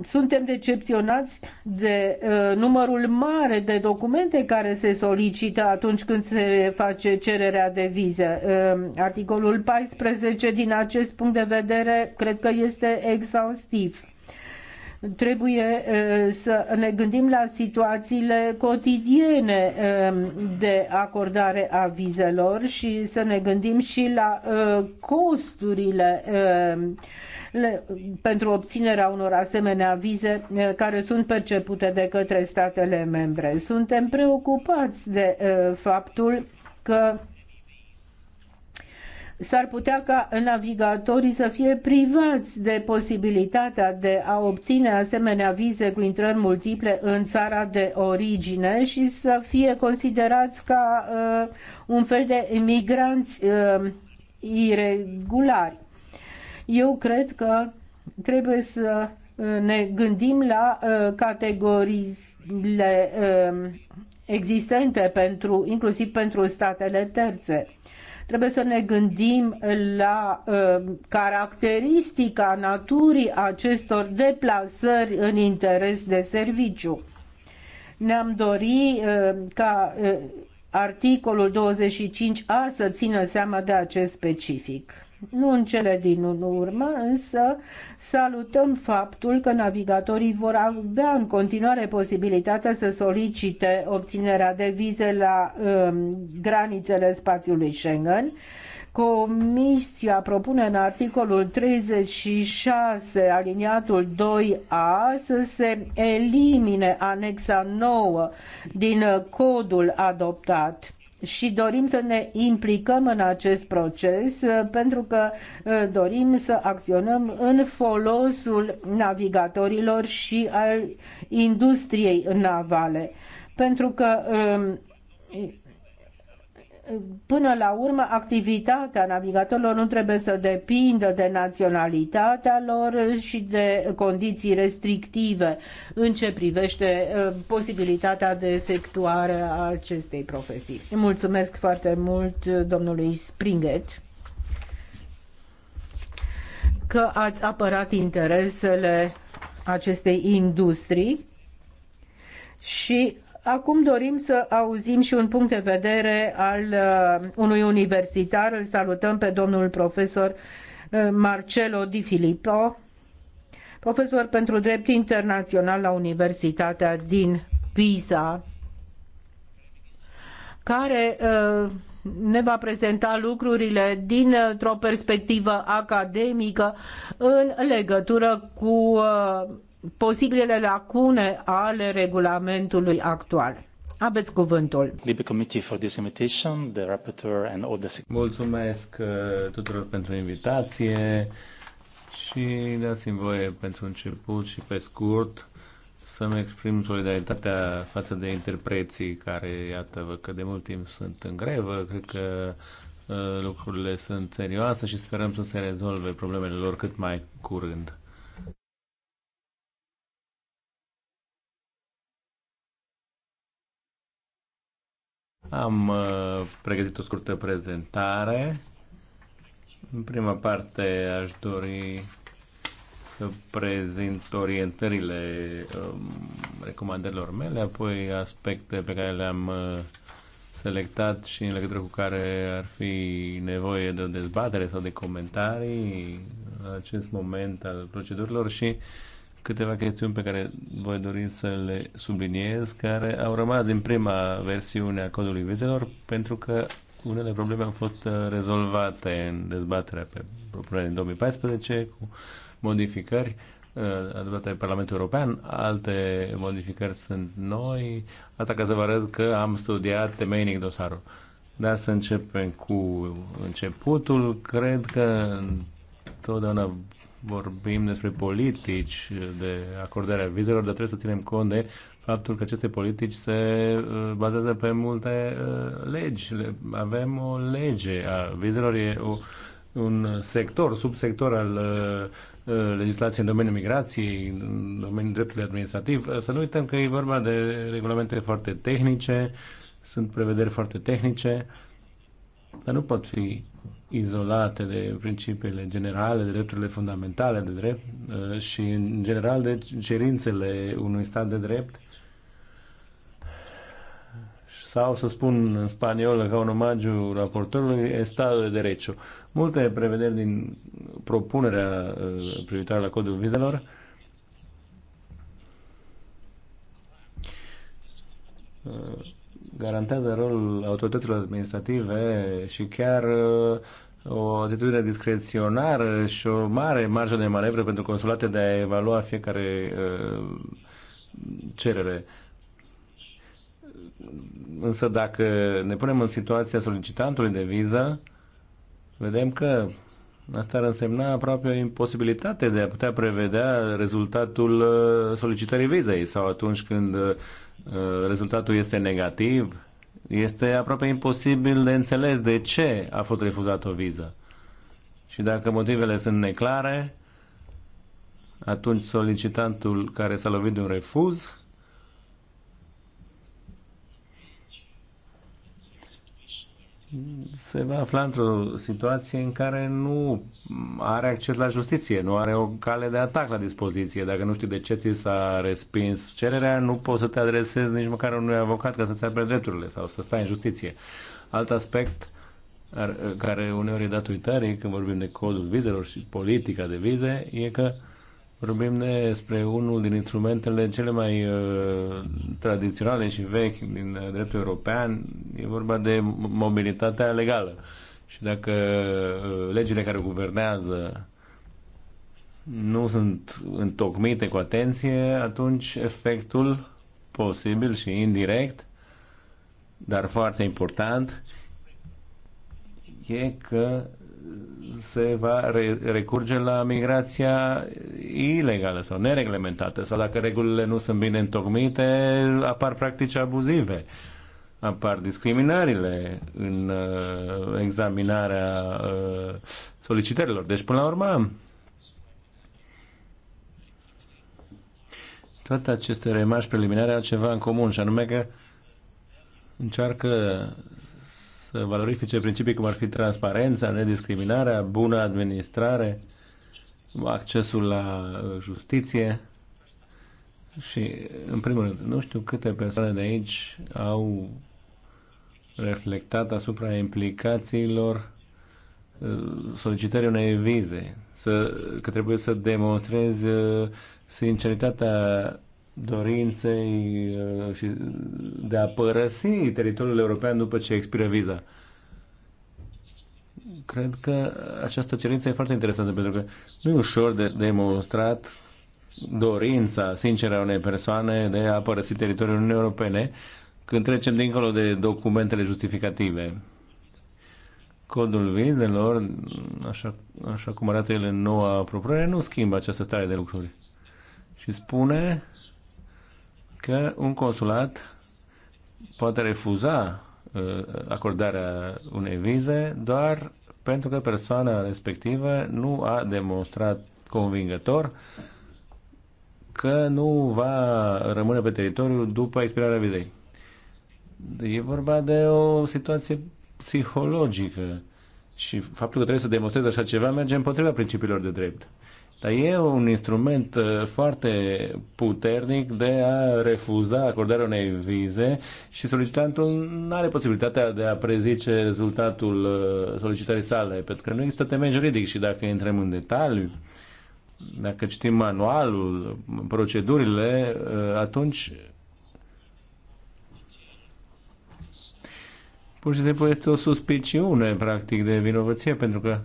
suntem decepționați de uh, numărul mare de documente care se solicită atunci când se face cererea de viză. Uh, articolul 14 din acest punct de vedere cred că este exhaustiv. Trebuie uh, să ne gândim la situațiile cotidiene uh, de acordare a vizelor și să ne gândim și la uh, costurile uh, le, pentru obținerea unor asemenea vize eh, care sunt percepute de către statele membre. Suntem preocupați de eh, faptul că s-ar putea ca navigatorii să fie privați de posibilitatea de a obține asemenea vize cu intrări multiple în țara de origine și să fie considerați ca uh, un fel de migranți uh, iregulari. Eu cred că trebuie să uh, ne gândim la uh, categoriile um, existente pentru, inclusiv pentru statele terțe. Trebuie să ne gândim la um, caracteristica naturii acestor deplasări în interes de serviciu. Ne-am dori uh, ca articolul 25a să țină seama de acest specific. Nu în cele din urmă, însă salutăm faptul că navigatorii vor avea în continuare posibilitatea să solicite obținerea de vize la um, granițele spațiului Schengen. Comisia propune în articolul 36, aliniatul 2A, să se elimine anexa 9 din codul adoptat și dorim să ne implicăm în acest proces uh, pentru că uh, dorim să acționăm în folosul navigatorilor și al industriei navale. Pentru că um, Până la urmă, activitatea navigatorilor nu trebuie să depindă de naționalitatea lor și de condiții restrictive în ce privește uh, posibilitatea de efectuare a acestei profesii. Mulțumesc foarte mult uh, domnului Springet că ați apărat interesele acestei industrii și Acum dorim să auzim și un punct de vedere al uh, unui universitar. Îl salutăm pe domnul profesor uh, Marcelo Di Filippo, profesor pentru drept internațional la Universitatea din Pisa, care uh, ne va prezenta lucrurile dintr-o perspectivă academică în legătură cu posibilele lacune ale regulamentului actual. Aveți cuvântul. Mulțumesc uh, tuturor pentru invitație și dați-mi voie pentru început și pe scurt să-mi exprim solidaritatea față de interpreții care, iată, vă că de mult timp sunt în grevă, cred că uh, lucrurile sunt serioase și sperăm să se rezolve problemele lor cât mai curând. Am uh, pregătit o scurtă prezentare. În prima parte aș dori să prezint orientările um, recomandărilor mele, apoi aspecte pe care le-am uh, selectat și în legătură cu care ar fi nevoie de o dezbatere sau de comentarii în acest moment al procedurilor și uh, câteva chestiuni pe care voi dori să le subliniez, care au rămas din prima versiune a codului vizelor, pentru că unele probleme au fost uh, rezolvate în dezbaterea pe propunerea din 2014 cu modificări uh, adoptate de Parlamentul European, alte modificări sunt noi, asta ca să vă arăt că am studiat temeinic dosarul. Dar să începem cu începutul. Cred că întotdeauna vorbim despre politici de acordare a vizelor, dar trebuie să ținem cont de faptul că aceste politici se uh, bazează pe multe uh, legi. Avem o lege a vizelor, e o, un sector, subsector al uh, legislației în domeniul migrației, în domeniul dreptului administrativ. Să nu uităm că e vorba de regulamente foarte tehnice, sunt prevederi foarte tehnice, dar nu pot fi izolate de principiile generale, de drepturile fundamentale de drept uh, și, în general, de cerințele unui stat de drept sau, să spun în spaniolă, ca un omagiu raportorului, Estado de Derecho. Multe prevederi din propunerea uh, privitoare la codul vizelor uh, garantează rolul autorităților administrative și chiar uh, o atitudine discreționară și o mare marjă de manevră pentru consulate de a evalua fiecare uh, cerere. Însă dacă ne punem în situația solicitantului de viză, vedem că asta ar însemna aproape o imposibilitate de a putea prevedea rezultatul uh, solicitării vizei sau atunci când Uh, rezultatul este negativ, este aproape imposibil de înțeles de ce a fost refuzată o viză. Și dacă motivele sunt neclare, atunci solicitantul care s-a lovit de un refuz se va afla într-o situație în care nu are acces la justiție, nu are o cale de atac la dispoziție. Dacă nu știi de ce ți s-a respins cererea, nu poți să te adresezi nici măcar unui avocat ca să-ți apere drepturile sau să stai în justiție. Alt aspect care uneori e dat uitării când vorbim de codul vizelor și politica de vize e că uh, vorbim despre unul din instrumentele cele mai uh, tradiționale și vechi din uh, dreptul european. E vorba de mobilitatea legală. Și dacă uh, legile care guvernează nu sunt întocmite cu atenție, atunci efectul posibil și indirect, dar foarte important, e că se va re- recurge la migrația ilegală sau nereglementată sau dacă regulile nu sunt bine întocmite, apar practici abuzive. Apar discriminările în uh, examinarea uh, solicitărilor. Deci, până la urmă, toate aceste remarci preliminare au ceva în comun și anume că încearcă să valorifice principii cum ar fi transparența, nediscriminarea, bună administrare, accesul la uh, justiție. Și, în primul rând, nu știu câte persoane de aici au reflectat asupra implicațiilor uh, solicitării unei vize, să, că trebuie să demonstrezi uh, sinceritatea dorinței uh, și de a părăsi teritoriul european după ce expiră viza. Cred că această cerință e foarte interesantă pentru că nu e ușor de demonstrat dorința sinceră a unei persoane de a părăsi teritoriul Uniunii Europene când trecem dincolo de documentele justificative. Codul vizelor, așa, așa cum arată el în noua propunere, nu schimbă această stare de lucruri. Și spune că un consulat poate refuza uh, acordarea unei vize doar pentru că persoana respectivă nu a demonstrat convingător că nu va rămâne pe teritoriu după expirarea vizei. E vorba de o situație psihologică și faptul că trebuie să demonstrezi așa ceva merge împotriva principiilor de drept. Dar e un instrument uh, foarte puternic de a refuza acordarea unei vize și solicitantul nu are posibilitatea de a prezice rezultatul uh, solicitării sale, pentru că nu există temei juridic și dacă intrăm în detaliu, dacă citim manualul, procedurile, uh, atunci pur și simplu este o suspiciune, practic, de vinovăție, pentru că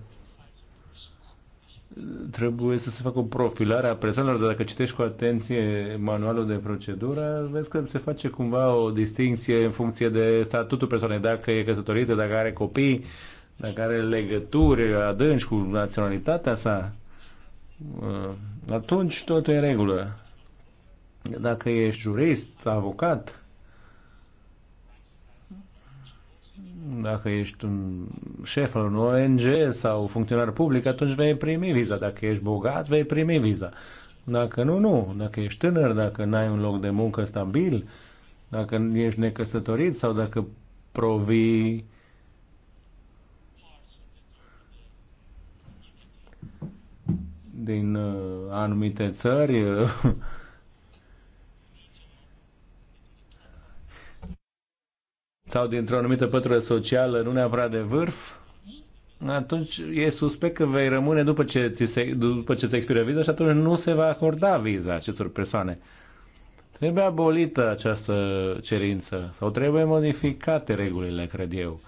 trebuie să se facă o profilare a persoanelor, dar dacă citești cu atenție manualul de procedură, vezi că se face cumva o distinție în funcție de statutul persoanei, dacă e căsătorită, dacă are copii, dacă are legături adânci cu naționalitatea sa, uh, atunci totul e regulă. Dacă ești jurist, avocat, dacă ești un șef al unui ONG sau funcționar public, atunci vei primi viza. Dacă ești bogat, vei primi viza. Dacă nu, nu. Dacă ești tânăr, dacă n-ai un loc de muncă stabil, dacă ești necăsătorit sau dacă provii din uh, anumite țări, uh, sau dintr-o anumită pătură socială, nu neapărat de vârf, atunci e suspect că vei rămâne după ce ți se, după ce se expiră viza și atunci nu se va acorda viza acestor persoane. Trebuie abolită această cerință sau trebuie modificate regulile, cred eu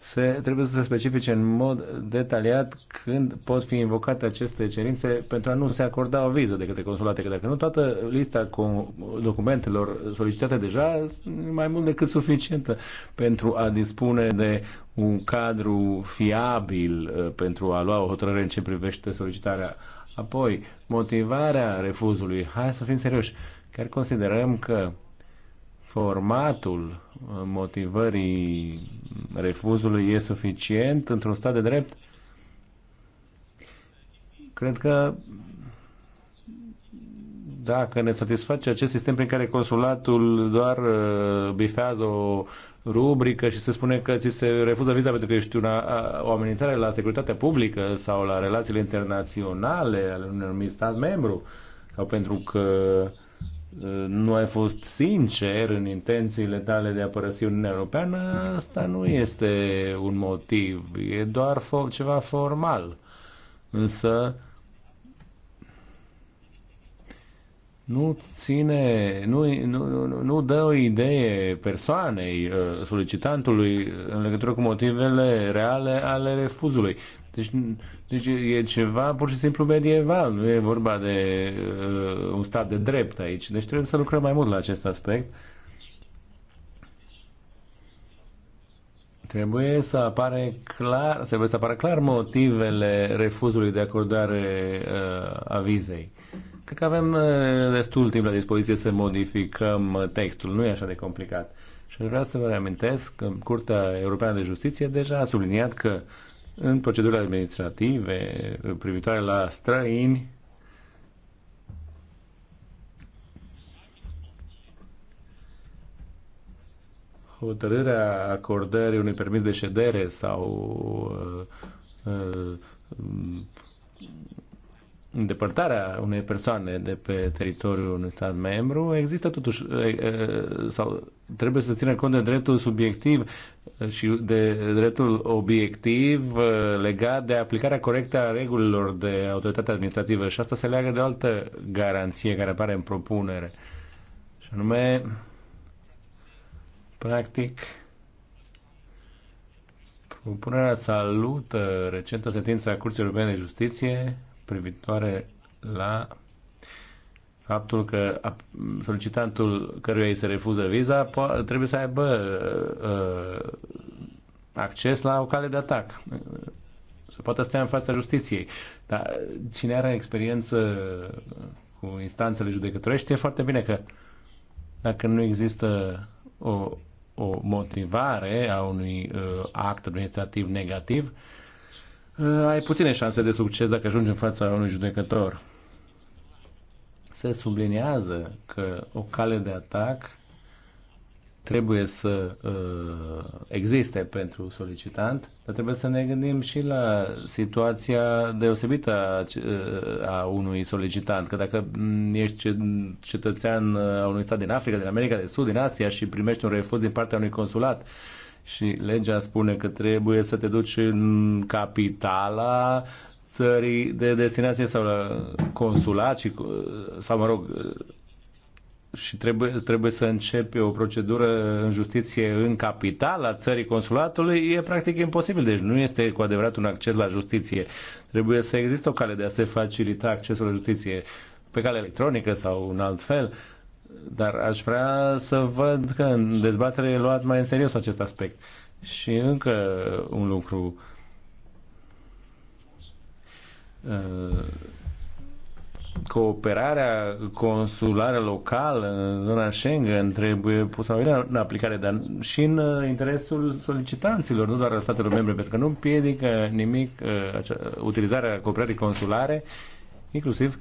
se, trebuie să se specifice în mod detaliat când pot fi invocate aceste cerințe pentru a nu se acorda o viză de către consulate, că dacă nu, toată lista cu documentelor solicitate deja mai mult decât suficientă pentru a dispune de un cadru fiabil uh, pentru a lua o hotărâre în ce privește solicitarea. Apoi, motivarea refuzului. Hai să fim serioși. Chiar considerăm că formatul motivării refuzului e suficient într-un stat de drept? Cred că dacă ne satisface acest sistem prin care consulatul doar uh, bifează o rubrică și se spune că ți se refuză viza pentru că ești una, o amenințare la securitatea publică sau la relațiile internaționale ale unui anumit stat membru sau pentru că nu ai fost sincer în intențiile tale de a părăsi Uniunea Europeană, asta nu este un motiv, e doar ceva formal. Însă nu ține, nu, nu, nu, nu dă o idee persoanei, uh, solicitantului, în legătură cu motivele reale ale refuzului. Deci, deci e ceva pur și simplu medieval, nu e vorba de uh, un stat de drept aici. Deci trebuie să lucrăm mai mult la acest aspect. Trebuie să apare clar, trebuie să apară clar motivele refuzului de acordare uh, a vizei. Cred că avem uh, destul timp la dispoziție să modificăm uh, textul, nu e așa de complicat. Și vreau să vă reamintesc că Curtea Europeană de Justiție deja a subliniat că uh, în procedurile administrative privitoare la străini hotărârea acordării unui permis de ședere sau uh, uh, îndepărtarea unei persoane de pe teritoriul unui stat membru, există totuși, sau trebuie să țină cont de dreptul subiectiv și de dreptul obiectiv legat de aplicarea corectă a regulilor de autoritate administrativă și asta se leagă de o altă garanție care apare în propunere și anume practic propunerea salută recentă sentință a Curții Europene de Justiție privitoare la faptul că solicitantul căruia îi se refuză viza trebuie să aibă uh, acces la o cale de atac. Să poată stea în fața justiției. Dar cine are experiență cu instanțele judecătorești știe foarte bine că dacă nu există o, o motivare a unui uh, act administrativ negativ, uh, Uh, ai puține șanse de succes dacă ajungi în fața unui judecător. Se subliniază că o cale de atac trebuie să uh, existe pentru solicitant, dar trebuie să ne gândim și la situația deosebită a, uh, a unui solicitant, că dacă ești cetățean uh, a unui stat din Africa, din America de Sud, din Asia și primești un refuz din partea unui consulat, și legea spune că trebuie să te duci în capitala țării de destinație sau la consulat și, sau mă rog și trebuie, trebuie să începe o procedură în justiție în capitala țării consulatului, e practic imposibil. Deci nu este cu adevărat un acces la justiție. Trebuie să există o cale de a se facilita accesul la justiție pe cale electronică sau un alt fel. Uh, dar aș vrea să văd că în dezbatere e luat mai în serios acest aspect. Și încă un lucru. Uh, cooperarea consulară locală în zona Schengen trebuie pusă în aplicare, dar și în uh, interesul solicitanților, nu doar al statelor membre, pentru că nu împiedică nimic uh, utilizarea cooperării consulare, inclusiv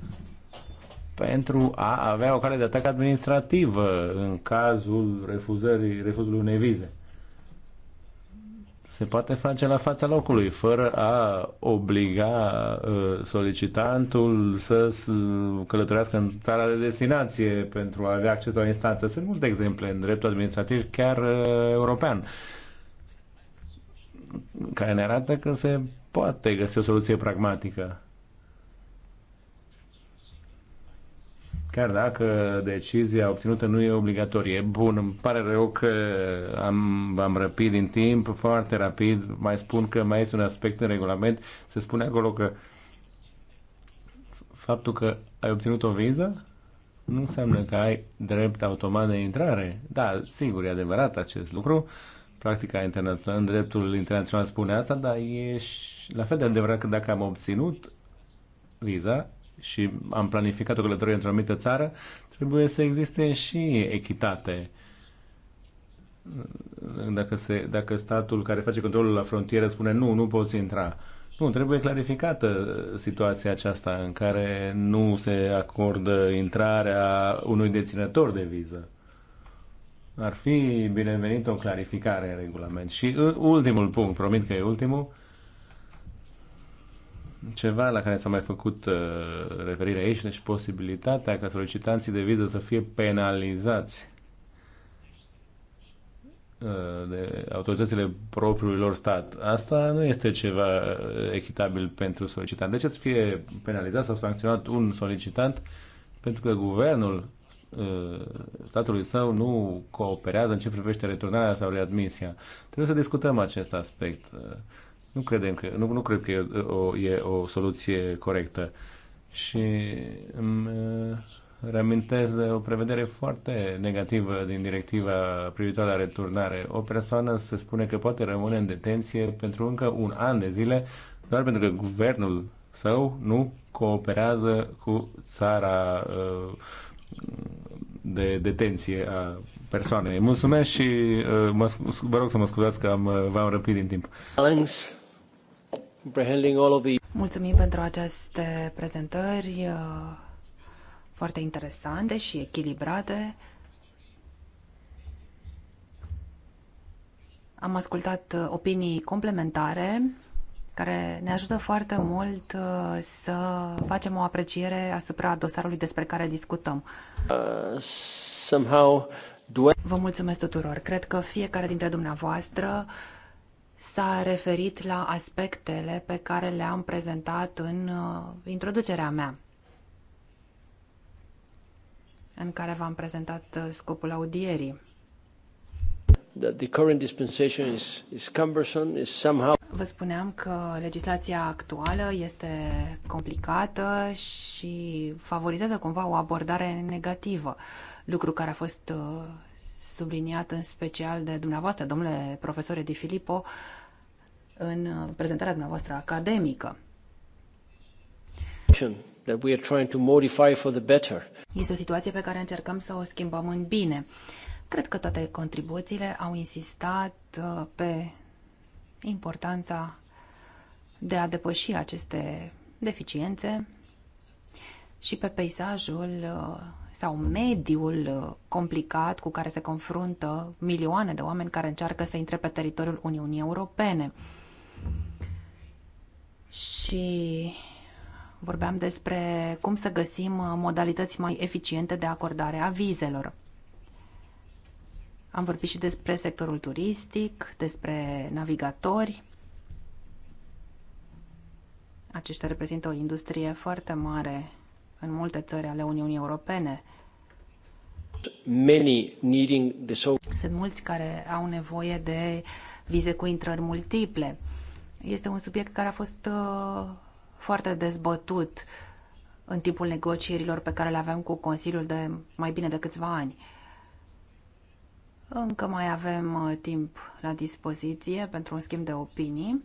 pentru a avea o cale de atac administrativă în cazul refuzării, refuzului unei vize. Se poate face la fața locului, fără a obliga uh, solicitantul să uh, călătorească în țara de destinație pentru a avea acces la o instanță. Sunt multe exemple în dreptul administrativ, chiar uh, european, care ne arată că se poate găsi o soluție pragmatică chiar dacă decizia obținută nu e obligatorie. Bun, îmi pare rău că am, v-am răpit din timp, foarte rapid. Mai spun că mai este un aspect în regulament. Se spune acolo că faptul că ai obținut o viză nu înseamnă că ai drept automat de intrare. Da, sigur, e adevărat acest lucru. Practica internațională, dreptul internațional spune asta, dar e și, la fel de adevărat că dacă am obținut viza, și am planificat o călătorie într-o anumită țară, trebuie să existe și echitate. Dacă, se, dacă statul care face controlul la frontieră spune nu, nu poți intra, nu, trebuie clarificată situația aceasta în care nu se acordă intrarea unui deținător de viză. Ar fi binevenit o clarificare în regulament. Și uh, ultimul punct, promit că e ultimul, ceva la care s-a mai făcut uh, referire aici, deci posibilitatea ca solicitanții de viză să fie penalizați uh, de autoritățile propriului lor stat. Asta nu este ceva uh, echitabil pentru solicitant. De deci ce să fie penalizat sau sancționat un solicitant pentru că guvernul uh, statului său nu cooperează în ce privește returnarea sau readmisia. Trebuie să discutăm acest aspect. Nu, credem că, nu, nu cred că e o, e o soluție corectă. Și îmi uh, reamintesc de o prevedere foarte negativă din directiva privitoare la returnare. O persoană se spune că poate rămâne în detenție pentru încă un an de zile doar pentru că guvernul său nu cooperează cu țara uh, de detenție a persoanei. Mulțumesc și uh, mă, vă rog să mă scuzați că am, v-am răpit din timp. Mulțumim pentru aceste prezentări uh, foarte interesante și echilibrate. Am ascultat uh, opinii complementare care ne ajută foarte mult uh, să facem o apreciere asupra dosarului despre care discutăm. Vă mulțumesc tuturor. Cred că fiecare dintre dumneavoastră s-a referit la aspectele pe care le-am prezentat în uh, introducerea mea, în care v-am prezentat uh, scopul audierii. That the current dispensation is, is cumbersome, is somehow... Vă spuneam că legislația actuală este complicată și favorizează cumva o abordare negativă, lucru care a fost uh, subliniat în special de dumneavoastră, domnule profesor Di Filippo, în prezentarea dumneavoastră academică. That we are trying to modify for the better. Este o situație pe care încercăm să o schimbăm în bine. Cred că toate contribuțiile au insistat uh, pe importanța de a depăși aceste deficiențe și pe peisajul uh, sau mediul uh, complicat cu care se confruntă milioane de oameni care încearcă să intre pe teritoriul Uniunii Europene. Și vorbeam despre cum să găsim uh, modalități mai eficiente de acordare a vizelor. Am vorbit și despre sectorul turistic, despre navigatori. Aceștia reprezintă o industrie foarte mare în multe țări ale Uniunii Europene. Many needing the so Sunt mulți care au nevoie de vize cu intrări multiple. Este un subiect care a fost uh, foarte dezbătut în timpul negocierilor pe care le aveam cu Consiliul de mai bine de câțiva ani. Încă mai avem uh, timp la dispoziție pentru un schimb de opinii,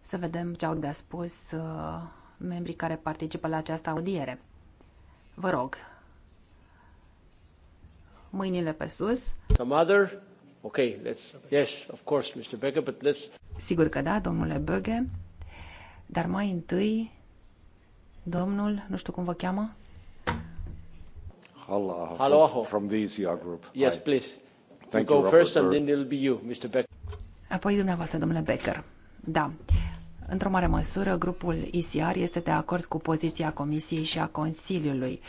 să vedem ce au de spus uh, membrii care participă la această audiere. Vă rog. Mâinile pe sus. Some other? okay, let's... Yes, of course, Mr. Becker, but let's... Sigur că da, domnule Böge. Dar mai întâi, domnul, nu știu cum vă cheamă? Hello, hello, From the ECR group. Yes, please. Thank you, go Robert first and then it'll be you, Mr. Becker. Apoi dumneavoastră, domnule Becker. Da. Într-o mare măsură, grupul ICR este de acord cu poziția Comisiei și a Consiliului.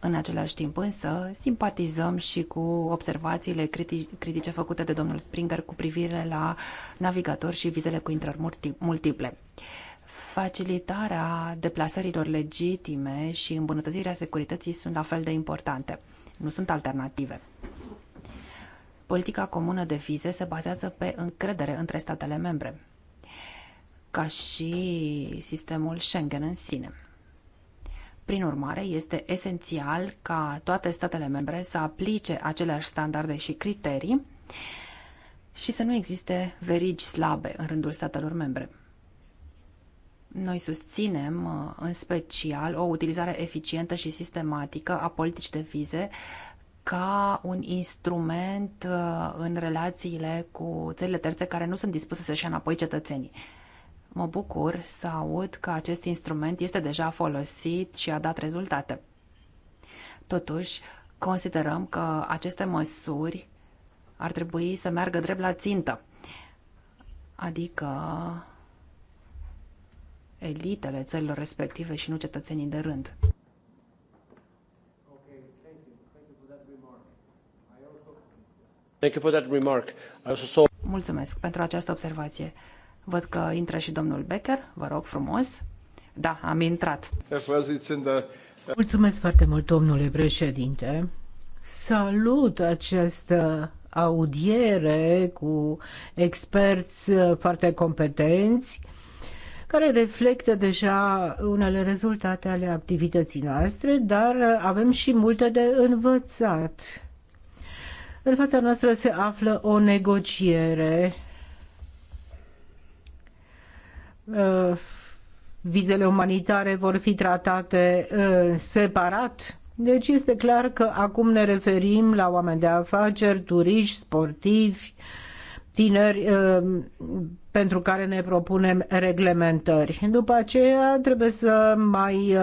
În același timp însă, simpatizăm și cu observațiile critice făcute de domnul Springer cu privire la navigatori și vizele cu intrări multiple. Facilitarea deplasărilor legitime și îmbunătățirea securității sunt la fel de importante. Nu sunt alternative. Politica comună de vize se bazează pe încredere între statele membre ca și sistemul Schengen în sine. Prin urmare, este esențial ca toate statele membre să aplice aceleași standarde și criterii și să nu existe verigi slabe în rândul statelor membre. Noi susținem uh, în special o utilizare eficientă și sistematică a politicii de vize ca un instrument uh, în relațiile cu țările terțe care nu sunt dispuse să-și ia înapoi cetățenii. Mă bucur să aud că acest instrument este deja folosit și a dat rezultate. Totuși, considerăm că aceste măsuri ar trebui să meargă drept la țintă, adică elitele țărilor respective și nu cetățenii de rând. Mulțumesc pentru această observație. Văd că intră și domnul Becker, vă rog frumos. Da, am intrat. Mulțumesc foarte mult, domnule președinte. Salut această audiere cu experți foarte competenți care reflectă deja unele rezultate ale activității noastre, dar avem și multe de învățat. În fața noastră se află o negociere Uh, vizele umanitare vor fi tratate uh, separat. Deci este clar că acum ne referim la oameni de afaceri, turiști, sportivi, tineri uh, pentru care ne propunem reglementări. După aceea trebuie să mai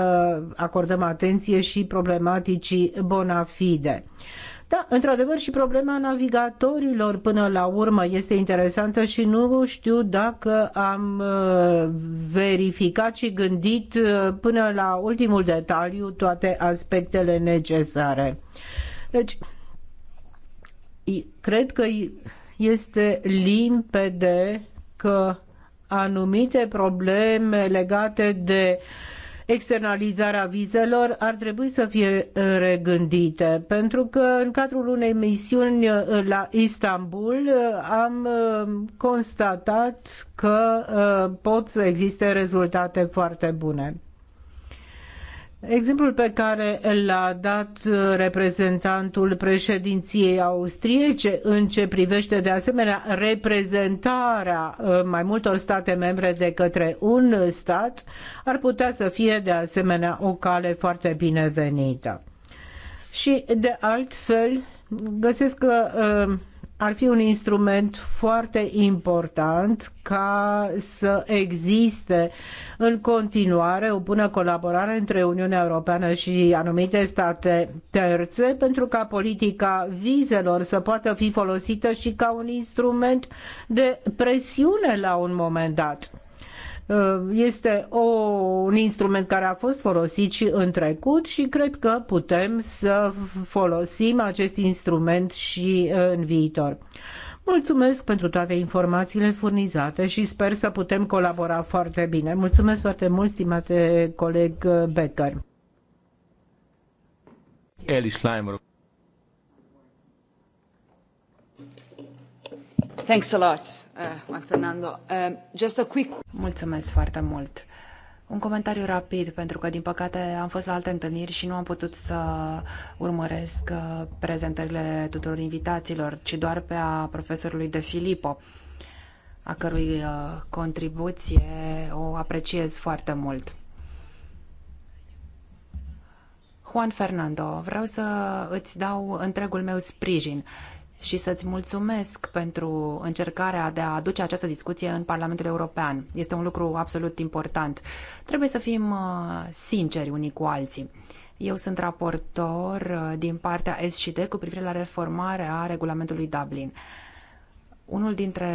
acordăm atenție și problematicii bona fide. Da, într-adevăr și problema navigatorilor până la urmă este interesantă și nu știu dacă am uh, verificat și gândit uh, până la ultimul detaliu toate aspectele necesare. Deci, cred că este limpede că anumite probleme legate de uh, externalizarea vizelor ar trebui să fie uh, regândite, pentru că în cadrul unei misiuni uh, la Istanbul uh, am constatat că pot să existe rezultate foarte bune. Exemplul pe care l-a dat uh, reprezentantul președinției austriece în ce privește de asemenea reprezentarea uh, mai multor state membre de către un stat ar putea să fie de asemenea o cale foarte binevenită. Și de altfel găsesc că uh, ar fi un instrument foarte important ca să existe în continuare o bună colaborare între Uniunea Europeană și anumite state terțe pentru ca politica vizelor să poată fi folosită și ca un instrument de presiune la un moment dat. Uh, este o, un instrument care a fost folosit și în trecut și cred că putem să folosim acest instrument și uh, în viitor. Mulțumesc pentru toate informațiile furnizate și sper să putem colabora foarte bine. Mulțumesc foarte mult, stimate coleg uh, Becker. Eli Schleimer. Thanks a lot, uh, Juan Fernando. Um, just a quick... Mulțumesc foarte mult. Un comentariu rapid, pentru că, din păcate, am fost la alte întâlniri și nu am putut să urmăresc uh, prezentările tuturor invitațiilor, ci doar pe a profesorului De Filippo, a cărui uh, contribuție o apreciez foarte mult. Juan Fernando, vreau să îți dau întregul meu sprijin și să-ți mulțumesc pentru încercarea de a aduce această discuție în Parlamentul European. Este un lucru absolut important. Trebuie să fim uh, sinceri unii cu alții. Eu sunt raportor uh, din partea S&D cu privire la reformarea regulamentului Dublin. Unul dintre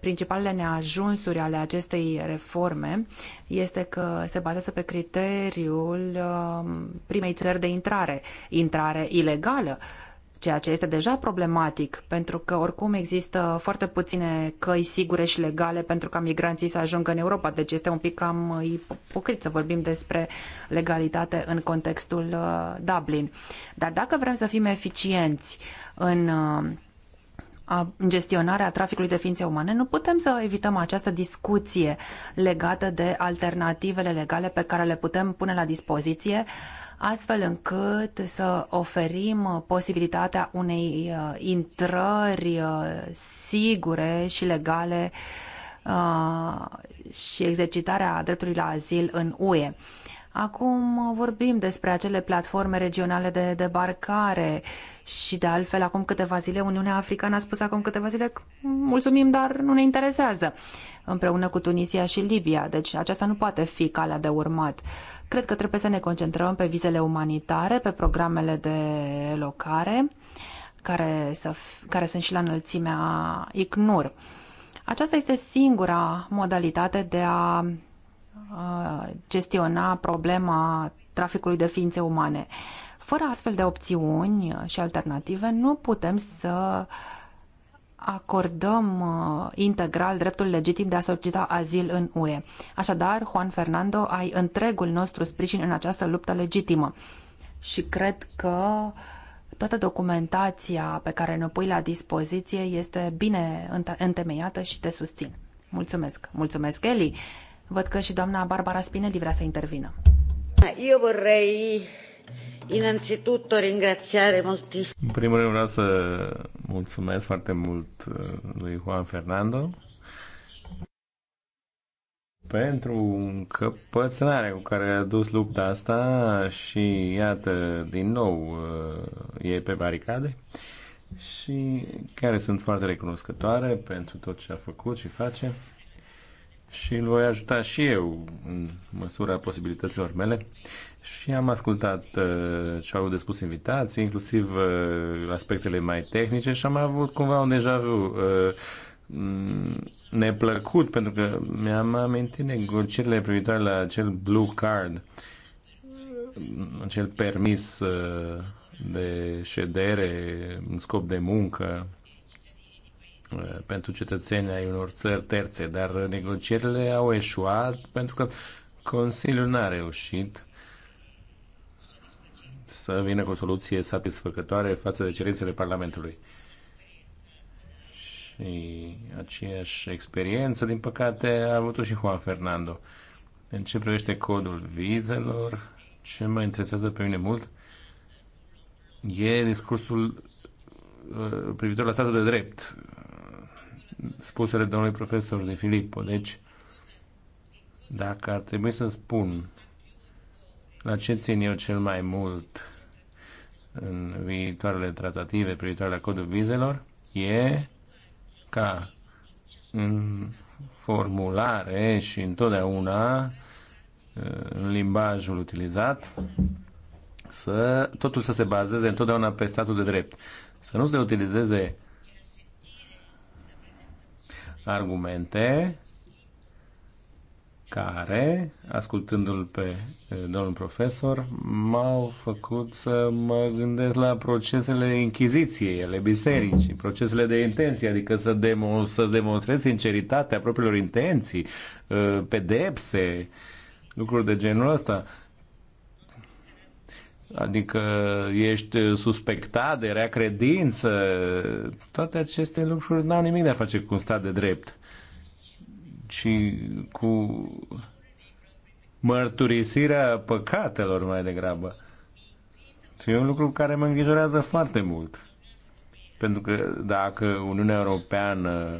principalele neajunsuri ale acestei reforme este că se bazează pe criteriul uh, primei țări de intrare, intrare ilegală ceea ce este deja problematic, pentru că oricum există foarte puține căi sigure și legale pentru ca migranții să ajungă în Europa, deci este un pic cam ipocrit să vorbim despre legalitate în contextul uh, Dublin. Dar dacă vrem să fim eficienți uh, în gestionarea traficului de ființe umane, nu putem să evităm această discuție legată de alternativele legale pe care le putem pune la dispoziție uh, astfel încât să oferim posibilitatea unei uh, intrări uh, sigure și legale uh, și exercitarea dreptului la azil în UE. Acum vorbim despre acele platforme regionale de debarcare și de altfel acum câteva zile Uniunea Africană a spus acum câteva zile că mulțumim, dar nu ne interesează împreună cu Tunisia și Libia. Deci aceasta nu poate fi calea de urmat. Cred că trebuie să ne concentrăm pe vizele umanitare, pe programele de locare, care, să, care sunt și la înălțimea ICNUR. Aceasta este singura modalitate de a gestiona problema traficului de ființe umane. Fără astfel de opțiuni și alternative, nu putem să uh, acordăm uh, integral dreptul legitim de a solicita azil în UE. Așadar, Juan Fernando, ai întregul nostru sprijin în această luptă legitimă. Și cred că toată documentația pe care ne pui la dispoziție este bine întemeiată și te susțin. Mulțumesc. Mulțumesc, Eli. Văd că și doamna Barbara Spinelli vrea să intervină. Eu vrei Innanzitutto ringraziare moltissimo. În primul rând vreau să mulțumesc foarte mult uh, lui Juan Fernando pentru încăpățânarea cu care a dus lupta asta și iată, din nou uh, e pe baricade și care sunt foarte recunoscătoare pentru tot ce a făcut și face și îl voi ajuta și eu în măsura posibilităților mele și am ascultat uh, ce au de spus invitații, inclusiv uh, aspectele mai tehnice și am avut cumva un deja vu uh, mm, neplăcut, pentru că mi-am amintit negocierile privitoare la acel blue card, mm, acel permis uh, de ședere în scop de muncă uh, pentru cetățenii ai unor țări terțe, dar negocierile au eșuat pentru că Consiliul n-a reușit să vină cu o soluție satisfăcătoare față de cerințele Parlamentului. Și aceeași experiență, din păcate, a avut-o și Juan Fernando. În ce privește codul vizelor, ce mă interesează pe mine mult e discursul uh, privitor la statul de drept spusele domnului profesor de Filippo. Deci, dacă ar trebui să spun la ce țin eu cel mai mult în viitoarele tratative privitoare la codul vizelor e ca în formulare și întotdeauna în limbajul utilizat să, totul să se bazeze întotdeauna pe statul de drept. Să nu se utilizeze argumente care, ascultându-l pe eh, domnul profesor, m-au făcut să mă gândesc la procesele închiziției, ale bisericii, procesele de intenție, adică să demo- să demonstrez sinceritatea propriilor intenții, eh, pedepse, lucruri de genul ăsta. Adică ești suspectat de rea credință. Toate aceste lucruri n-au nimic de a face cu un stat de drept ci cu mărturisirea păcatelor mai degrabă. Și e un lucru care mă îngrijorează foarte mult. Pentru că dacă Uniunea Europeană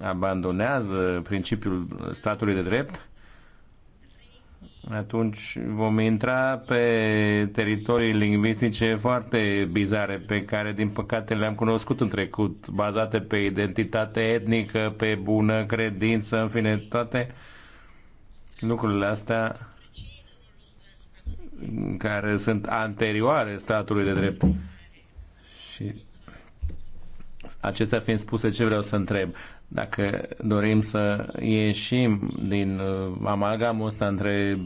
abandonează principiul statului de drept, atunci vom intra pe teritorii lingvistice foarte bizare pe care din păcate le-am cunoscut în trecut, bazate pe identitate etnică, pe bună credință, în fine, toate lucrurile astea care sunt anterioare statului de drept. Și acestea fiind spuse, ce vreau să întreb? Dacă dorim să ieșim din uh, amalgamul ăsta între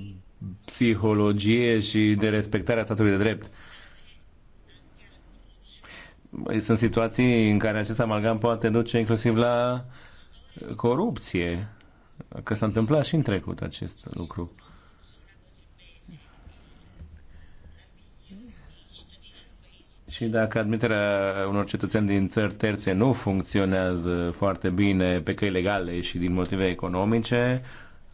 psihologie și de respectarea statului de drept, sunt situații în care acest amalgam poate duce inclusiv la corupție, că s-a întâmplat și în trecut acest lucru. Și dacă admiterea unor cetățeni din țări terțe nu funcționează foarte bine pe căi legale și din motive economice,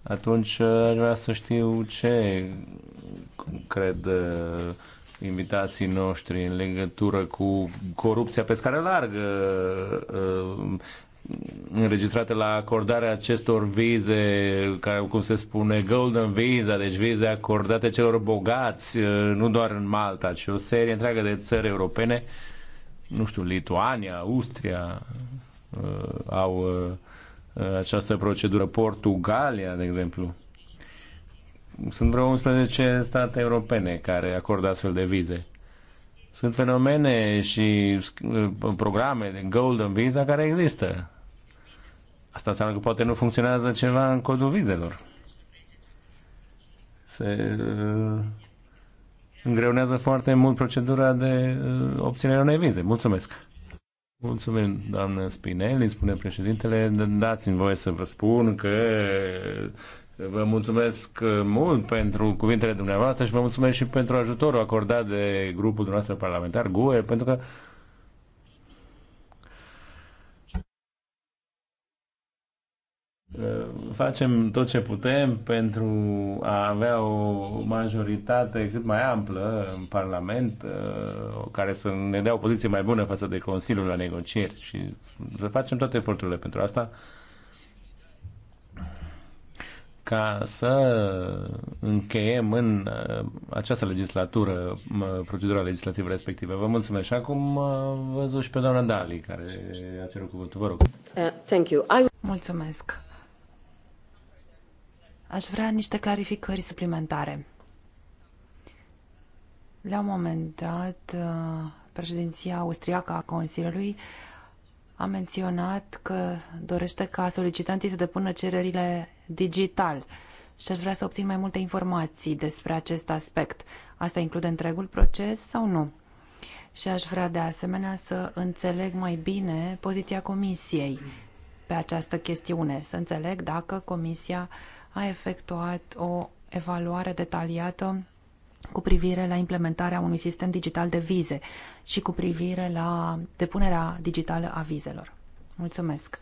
atunci vreau să știu ce cred uh, invitații noștri în legătură cu corupția pe scară largă, uh, înregistrate la acordarea acestor vize, care, cum se spune, golden visa, deci vize acordate celor bogați, uh, nu doar în Malta, ci o serie întreagă de țări europene, nu știu, Lituania, Austria, uh, au uh, această procedură, Portugalia, de exemplu. Sunt vreo 11 state europene care acordă astfel de vize. Sunt fenomene și uh, programe de Golden Visa care există. Asta înseamnă că poate nu funcționează ceva în codul vizelor. Se uh, îngreunează foarte mult procedura de uh, obținere unei vize. Mulțumesc! Mulțumim, doamnă Spinelli, spune președintele. Dați-mi voie să vă spun că Vă mulțumesc uh, mult pentru cuvintele dumneavoastră și vă mulțumesc și pentru ajutorul acordat de grupul dumneavoastră parlamentar GUE, pentru că uh, facem tot ce putem pentru a avea o majoritate cât mai amplă în Parlament uh, care să ne dea o poziție mai bună față de Consiliul la negocieri și să facem toate eforturile pentru asta ca să încheiem în uh, această legislatură uh, procedura legislativă respectivă. Vă mulțumesc și acum uh, văzut și pe doamna Dali care a cerut cuvântul. Vă rog. thank you. I... Mulțumesc. Aș vrea niște clarificări suplimentare. La un moment dat, președinția austriacă a Consiliului a menționat că dorește ca solicitanții să depună cererile digital și aș vrea să obțin mai multe informații despre acest aspect. Asta include întregul proces sau nu? Și aș vrea de asemenea să înțeleg mai bine poziția Comisiei pe această chestiune, să înțeleg dacă Comisia a efectuat o evaluare detaliată cu privire la implementarea unui sistem digital de vize și cu privire la depunerea digitală a vizelor. Mulțumesc!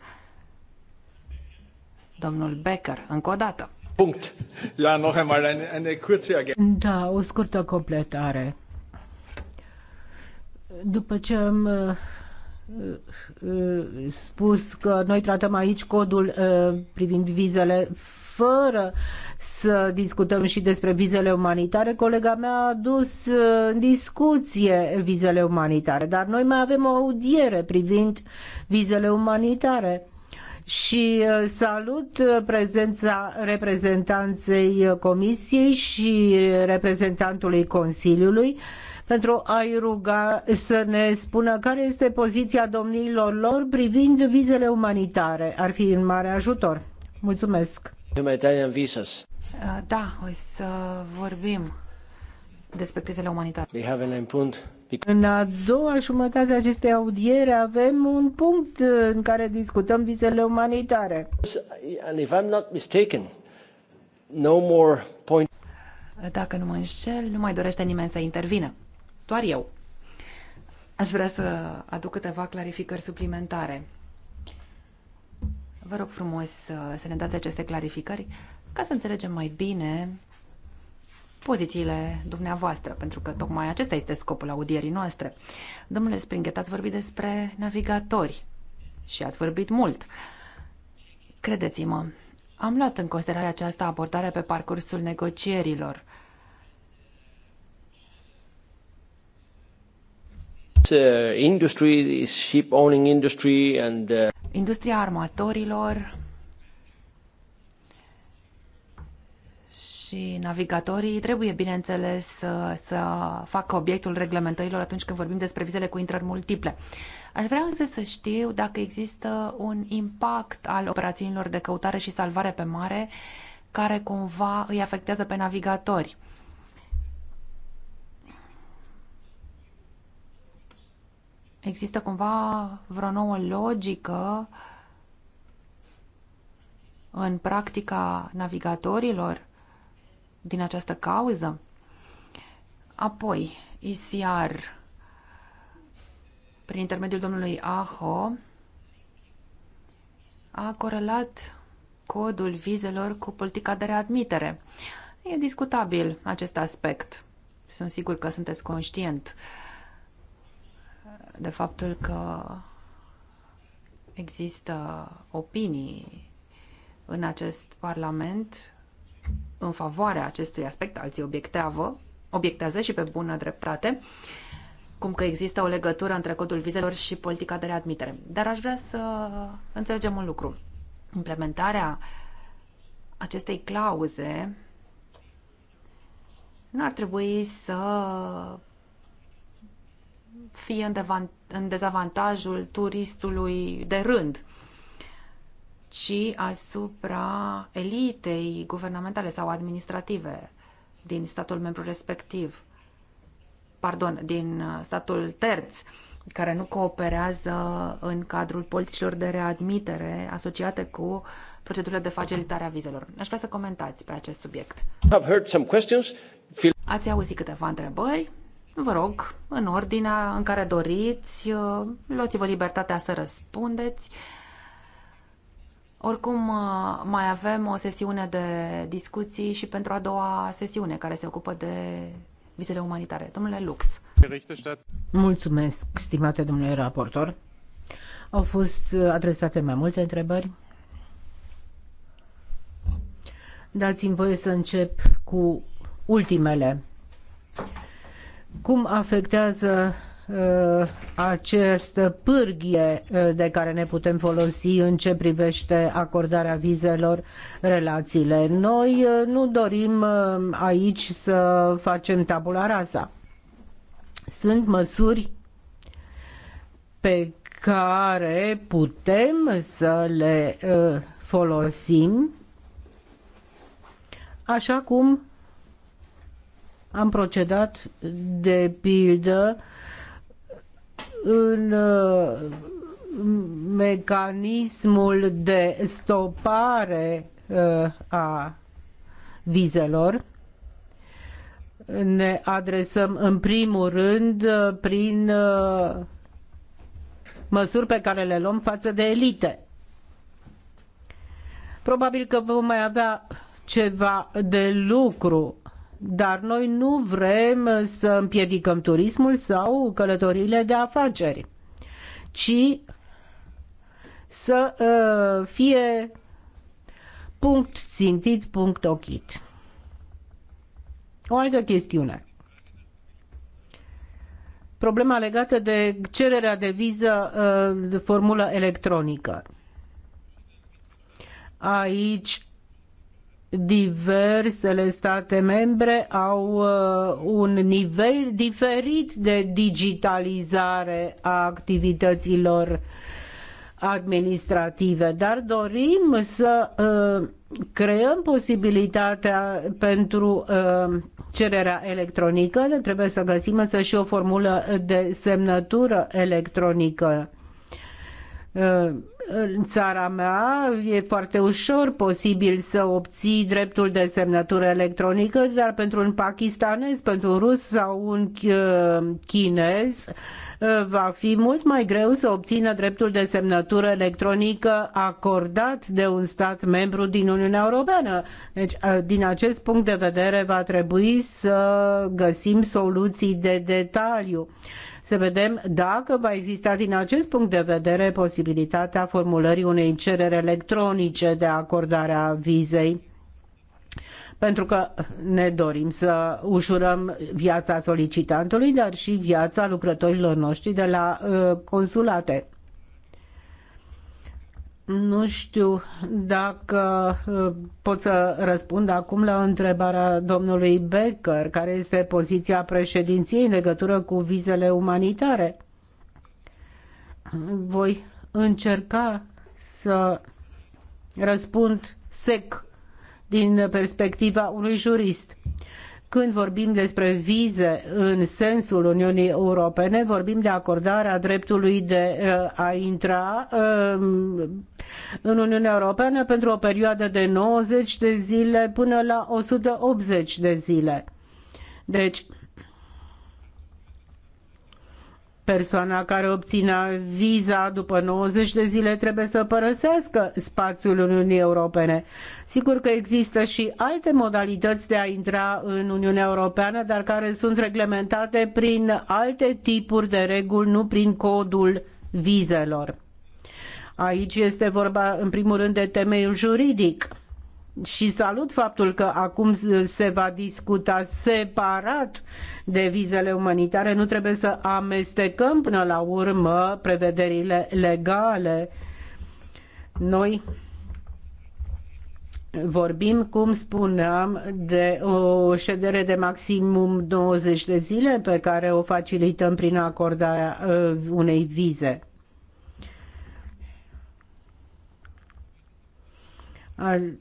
Domnul Becker, încă o dată. Punct. Ja, da, noch einmal eine, eine kurze Ergänzung. Da, o scurtă completare. După ce am uh, uh, uh, spus că noi tratăm aici codul privind vizele fără să discutăm și despre vizele umanitare. Colega mea a dus în discuție vizele umanitare, dar noi mai avem o audiere privind vizele umanitare și uh, salut uh, prezența reprezentanței Comisiei și reprezentantului Consiliului pentru a-i ruga să ne spună care este poziția domniilor lor privind vizele umanitare. Ar fi un mare ajutor. Mulțumesc! visas. Uh, da, o să vorbim despre crizele umanitare. We have an în a doua jumătate a acestei audiere avem un punct în care discutăm vizele umanitare. And if I'm not mistaken, no more point... Dacă nu mă înșel, nu mai dorește nimeni să intervină. Doar eu. Aș vrea să aduc câteva clarificări suplimentare. Vă rog frumos să ne dați aceste clarificări ca să înțelegem mai bine pozițiile dumneavoastră, pentru că tocmai acesta este scopul audierii noastre. Domnule Springhet, ați vorbit despre navigatori și ați vorbit mult. Credeți-mă, am luat în considerare această abordare pe parcursul negocierilor. Uh, industry, ship owning industry and, uh... Industria armatorilor și navigatorii trebuie, bineînțeles, să, să facă obiectul reglementărilor atunci când vorbim despre vizele cu intrări multiple. Aș vrea însă să știu dacă există un impact al operațiunilor de căutare și salvare pe mare care cumva îi afectează pe navigatori. Există cumva vreo nouă logică în practica navigatorilor din această cauză. Apoi, ICR, prin intermediul domnului Aho, a corelat codul vizelor cu politica de readmitere. E discutabil acest aspect. Sunt sigur că sunteți conștient de faptul că există opinii în acest Parlament în favoarea acestui aspect, alții obiectează, obiectează și pe bună dreptate, cum că există o legătură între codul vizelor și politica de readmitere. Dar aș vrea să înțelegem un lucru. Implementarea acestei clauze nu ar trebui să fie în, dezavantajul turistului de rând ci asupra elitei guvernamentale sau administrative din statul membru respectiv, pardon, din uh, statul terț, care nu cooperează în cadrul politicilor de readmitere asociate cu procedurile de facilitare a vizelor. Aș vrea să comentați pe acest subiect. Ați auzit câteva întrebări? Vă rog, în ordinea în care doriți, uh, luați-vă libertatea să răspundeți. Oricum, uh, mai avem o sesiune de discuții și pentru a doua sesiune care se ocupă de vizele umanitare. Domnule Lux. Mulțumesc, stimate domnule raportor. Au fost adresate mai multe întrebări. Dați-mi voie să încep cu ultimele. Cum afectează Uh, această pârghie uh, de care ne putem folosi în ce privește acordarea vizelor relațiile. Noi uh, nu dorim aici să facem tabula rasa. Sunt măsuri pe care putem să le folosim așa cum am procedat de pildă uh, în uh, mecanismul de stopare uh, a vizelor ne adresăm în primul rând uh, prin măsuri pe care le luăm față de elite. Probabil că vom mai avea ceva de lucru dar noi nu vrem să împiedicăm turismul sau călătoriile de afaceri, ci să uh, fie punct țintit, punct ochit. O altă chestiune. Problema legată de cererea de viză uh, de formulă electronică. Aici diversele state membre au uh, un nivel diferit de digitalizare a activităților administrative, dar dorim să uh, creăm posibilitatea pentru uh, cererea electronică, trebuie să găsim însă și o formulă de semnătură electronică în țara mea e foarte ușor posibil să obții dreptul de semnătură electronică, dar pentru un pakistanez, pentru un rus sau un uh, chinez uh, va fi mult mai greu să obțină dreptul de semnătură electronică acordat de un stat membru din Uniunea Europeană. Deci, uh, din acest punct de vedere, va trebui să găsim soluții de detaliu să vedem dacă va exista din acest punct de vedere posibilitatea formulării unei cereri electronice de acordare a vizei pentru că ne dorim să ușurăm viața solicitantului, dar și viața lucrătorilor noștri de la uh, consulate. Nu știu dacă uh, pot să răspund acum la întrebarea domnului Becker, care este poziția președinției în legătură cu vizele umanitare. Voi încerca să răspund sec din perspectiva unui jurist. Când vorbim despre vize în sensul Uniunii Europene, vorbim de acordarea dreptului de uh, a intra um, în Uniunea Europeană pentru o perioadă de 90 de zile până la 180 de zile. Deci, Persoana care obține viza după 90 de zile trebuie să părăsească spațiul Uniunii Europene. Sigur că există și alte modalități de a intra în Uniunea Europeană, dar care sunt reglementate prin alte tipuri de reguli, nu prin codul vizelor. Aici este vorba, în primul rând, de temeiul juridic și salut faptul că acum se va discuta separat de vizele umanitare. Nu trebuie să amestecăm până la urmă prevederile legale. Noi Vorbim, cum spuneam, de o ședere de maximum 20 de zile pe care o facilităm prin acordarea uh, unei vize.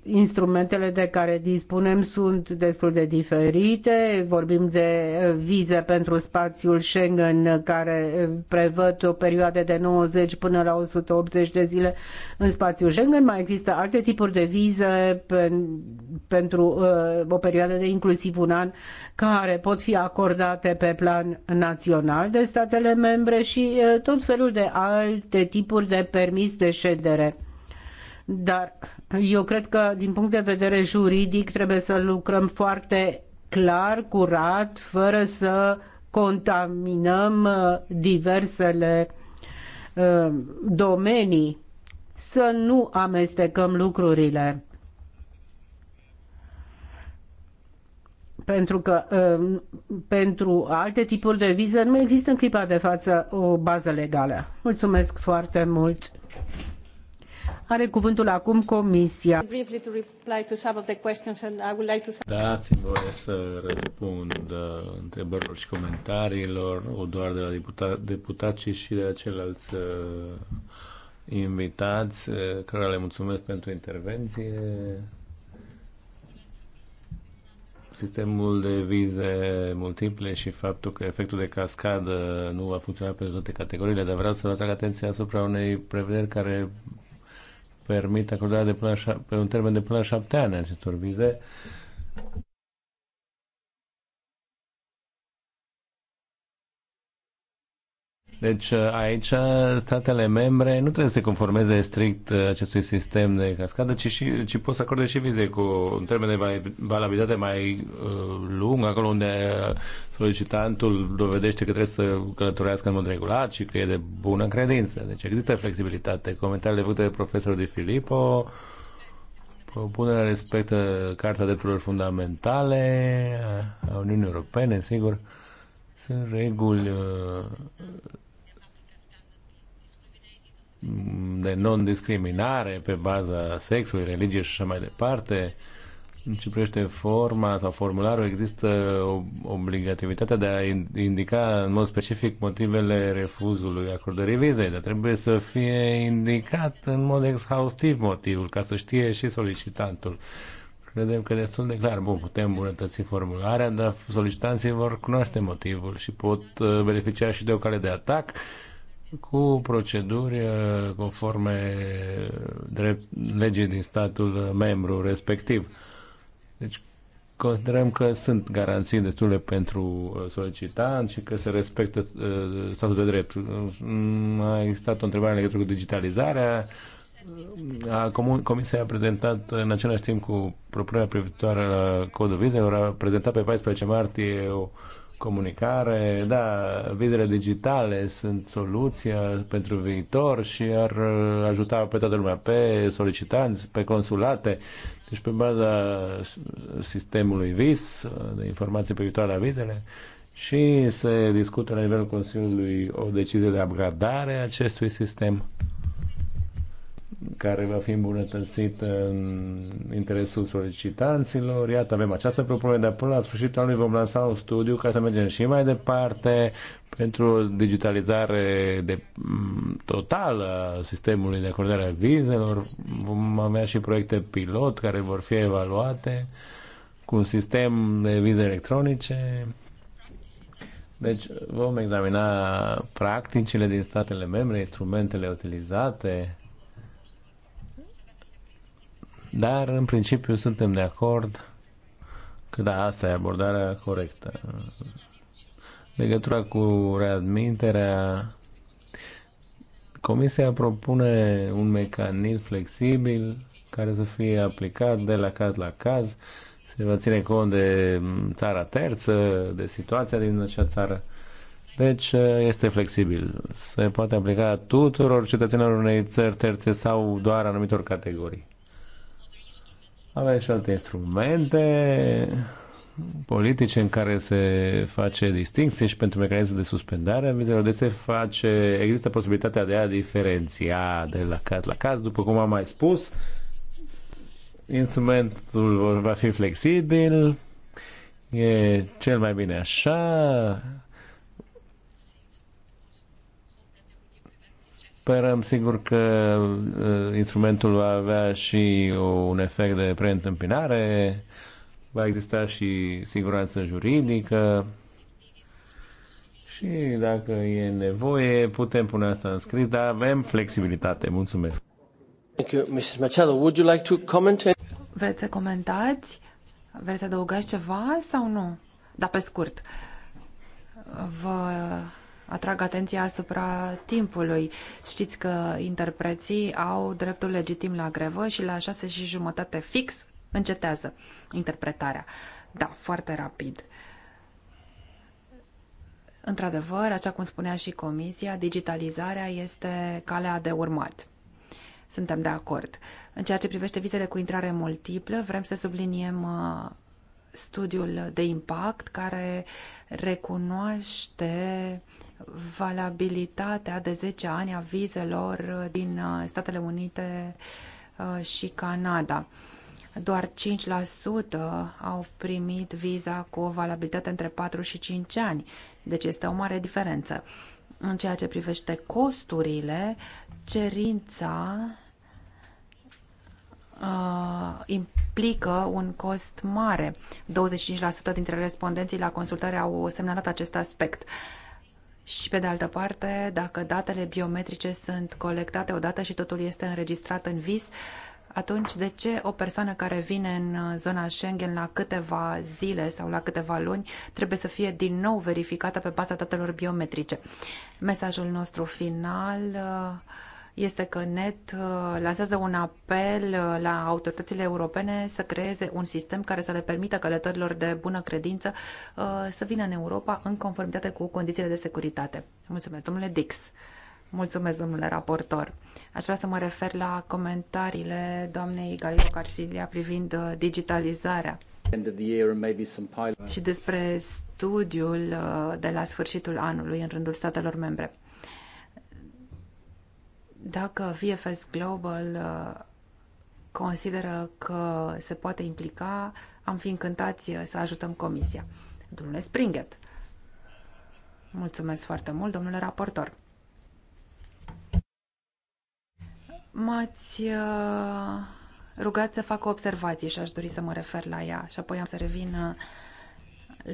Instrumentele de care dispunem sunt destul de diferite. Vorbim de eh, vize pentru spațiul Schengen care eh, prevăd o perioadă de 90 până la 180 de zile în spațiul Schengen. Mai există alte tipuri de vize pen, pentru uh, o perioadă de inclusiv un an care pot fi acordate pe plan național de statele membre și uh, tot felul de alte tipuri de permis de ședere dar eu cred că, din punct de vedere juridic, trebuie să lucrăm foarte clar, curat, fără să contaminăm uh, diversele uh, domenii, să nu amestecăm lucrurile. pentru că uh, pentru alte tipuri de viză nu există în clipa de față o bază legală. Mulțumesc foarte mult! Are cuvântul acum Comisia. Dați-mi voie să răspund uh, întrebărilor și comentariilor, o doar de la deputa- deputați, și de la ceilalți uh, invitați, uh, care le mulțumesc pentru intervenție. Sistemul de vize multiple și faptul că efectul de cascadă nu va funcționa pentru toate categoriile, dar vreau să vă atrag atenția asupra unei prevederi care permit acordarea de până la, pe un termen de până la șapte ani acestor vize Deci uh, aici uh, statele membre nu trebuie să se conformeze strict uh, acestui sistem de cascadă, ci, și, ci pot să acorde și vize cu un termen de valabilitate mai uh, lung, acolo unde solicitantul dovedește că trebuie să călătorească în mod regulat și că e de bună credință. Deci există flexibilitate. Comentariile făcute de profesorul de Filippo, propunerea respectă Carta Drepturilor Fundamentale a Uniunii Europene, sigur, sunt reguli uh, de non-discriminare pe baza sexului, religiei și așa mai departe. În ce privește forma sau formularul, există obligativitatea de a indica în mod specific motivele refuzului acordării vizei, dar trebuie să fie indicat în mod exhaustiv motivul, ca să știe și solicitantul. Credem că destul de clar, bun, putem îmbunătăți formularea, dar solicitanții vor cunoaște motivul și pot uh, beneficia și de o cale de atac cu proceduri uh, conforme drept, legii din statul membru respectiv. Deci considerăm că sunt garanții destule pentru uh, solicitant și că se respectă uh, statul de drept. Mm, a existat o întrebare în legătură cu digitalizarea. A, comisia a prezentat în același timp cu propunerea privitoare la codul vizelor, a prezentat pe 14 martie o comunicare, da, videle digitale sunt soluția pentru viitor și ar ajuta pe toată lumea, pe solicitanți, pe consulate. Deci pe baza sistemului VIS, de informații privitoare la vizele, și se discută la nivelul Consiliului o decizie de upgradare a acestui sistem care va fi îmbunătățit în interesul solicitanților. Iată, avem această propunere, dar până la sfârșitul anului vom lansa un studiu ca să mergem și mai departe pentru o digitalizare de, mm, totală a sistemului de acordare a vizelor. Vom avea și proiecte pilot care vor fi evaluate cu un sistem de vize electronice. Deci vom examina practicile din statele membre, instrumentele utilizate, dar, în principiu, suntem de acord că da, asta e abordarea corectă. Legătura cu readminterea. Comisia propune un mecanism flexibil care să fie aplicat de la caz la caz, se va ține cont de țara terță, de situația din acea țară. Deci este flexibil. Se poate aplica tuturor cetățenilor unei țări terțe sau doar anumitor categorii avea și alte instrumente politice în care se face distinție și pentru mecanismul de suspendare a vizelor. de se face, există posibilitatea de a diferenția de la caz la caz, după cum am mai spus. Instrumentul va fi flexibil, e cel mai bine așa, Sperăm sigur că uh, instrumentul va avea și un efect de preîntâmpinare, va exista și siguranță juridică și dacă e nevoie putem pune asta în scris, dar avem flexibilitate. Mulțumesc. Thank you. Mrs. Marcello, would you like to comment? Vreți să comentați? Vreți să adăugați ceva sau nu? Dar pe scurt. Vă atrag atenția asupra timpului. Știți că interpreții au dreptul legitim la grevă și la șase și jumătate fix încetează interpretarea. Da, foarte rapid. Într-adevăr, așa cum spunea și Comisia, digitalizarea este calea de urmat. Suntem de acord. În ceea ce privește vizele cu intrare multiplă, vrem să subliniem uh, studiul de impact care recunoaște valabilitatea de 10 ani a vizelor uh, din uh, Statele Unite uh, și Canada. Doar 5% au primit viza cu o valabilitate între 4 și 5 ani, deci este o mare diferență. În ceea ce privește costurile, cerința uh, implică un cost mare. 25% dintre respondenții la consultare au semnalat acest aspect. Uh, și pe de altă parte, dacă datele biometrice sunt colectate odată și totul este înregistrat în vis, atunci de ce o persoană care vine în uh, zona Schengen la câteva zile sau la câteva luni trebuie să fie din nou verificată pe baza datelor biometrice? Mesajul nostru final uh, este că NET uh, lansează un apel uh, la autoritățile europene să creeze un sistem care să le permită călătorilor de bună credință uh, să vină în Europa în conformitate cu condițiile de securitate. Mulțumesc, domnule Dix. Mulțumesc, domnule raportor. Aș vrea să mă refer la comentariile doamnei Galio Carsilia privind digitalizarea și despre studiul de la sfârșitul anului în rândul statelor membre. Dacă VFS Global uh, consideră că se poate implica, am fi încântați uh, să ajutăm Comisia. Domnule Springet, mulțumesc foarte mult, domnule raportor. M-ați uh, rugat să fac o observație și aș dori să mă refer la ea și apoi am să revin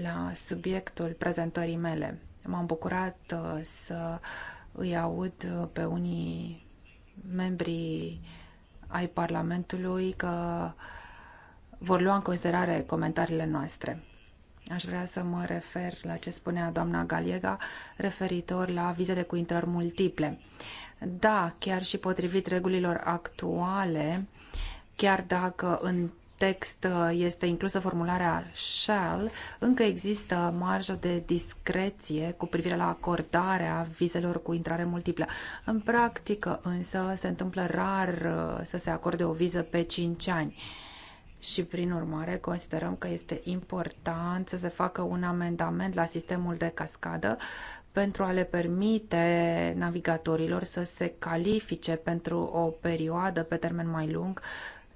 la subiectul prezentării mele. M-am bucurat să îi aud uh, pe unii membrii ai Parlamentului că vor lua în considerare comentariile noastre. Aș vrea să mă refer la ce spunea doamna Galiega referitor la vizele cu intrări multiple. Da, chiar și potrivit regulilor actuale, chiar dacă în text uh, este inclusă formularea shall, încă există marjă de discreție cu privire la acordarea vizelor cu intrare multiplă. În practică însă se întâmplă rar uh, să se acorde o viză pe 5 ani și prin urmare considerăm că este important să se facă un amendament la sistemul de cascadă pentru a le permite navigatorilor să se califice pentru o perioadă pe termen mai lung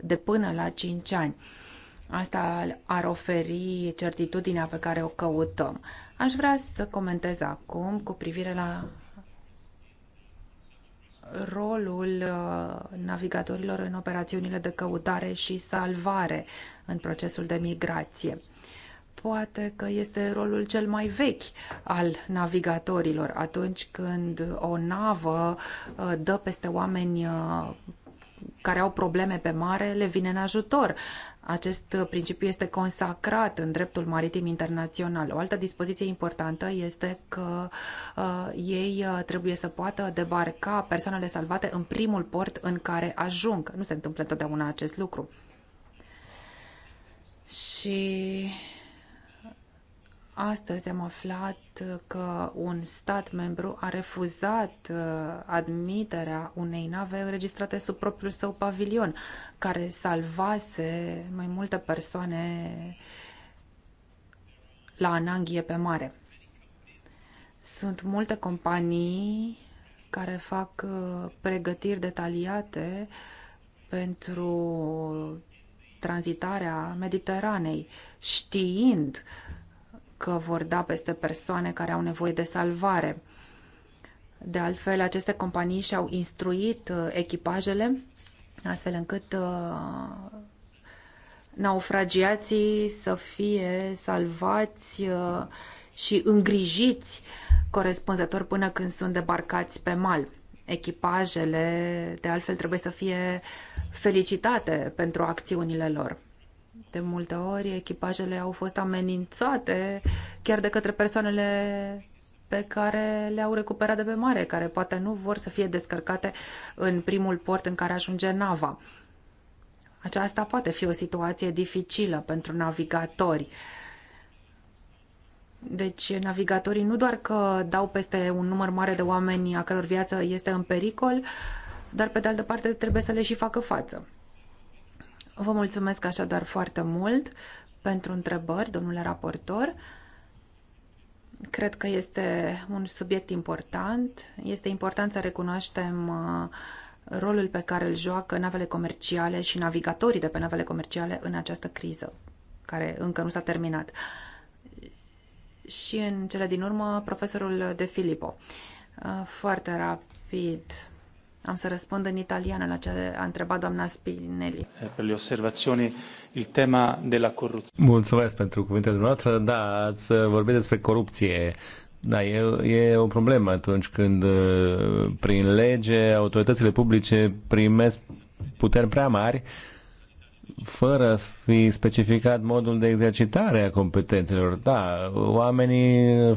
de până la 5 ani. Asta ar oferi certitudinea pe care o căutăm. Aș vrea să comentez acum cu privire la rolul uh, navigatorilor în operațiunile de căutare și salvare în procesul de migrație. Poate că este rolul cel mai vechi al navigatorilor atunci când o navă uh, dă peste oameni uh, care au probleme pe mare le vine în ajutor. Acest principiu este consacrat în dreptul maritim internațional. O altă dispoziție importantă este că uh, ei uh, trebuie să poată debarca persoanele salvate în primul port în care ajung. Nu se întâmplă întotdeauna acest lucru. Și Astăzi am aflat că un stat membru a refuzat uh, admiterea unei nave înregistrate sub propriul său pavilion, care salvase mai multe persoane la ananghie pe mare. Sunt multe companii care fac uh, pregătiri detaliate pentru tranzitarea Mediteranei, știind că vor da peste persoane care au nevoie de salvare. De altfel, aceste companii și-au instruit uh, echipajele astfel încât uh, naufragiații să fie salvați uh, și îngrijiți corespunzător până când sunt debarcați pe mal. Echipajele, de altfel, trebuie să fie felicitate pentru acțiunile lor. De multe ori echipajele au fost amenințate chiar de către persoanele pe care le-au recuperat de pe mare, care poate nu vor să fie descărcate în primul port în care ajunge nava. Aceasta poate fi o situație dificilă pentru navigatori. Deci, navigatorii nu doar că dau peste un număr mare de oameni a căror viață este în pericol, dar pe de altă parte trebuie să le și facă față. Vă mulțumesc așadar foarte mult pentru întrebări, domnule raportor. Cred că este un subiect important. Este important să recunoaștem uh, rolul pe care îl joacă navele comerciale și navigatorii de pe navele comerciale în această criză, care încă nu s-a terminat. Și în cele din urmă, profesorul De Filippo. Uh, foarte rapid. Am să răspund în italiană la ce a întrebat doamna Spinelli. Eh, per le osservazioni, il tema della corruzione. Mulțumesc pentru cuvintele dumneavoastră. Da, ați vorbit despre corupție. Da, e, e o problemă atunci când eh, prin lege autoritățile publice primesc puteri prea mari uh, fără să fi specificat modul de exercitare a competențelor. Da, oamenii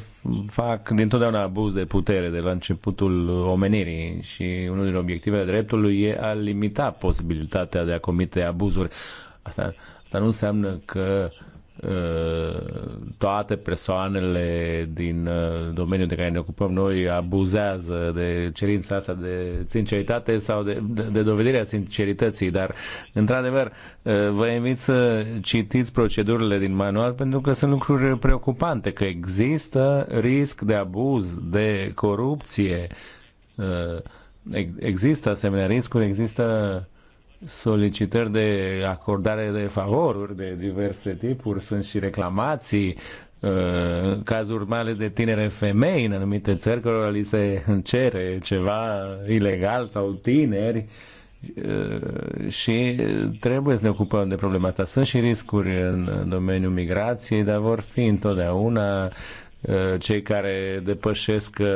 fac dintotdeauna abuz de putere de la începutul omenirii și unul din obiectivele dreptului e a limita posibilitatea de a comite abuzuri. Asta, asta nu înseamnă că uh, Uh, toate persoanele din uh, domeniul de care ne ocupăm noi abuzează de cerința asta de sinceritate sau de, de, de dovedirea sincerității, dar într-adevăr uh, vă invit să citiți procedurile din manual pentru că sunt lucruri preocupante, că există risc de abuz, de corupție, există asemenea riscuri, există solicitări de acordare de favoruri de diverse tipuri, sunt și reclamații, uh, cazuri mai ales de tinere femei în anumite țări care li se cere ceva ilegal sau tineri uh, și trebuie să ne ocupăm de problema asta. Sunt și riscuri în domeniul migrației, dar vor fi întotdeauna Uh, cei care depășesc uh,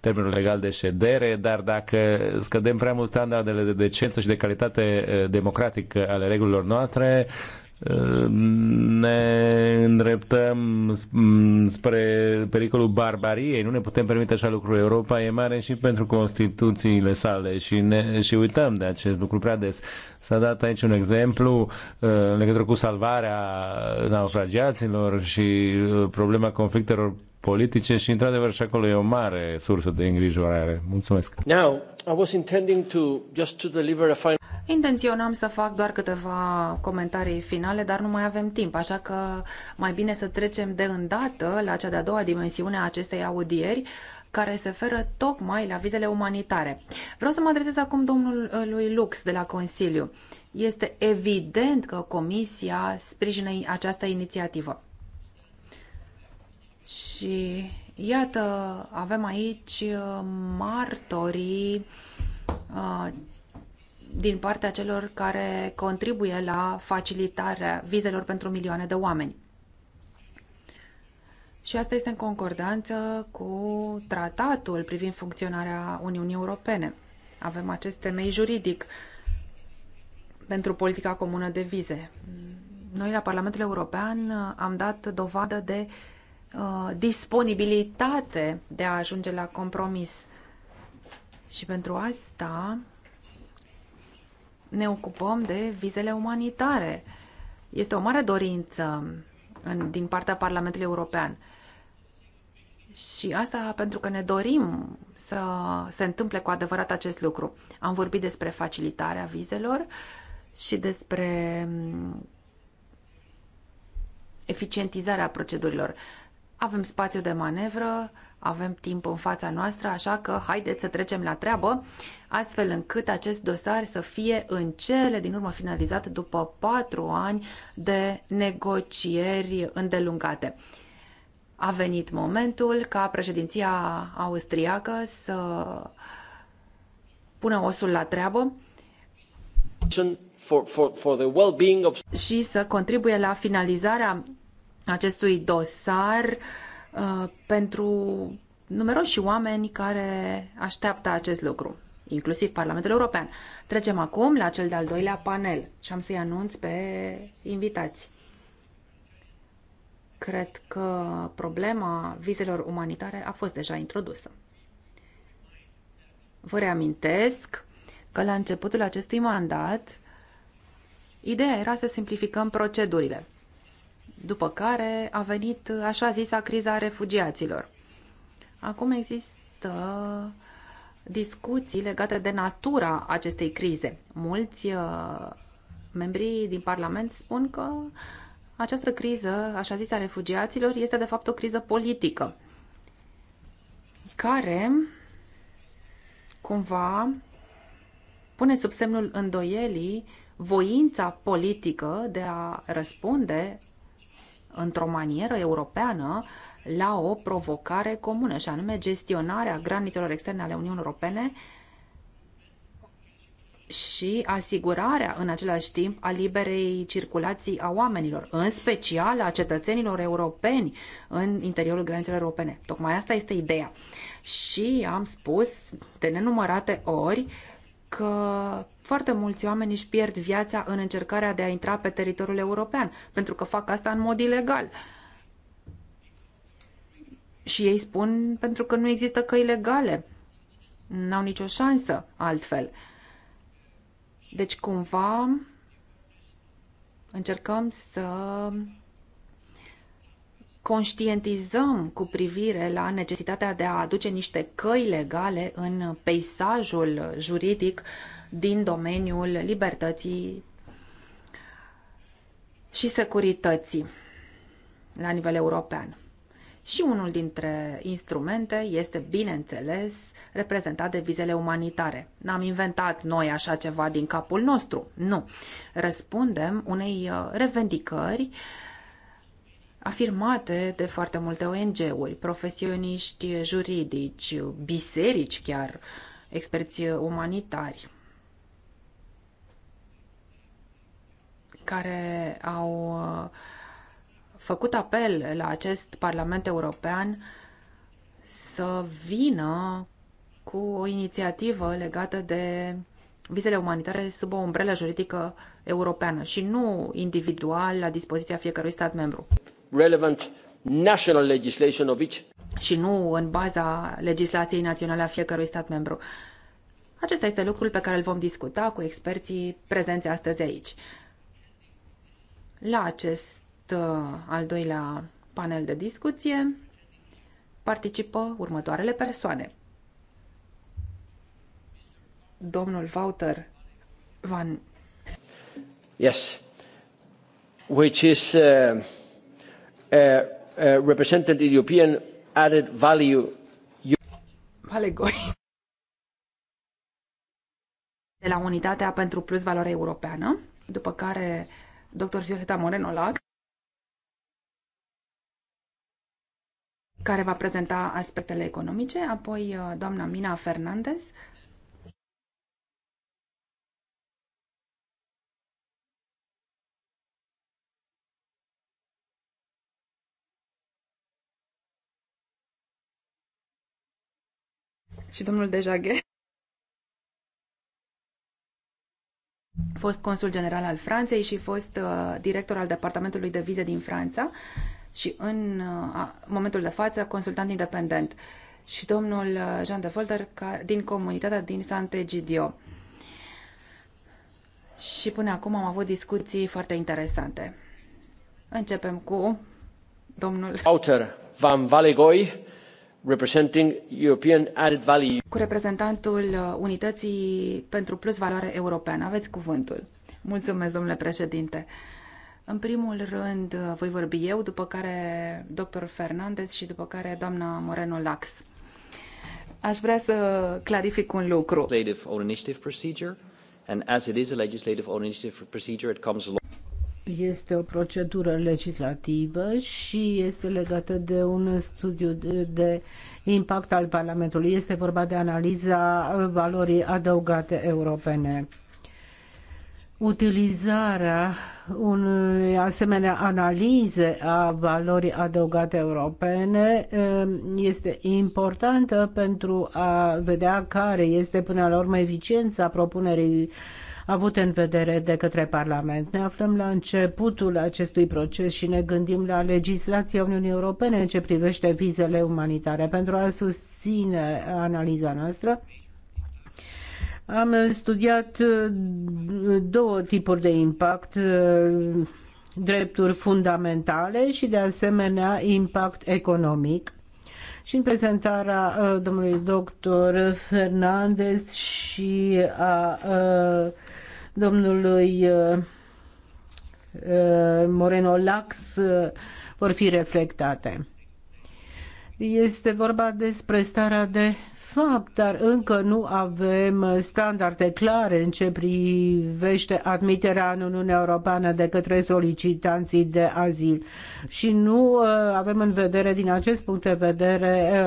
termenul legal de ședere, dar dacă scădem prea mult standardele de decență și de calitate uh, democratică ale regulilor noastre, ne îndreptăm spre pericolul barbariei, nu ne putem permite așa lucru. Europa e mare și pentru Constituțiile sale și, ne, și uităm de acest lucru prea des. S-a dat aici un exemplu uh, în legătură cu salvarea naufragiaților și uh, problema conflictelor politice și, într-adevăr, și acolo e o mare sursă de îngrijorare. Mulțumesc. Now, I was intending to just to deliver a final... Intenționam să fac doar câteva comentarii finale, dar nu mai avem timp, așa că mai bine să trecem de îndată la cea de-a doua dimensiune a acestei audieri, care se referă tocmai la vizele umanitare. Vreau să mă adresez acum domnului Lux de la Consiliu. Este evident că Comisia sprijină această inițiativă. Și iată, avem aici uh, martorii uh, din partea celor care contribuie la facilitarea vizelor pentru milioane de oameni. Și asta este în concordanță cu tratatul privind funcționarea Uniunii Europene. Avem acest temei juridic pentru politica comună de vize. Noi, la Parlamentul European, am dat dovadă de uh, Uh, disponibilitate de a ajunge la compromis. Și pentru asta ne ocupăm de vizele umanitare. Este o mare dorință în, din partea Parlamentului European. Și asta pentru că ne dorim să se întâmple cu adevărat acest lucru. Am vorbit despre facilitarea vizelor și despre mm, eficientizarea procedurilor avem spațiu de manevră, avem timp în fața noastră, așa că haideți să trecem la treabă, astfel încât acest dosar să fie în cele din urmă finalizat după patru ani de negocieri îndelungate. A venit momentul ca președinția austriacă să pună osul la treabă și să contribuie la finalizarea acestui dosar uh, pentru numeroși oameni care așteaptă acest lucru, inclusiv Parlamentul European. Trecem acum la cel de-al doilea panel și am să-i anunț pe invitați. Cred că problema vizelor umanitare a fost deja introdusă. Vă reamintesc că la începutul acestui mandat Ideea era să simplificăm procedurile. După care a venit așa zisa criza refugiaților. Acum există discuții legate de natura acestei crize. Mulți uh, membrii din Parlament spun că această criză, așa zisa refugiaților, este de fapt o criză politică, care cumva pune sub semnul îndoielii voința politică de a răspunde într-o manieră europeană la o provocare comună, și anume gestionarea granițelor externe ale Uniunii Europene și asigurarea în același timp a liberei circulații a oamenilor, în special a cetățenilor europeni în interiorul granițelor europene. Tocmai asta este ideea. Și am spus de nenumărate ori că foarte mulți oameni își pierd viața în încercarea de a intra pe teritoriul european, pentru că fac asta în mod ilegal. Și ei spun pentru că nu există căi legale. N-au nicio șansă altfel. Deci, cumva, încercăm să conștientizăm cu privire la necesitatea de a aduce niște căi legale în peisajul juridic din domeniul libertății și securității la nivel european. Și unul dintre instrumente este, bineînțeles, reprezentat de vizele umanitare. N-am inventat noi așa ceva din capul nostru, nu. Răspundem unei uh, revendicări uh, afirmate de foarte multe ONG-uri, profesioniști juridici, biserici chiar, experți umanitari, care au uh, făcut apel la acest Parlament European să vină cu o inițiativă legată de vizele umanitare sub o umbrelă juridică europeană și nu individual la dispoziția fiecărui stat membru relevant national legislation of each și nu în baza legislației naționale a fiecărui stat membru. Acesta este lucrul pe care îl vom discuta cu experții prezenți astăzi aici. La acest uh, al doilea panel de discuție participă următoarele persoane. Domnul Wouter van... Yes, which is... Uh Uh, uh, the European added value. De la Unitatea pentru Plus Valoare Europeană, după care dr. Violeta Moreno-Lac care va prezenta aspectele economice, apoi uh, doamna Mina Fernandez, și domnul Dejaghe, fost consul general al Franței și fost uh, director al departamentului de vize din Franța și în uh, momentul de față consultant independent și domnul uh, Jean de Volder din comunitatea din Sant'Egidio. Și până acum am avut discuții foarte interesante. Începem cu domnul Autor van Valegoi, representing European added value. Cu reprezentantul uh, Unității pentru Plus Valoare Europeană. Aveți cuvântul. Mulțumesc, domnule președinte. În primul rând uh, voi vorbi eu, după care dr. Fernandez și după care doamna Moreno Lax. Aș vrea să clarific un lucru. Legislative or initiative procedure and as it is a legislative or initiative procedure it comes along este o procedură legislativă și este legată de un studiu de impact al Parlamentului. Este vorba de analiza valorii adăugate europene. Utilizarea unei asemenea analize a valorii adăugate europene um, este importantă pentru a vedea care este până la urmă eficiența propunerii avute în vedere de către Parlament. Ne aflăm la începutul acestui proces și ne gândim la legislația Uniunii Europene în ce privește vizele umanitare. Pentru a susține analiza noastră, am studiat uh, două tipuri de impact uh, drepturi fundamentale și de asemenea impact economic. Și în prezentarea uh, domnului doctor Fernandez și a, a domnului uh, uh, Moreno Lax uh, vor fi reflectate. Este vorba despre starea de fapt, dar încă nu avem standarde clare în ce privește admiterea în Uniunea Europeană de către solicitanții de azil și nu avem în vedere, din acest punct de vedere,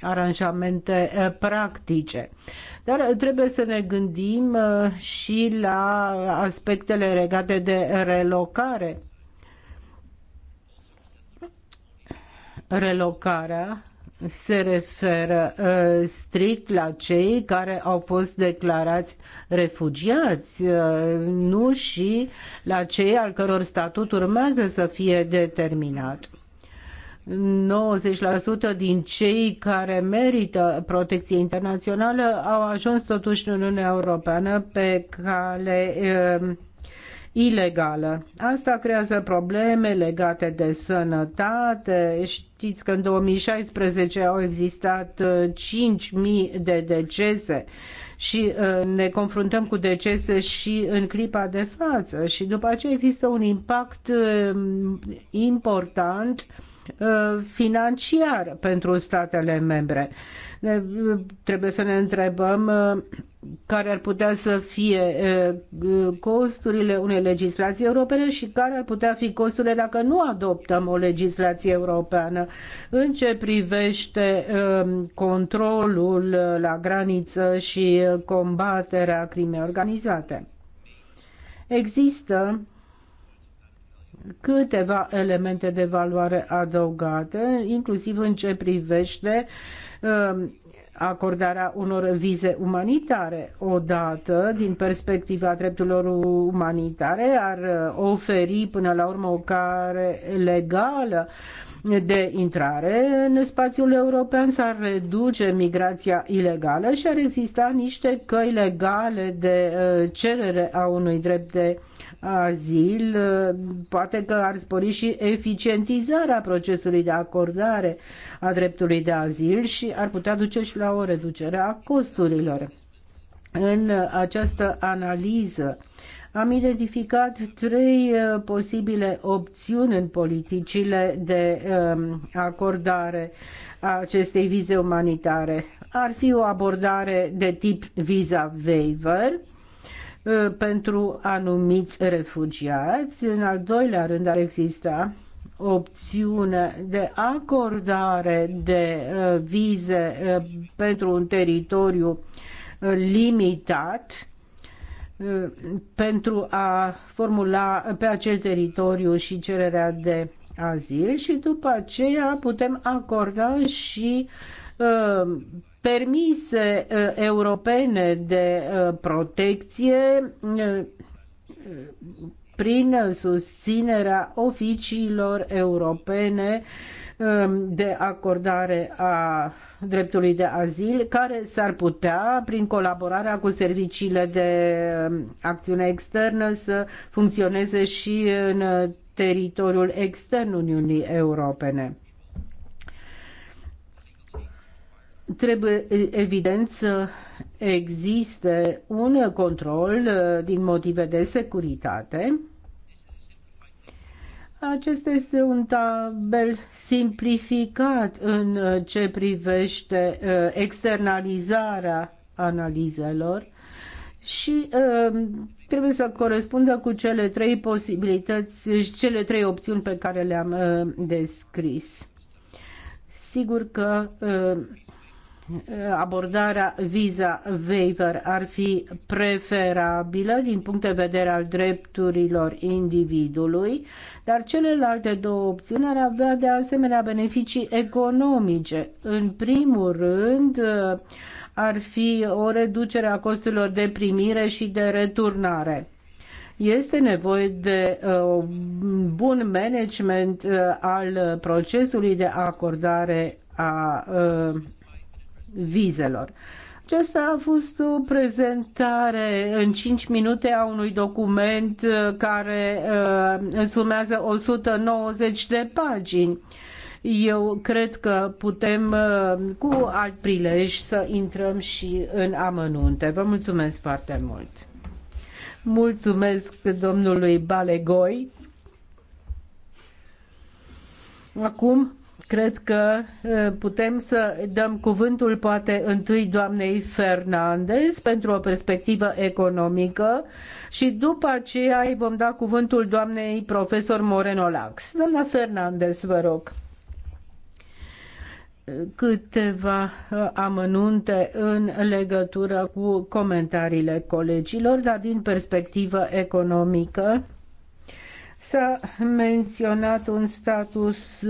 aranjamente practice. Dar trebuie să ne gândim uh, și la aspectele legate de relocare. Relocarea se referă uh, strict la cei care au fost declarați refugiați, uh, nu și la cei al căror statut urmează să fie determinat. 90% din cei care merită protecție internațională au ajuns totuși în Uniunea Europeană pe cale uh, ilegală. Asta creează probleme legate de sănătate. Știți că în 2016 au existat 5.000 uh, de decese și uh, ne confruntăm cu decese și în clipa de față și după aceea există un impact uh, important Uh, financiar pentru statele membre. Uh, trebuie să ne întrebăm uh, care ar putea să fie costurile unei legislații europene și care ar putea fi costurile dacă nu adoptăm o legislație europeană în ce privește um, controlul la graniță și combaterea crimei organizate. Există câteva elemente de valoare adăugată, inclusiv în ce privește um, acordarea unor vize umanitare odată din perspectiva drepturilor umanitare ar uh, oferi până la urmă o care legală de intrare în spațiul european, s-ar reduce migrația ilegală și ar exista niște căi legale de uh, cerere a unui drept de azil, uh, poate că ar spori și eficientizarea procesului de acordare a dreptului de azil și ar putea duce și la o reducere a costurilor. În această analiză am identificat trei uh, posibile opțiuni în politicile de um, acordare a acestei vize umanitare. Ar fi o abordare de tip visa waiver, Uh, pentru anumiți refugiați. În al doilea rând ar exista opțiune de acordare de uh, vize uh, pentru un teritoriu limitat pentru a formula pe acel teritoriu și cererea de azil și după aceea putem acorda și permise uh, europene de uh, protecție uh, prin susținerea oficiilor europene um, de acordare a dreptului de azil, care s-ar putea, prin colaborarea cu serviciile de um, acțiune externă, să funcționeze și în teritoriul extern Uniunii Europene. Trebuie evident să existe un control din motive de securitate. Acesta este un tabel simplificat în ce privește externalizarea analizelor și trebuie să corespundă cu cele trei posibilități, cele trei opțiuni pe care le-am descris. Sigur că uh, abordarea visa waiver ar fi preferabilă din punct de vedere al drepturilor individului, dar celelalte două opțiuni ar avea de asemenea beneficii economice. În primul rând, ar fi o reducere a costurilor de primire și de returnare este nevoie de uh, bun management uh, al procesului de acordare a uh, vizelor. Aceasta a fost o prezentare în 5 minute a unui document uh, care uh, însumează 190 de pagini. Eu cred că putem uh, cu alt prilej să intrăm și în amănunte. Vă mulțumesc foarte mult! Mulțumesc domnului Balegoi. Acum Cred că putem să dăm cuvântul poate întâi doamnei Fernandez pentru o perspectivă economică și după aceea îi vom da cuvântul doamnei profesor Moreno Lax. Doamna Fernandez, vă rog câteva amănunte în legătură cu comentariile colegilor, dar din perspectivă economică S-a menționat un status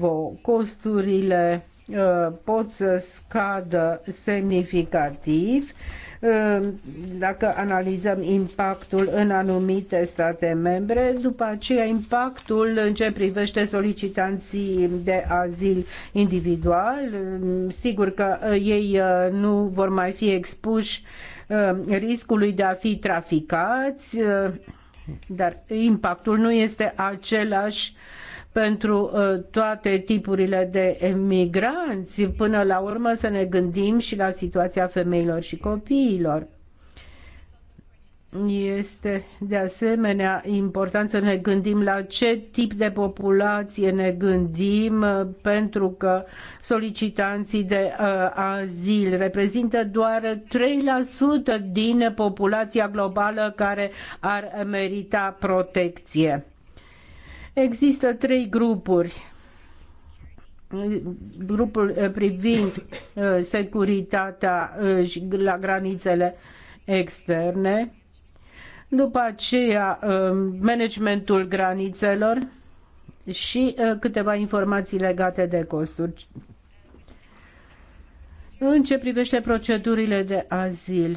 quo. Costurile uh, pot să scadă semnificativ uh, dacă analizăm impactul în anumite state membre, după aceea impactul în ce privește solicitanții de azil individual, sigur că uh, ei nu vor mai fi expuși riscului de a fi traficați, dar impactul nu este același pentru uh, toate tipurile de emigranți. Până la urmă să ne gândim și la situația femeilor și copiilor. Este de asemenea important să ne gândim la ce tip de populație ne gândim, pentru că solicitanții de uh, azil reprezintă doar 3% din populația globală care ar merita protecție. Există trei grupuri grupul uh, privind uh, securitatea uh, la granițele externe, după aceea um, managementul granițelor și uh, câteva informații legate de costuri. În ce privește procedurile de azil,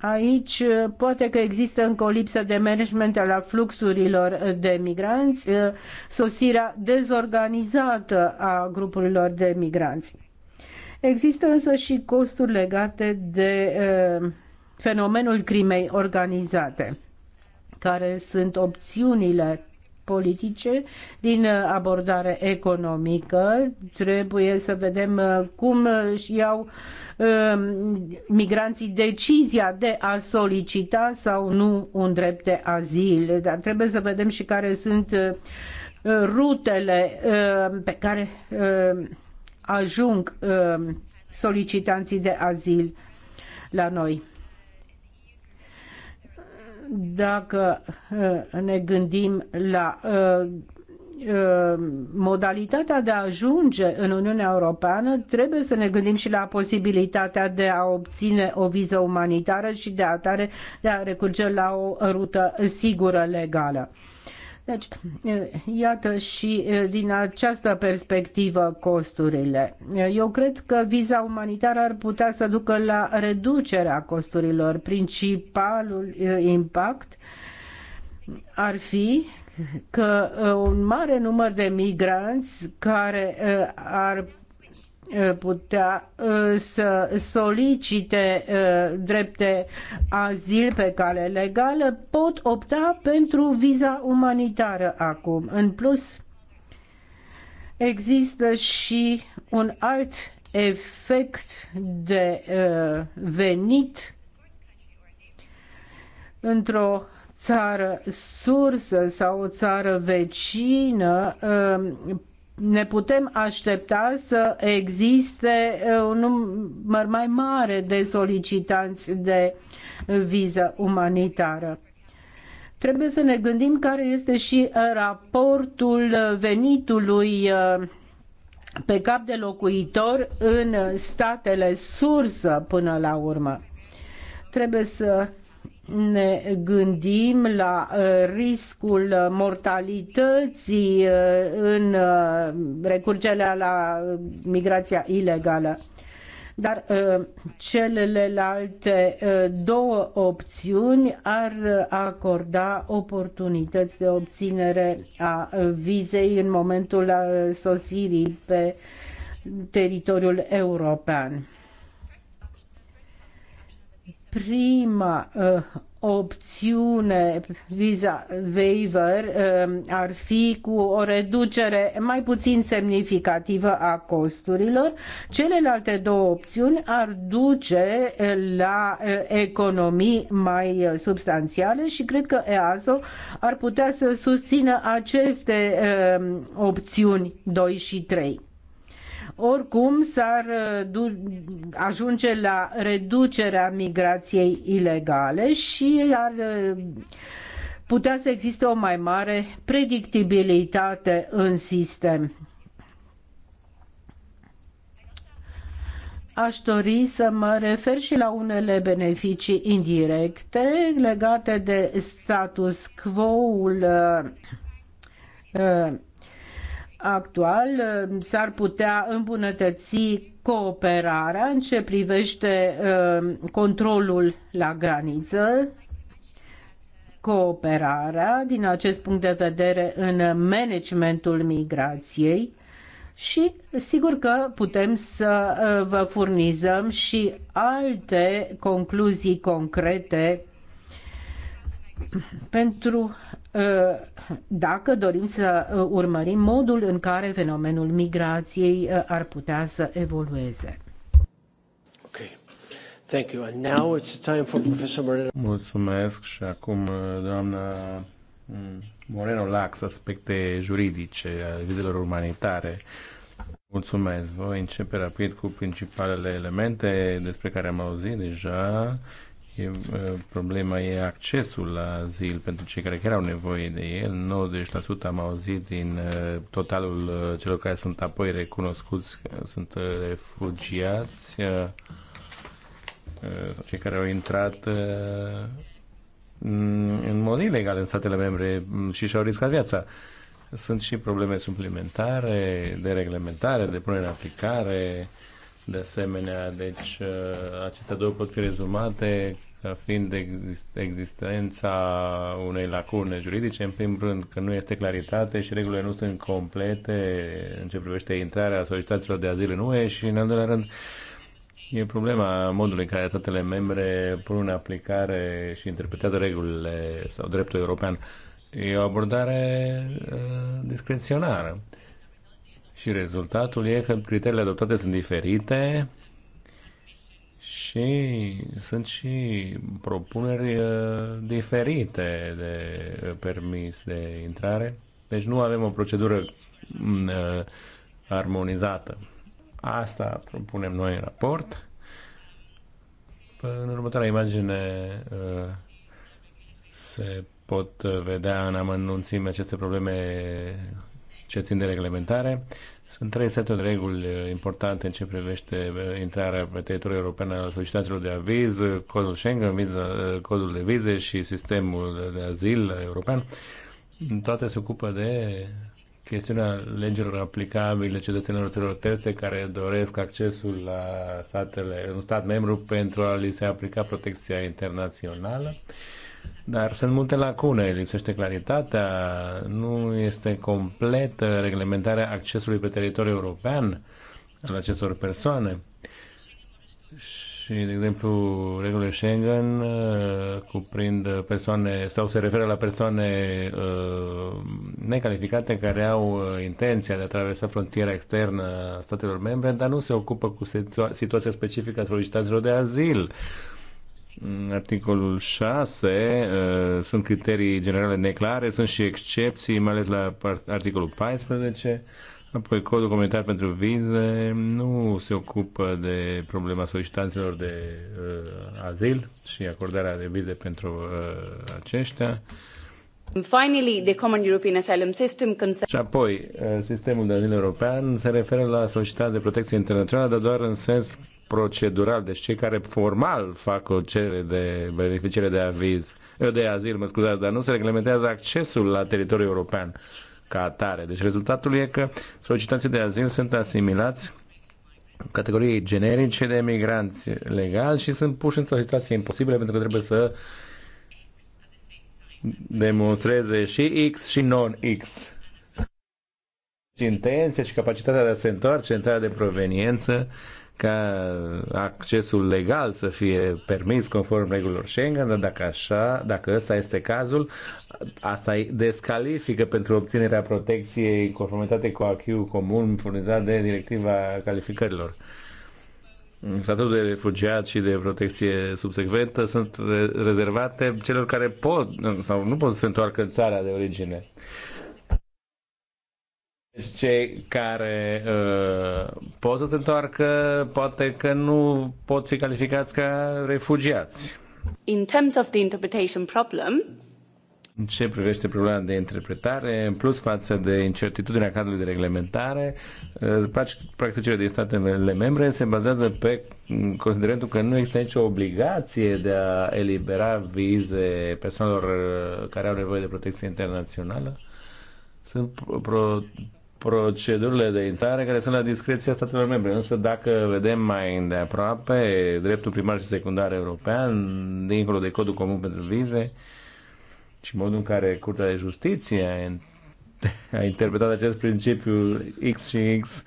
Aici uh, poate că există încă o lipsă de management la fluxurilor de migranți, uh, sosirea dezorganizată a grupurilor de migranți. Există însă și costuri legate de uh, fenomenul crimei organizate, care sunt opțiunile politice din abordare economică. Trebuie să vedem uh, cum își iau um, migranții decizia de a solicita sau nu un drept de azil, dar trebuie să vedem și care sunt uh, rutele uh, pe care ajung solicitanții de azil la noi. Dacă uh, ne gândim la uh, uh, modalitatea de a ajunge în Uniunea Europeană, trebuie să ne gândim și la posibilitatea de a obține o viză umanitară și de a, tare, de a recurge la o rută sigură legală. Deci, iată și din această perspectivă costurile. Eu cred că viza umanitară ar putea să ducă la reducerea costurilor. Principalul impact ar fi că un mare număr de migranți care ar putea uh, să solicite uh, drepte azil pe cale legală pot opta pentru viza umanitară acum. În plus, există și un alt efect de uh, venit într-o țară sursă sau o țară vecină ne putem aștepta să existe uh, un număr mai mare de solicitanți de viză umanitară. Trebuie să ne gândim care este și uh, raportul uh, venitului pe cap de locuitor în statele sursă până la urmă. Trebuie să ne gândim la uh, riscul mortalității uh, în uh, recurgerea la migrația ilegală. Dar celelalte două opțiuni ar acorda oportunități de obținere a vizei în momentul sosirii pe teritoriul european prima uh, opțiune visa waiver uh, ar fi cu o reducere mai puțin semnificativă a costurilor. Celelalte două opțiuni ar duce la uh, economii mai uh, substanțiale și cred că EASO ar putea să susțină aceste uh, opțiuni 2 și 3. Oricum s-ar uh, ajunge la reducerea migrației ilegale și ar uh, putea să existe o mai mare predictibilitate în sistem. aș dori să mă refer și la unele beneficii indirecte legate de status quo-ul uh, uh, actual uh, s-ar putea îmbunătăți cooperarea în ce privește uh, controlul la graniță, cooperarea din acest punct de vedere în managementul migrației și sigur că putem să uh, vă furnizăm și alte concluzii concrete pentru Uh, dacă dorim să uh, urmărim modul în care fenomenul migrației uh, ar putea să evolueze. Thank you. And now it's time for Professor Moreno. Mulțumesc și acum doamna mm, Moreno Lax, aspecte juridice ale vizelor umanitare. Mulțumesc. Voi începe rapid cu principalele elemente despre care am auzit deja E, problema e accesul la azil pentru cei care chiar au nevoie de el. 90% am auzit din totalul celor care sunt apoi recunoscuți, sunt refugiați, cei care au intrat în mod ilegal în statele membre și și-au riscat viața. Sunt și probleme suplimentare, de reglementare, de punere în aplicare, de asemenea, deci aceste două pot fi rezumate fiind existența unei lacune juridice, în primul rând că nu este claritate și regulile nu sunt complete în ce privește intrarea solicitațiilor de azil în UE și, în al doilea rând, e problema modului în care statele membre pun în aplicare și interpretează regulile sau dreptul european. E o abordare uh, discreționară. Și rezultatul e că criteriile adoptate sunt diferite, și sunt și propuneri uh, diferite de uh, permis de intrare. Deci nu avem o procedură mm, uh, armonizată. Asta propunem noi în raport. În următoarea imagine se pot vedea în amănunțime aceste probleme ce țin de reglementare. Sunt trei seturi de reguli uh, importante în ce privește uh, intrarea pe teritoriul european al solicitanților de aviz, uh, codul Schengen, viză, codul de vize și sistemul de azil european. Toate se ocupă de chestiunea legilor aplicabile cetățenilor țărilor terțe care doresc accesul la statele, un stat membru pentru a li se aplica protecția internațională. Uh, dar sunt multe lacune, lipsește claritatea, nu este completă reglementarea accesului pe teritoriul european al acestor persoane. Și, de exemplu, regulile Schengen uh, cuprind persoane sau se referă la persoane uh, necalificate care au uh, intenția de a traversa frontiera externă a statelor membre, dar nu se ocupă cu situa- situația specifică a solicitanților de azil. Uh, în articolul 6 uh, sunt criterii generale neclare, sunt și excepții, mai ales la articolul 14. Apoi codul comunitar pentru vize nu se ocupă de problema solicitanților de uh, azil și acordarea de vize pentru uh, aceștia. Finally, the Common European Asylum System Și apoi, uh, sistemul de azil european se referă la solicitarea de protecție internațională, dar doar în sens procedural, deci cei care formal fac o cerere de beneficiere de aviz, eh, de azil, mă scuzați, dar nu se reglementează accesul la teritoriul european ca atare. Deci rezultatul e că solicitanții de azil sunt asimilați categoriei generice de emigranți legali și sunt puși într-o situație imposibilă pentru că trebuie să demonstreze și X și non-X. Și intenție și capacitatea de a se întoarce în țara de proveniență ca accesul legal să fie permis conform regulilor Schengen, dar dacă așa, dacă ăsta este cazul, asta îi descalifică pentru obținerea protecției conformitate cu acquis comun furnizat de directiva calificărilor. Statutul de refugiat și de protecție subsecventă sunt rezervate celor care pot sau nu pot să se întoarcă în țara de origine. Deci cei care uh, pot să se întoarcă, poate că nu pot fi calificați ca refugiați. In terms of the interpretation problem, în ce privește problema de interpretare, în plus față de incertitudinea cadrului de reglementare, uh, practicile din statele membre se bazează pe considerentul că nu există nicio obligație de a elibera vize persoanelor uh, care au nevoie de protecție internațională. Sunt pro procedurile de intrare care sunt la discreția statelor membre. Însă dacă vedem mai îndeaproape dreptul primar și secundar european, dincolo de codul comun pentru vize și modul în care Curtea de Justiție a interpretat acest principiu X și X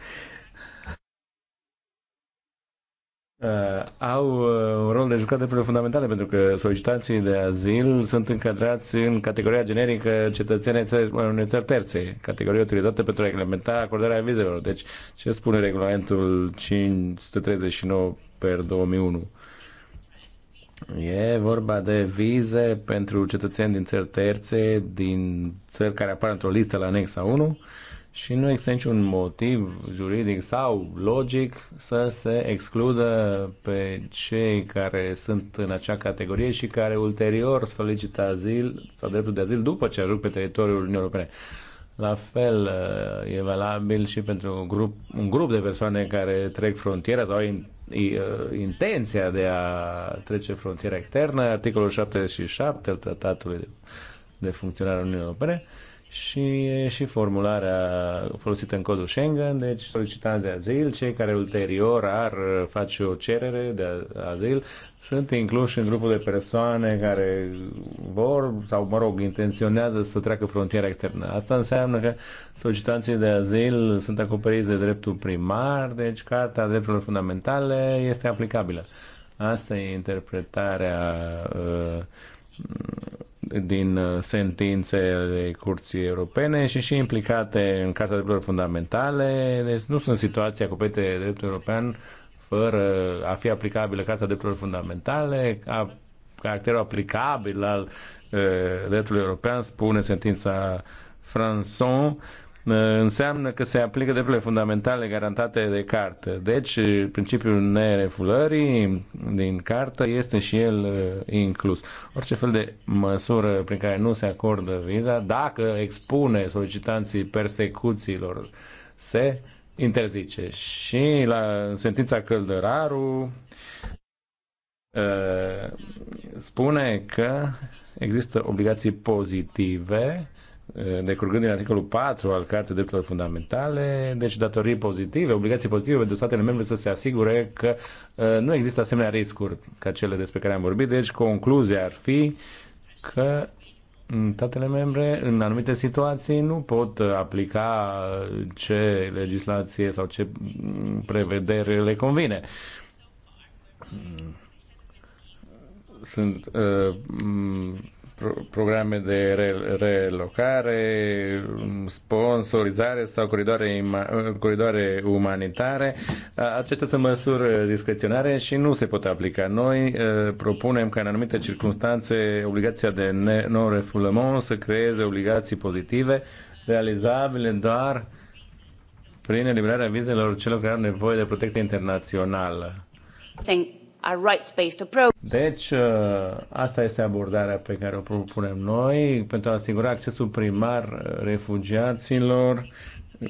uh, au uh, un rol de jucat drepturile fundamentale, pentru că solicitații de azil sunt încadrați în categoria generică cetățenii țări, unei țări terțe, categorie utilizată pentru a reglementa acordarea vizelor. Deci, ce spune regulamentul 539 per 2001? E vorba de vize pentru cetățeni din țări terțe, din țări care apar într-o listă la anexa 1, și nu există niciun motiv juridic sau logic să se excludă pe cei care sunt în acea categorie și care ulterior solicită azil sau dreptul de azil după ce ajung pe teritoriul Uniunii Europene. La fel e valabil și pentru un grup, un grup de persoane care trec frontiera sau uh, intenția de a trece frontiera externă, articolul 77 al Tratatului de funcționare a Uniunii Europene, și și formularea folosită în codul Schengen, deci solicitanți de azil, cei care ulterior ar face o cerere de azil, sunt incluși în grupul de persoane care vor sau, mă rog, intenționează să treacă frontiera externă. Asta înseamnă că solicitanții de azil sunt acoperiți de dreptul primar, deci Carta Drepturilor Fundamentale este aplicabilă. Asta e interpretarea uh, din uh, sentințele Curții Europene și și implicate în Carta Drepturilor Fundamentale. Deci nu sunt situația cu de dreptul european fără a fi aplicabilă Carta Drepturilor Fundamentale, a, caracterul aplicabil al uh, dreptului european, spune sentința Uh, Ă, înseamnă că se aplică drepturile fundamentale garantate de carte. Deci, principiul nerefulării din carte este și el ă, inclus. Orice fel de măsură prin care nu se acordă viza, dacă expune solicitanții persecuțiilor, se interzice. Și la sentința Căldăraru ă, spune că există obligații pozitive decurgând din articolul 4 al Cartei Drepturilor Fundamentale, deci datorii pozitive, obligații pozitive pentru statele membre să se asigure că uh, nu există asemenea riscuri ca cele despre care am vorbit, deci concluzia ar fi că mm, statele membre în anumite situații nu pot uh, aplica uh, ce legislație sau ce mm, prevedere le convine mm. sunt uh, programe de relocare, sponsorizare sau coridoare, coridoare umanitare. Acestea sunt măsuri discreționare și nu se pot aplica. Noi propunem ca în anumite circunstanțe obligația de non-refoulement să creeze obligații pozitive realizabile doar prin eliberarea vizelor celor care au nevoie de protecție internațională. Thank deci, uh, asta este abordarea pe care o propunem noi pentru a asigura accesul primar refugiaților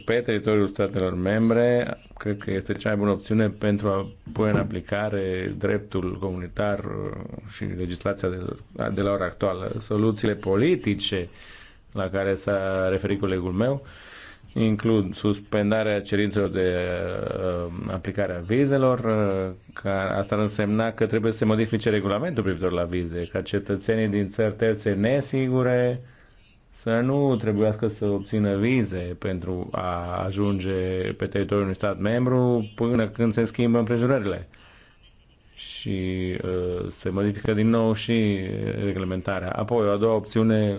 pe teritoriul statelor membre. Cred că este cea mai bună opțiune pentru a pune în aplicare dreptul comunitar uh, și legislația de la ora actuală. Soluțiile politice la care s-a referit colegul meu includ suspendarea cerințelor de uh, aplicare a vizelor, uh, că asta însemna că trebuie să se modifice regulamentul privitor la vize, ca cetățenii din țări terțe nesigure să nu trebuiască să obțină vize pentru a ajunge pe teritoriul unui stat membru până când se schimbă împrejurările. Și uh, se modifică din nou și reglementarea. Apoi, o a doua opțiune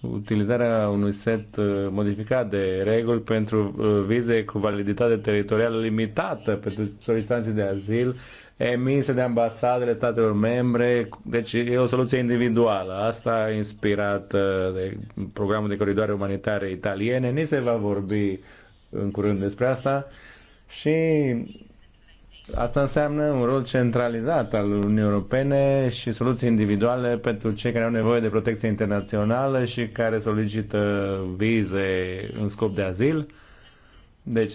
utilizarea unui set uh, modificat de reguli pentru uh, vize cu validitate teritorială limitată pentru solicitanții de azil emise de ambasadele statelor membre. Deci e o soluție individuală. Asta inspirată uh, de programul de coridoare umanitare italiene. Ni se va vorbi în curând despre asta. Și Asta înseamnă un rol centralizat al Uniunii Europene și soluții individuale pentru cei care au nevoie de protecție internațională și care solicită vize în scop de azil. Deci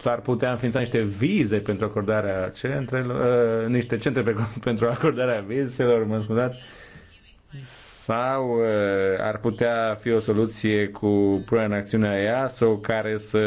s-ar putea înființa niște vize pentru acordarea centrelor, uh, niște centre pe, pentru acordarea vizelor, mă scuzați, sau uh, ar putea fi o soluție cu punerea în acțiune a sau care să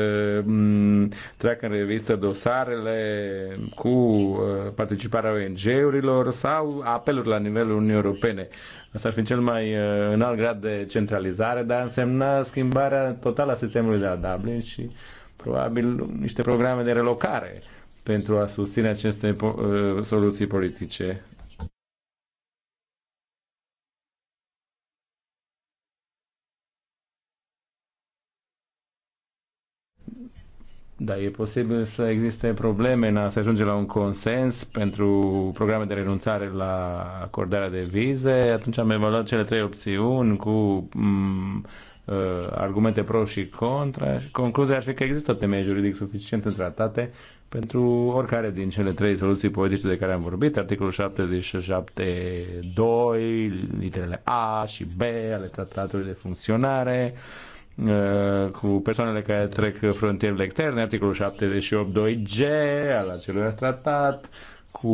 mm, treacă în revistă dosarele cu uh, participarea ONG-urilor sau apeluri la nivelul Uniunii Europene. Asta ar fi cel mai uh, înalt grad de centralizare, dar însemna schimbarea totală a sistemului de la Dublin și probabil niște programe de relocare pentru a susține aceste soluții politice. Da, e posibil să existe probleme în a se ajunge la un consens pentru programe de renunțare la acordarea de vize. Atunci am evaluat cele trei opțiuni cu mm, uh, argumente pro și contra și concluzia ar fi că există temei juridic suficient în tratate pentru oricare din cele trei soluții politice de care am vorbit, articolul 77.2, literele A și B ale tratatului de funcționare, uh, Uh, cu persoanele care trec frontierele externe, articolul 78.2G al acelui tratat, cu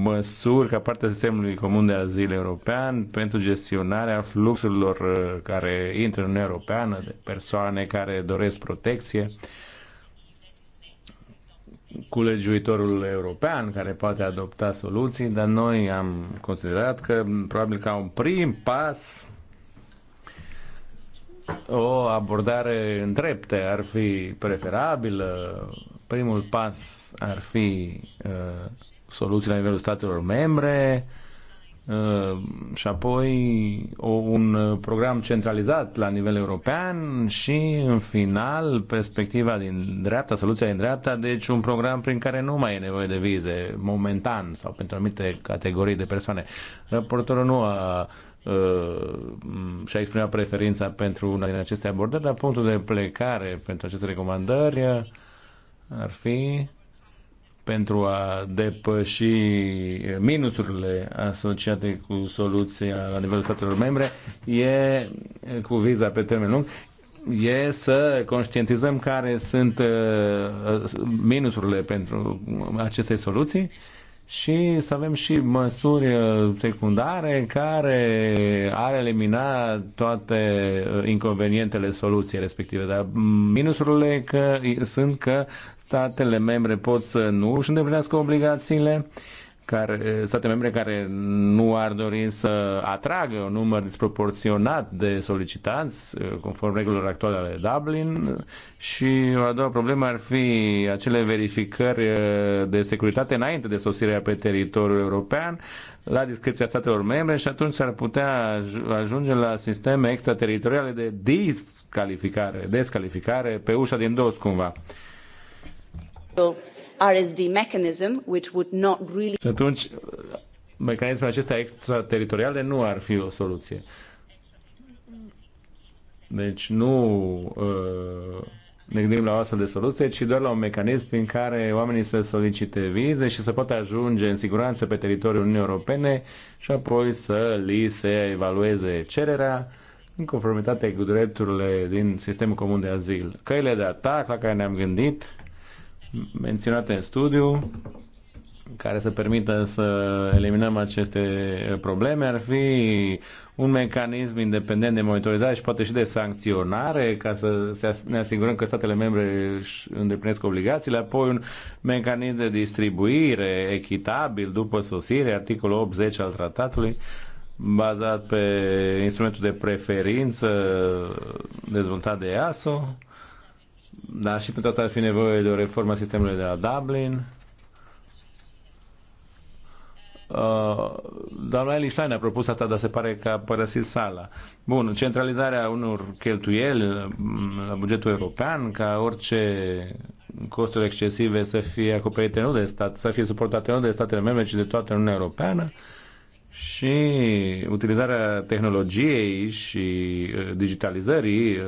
măsuri ca parte a sistemului comun de azil european pentru gestionarea fluxurilor uh, care intră în Uniunea Europeană de persoane care doresc protecție cu legiuitorul european care poate adopta soluții, dar noi am considerat că probabil ca un prim pas o abordare întrepte ar fi preferabilă. Primul pas ar fi uh, soluții la nivelul statelor membre uh, și apoi o, un program centralizat la nivel european și, în final, perspectiva din dreapta, soluția din dreapta, deci un program prin care nu mai e nevoie de vize momentan sau pentru anumite categorii de persoane. Raportorul nu a uh, Uh, și-a exprimat preferința pentru una din aceste abordări, dar punctul de plecare pentru aceste recomandări ar fi pentru a depăși minusurile asociate cu soluția la nivelul statelor membre e cu viza pe termen lung e să conștientizăm care sunt uh, minusurile pentru aceste soluții și să avem și măsuri uh, secundare care ar elimina toate uh, inconvenientele soluției respective. Dar minusurile că, sunt că statele membre pot să nu își îndeplinească obligațiile care, state membre care nu ar dori să atragă un număr disproporționat de solicitanți, uh, conform regulilor actuale ale Dublin, și o a doua problemă ar fi acele verificări uh, de securitate înainte de sosirea pe teritoriul european, la discreția statelor membre și atunci s-ar putea ajunge la sisteme extrateritoriale de discalificare, descalificare pe ușa din dos cumva. RSD mechanism, which would not really... Și atunci, mecanismele acestea extrateritoriale nu ar fi o soluție. Deci nu uh, ne gândim la o astfel de soluție, ci doar la un mecanism prin care oamenii să solicite vize și să poată ajunge în siguranță pe teritoriul Uniunii Europene și apoi să li se evalueze cererea în conformitate cu drepturile din sistemul comun de azil. Căile de atac la care ne-am gândit menționate în studiu care să permită să eliminăm aceste probleme ar fi un mecanism independent de monitorizare și poate și de sancționare ca să ne asigurăm că statele membre își îndeplinesc obligațiile, apoi un mecanism de distribuire echitabil după sosire, articolul 80 al tratatului, bazat pe instrumentul de preferință dezvoltat de Aso. Dar și pentru asta ar fi nevoie de o reformă a sistemului de la Dublin. Uh, doamna Eli Schlein a propus asta, dar se pare că a părăsit sala. Bun, centralizarea unor cheltuieli mm, la bugetul european, ca orice costuri excesive să fie acoperite nu de stat, să fie suportate nu de statele membre, ci de toată Uniunea Europeană. Uh, și utilizarea tehnologiei și uh, digitalizării uh,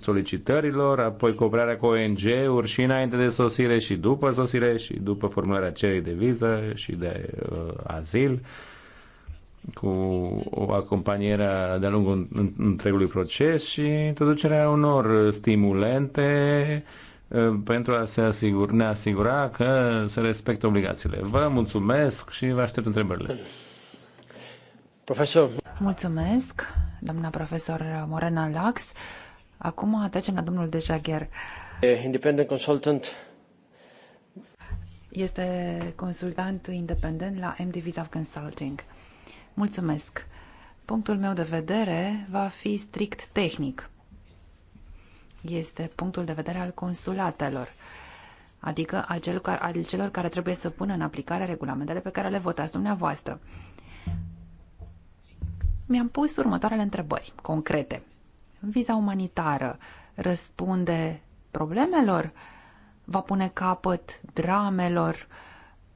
solicitărilor, apoi cooperarea cu ONG-uri și înainte de sosire și după sosire și după formularea cererii de viză și de uh, azil cu o acompanierea de-a lungul întregului proces și introducerea unor stimulente pentru a se asigur, ne asigura că se respectă obligațiile. Vă mulțumesc și vă aștept întrebările. Profesor. Mulțumesc, doamna profesor Morena Lax. Acum trecem la domnul Dejagher. Independent consultant. Este consultant independent la Visa Consulting. Mulțumesc. Punctul meu de vedere va fi strict tehnic. Este punctul de vedere al consulatelor, adică care, al celor care trebuie să pună în aplicare regulamentele pe care le votați dumneavoastră mi-am pus următoarele întrebări concrete. Viza umanitară răspunde problemelor? Va pune capăt dramelor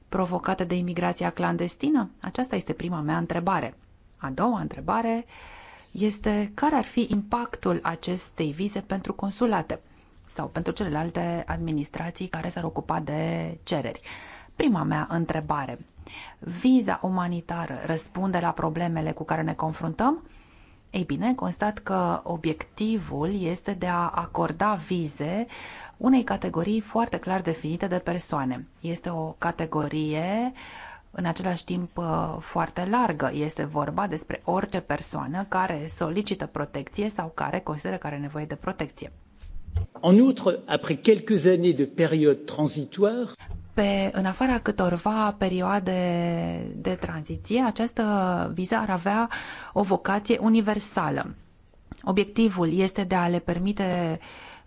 provocate de imigrația clandestină? Aceasta este prima mea întrebare. A doua întrebare este care ar fi impactul acestei vize pentru consulate sau pentru celelalte administrații care s-ar ocupa de cereri. Prima mea întrebare viza umanitară răspunde la problemele cu care ne confruntăm? Ei bine, constat că obiectivul este de a acorda vize unei categorii foarte clar definite de persoane. Este o categorie în același timp uh, foarte largă. Este vorba despre orice persoană care solicită protecție sau care consideră că are nevoie de protecție. En outre, après quelques années de période transitoire, pe, în afara câtorva perioade de tranziție, această viză ar avea o vocație universală. Obiectivul este de a le permite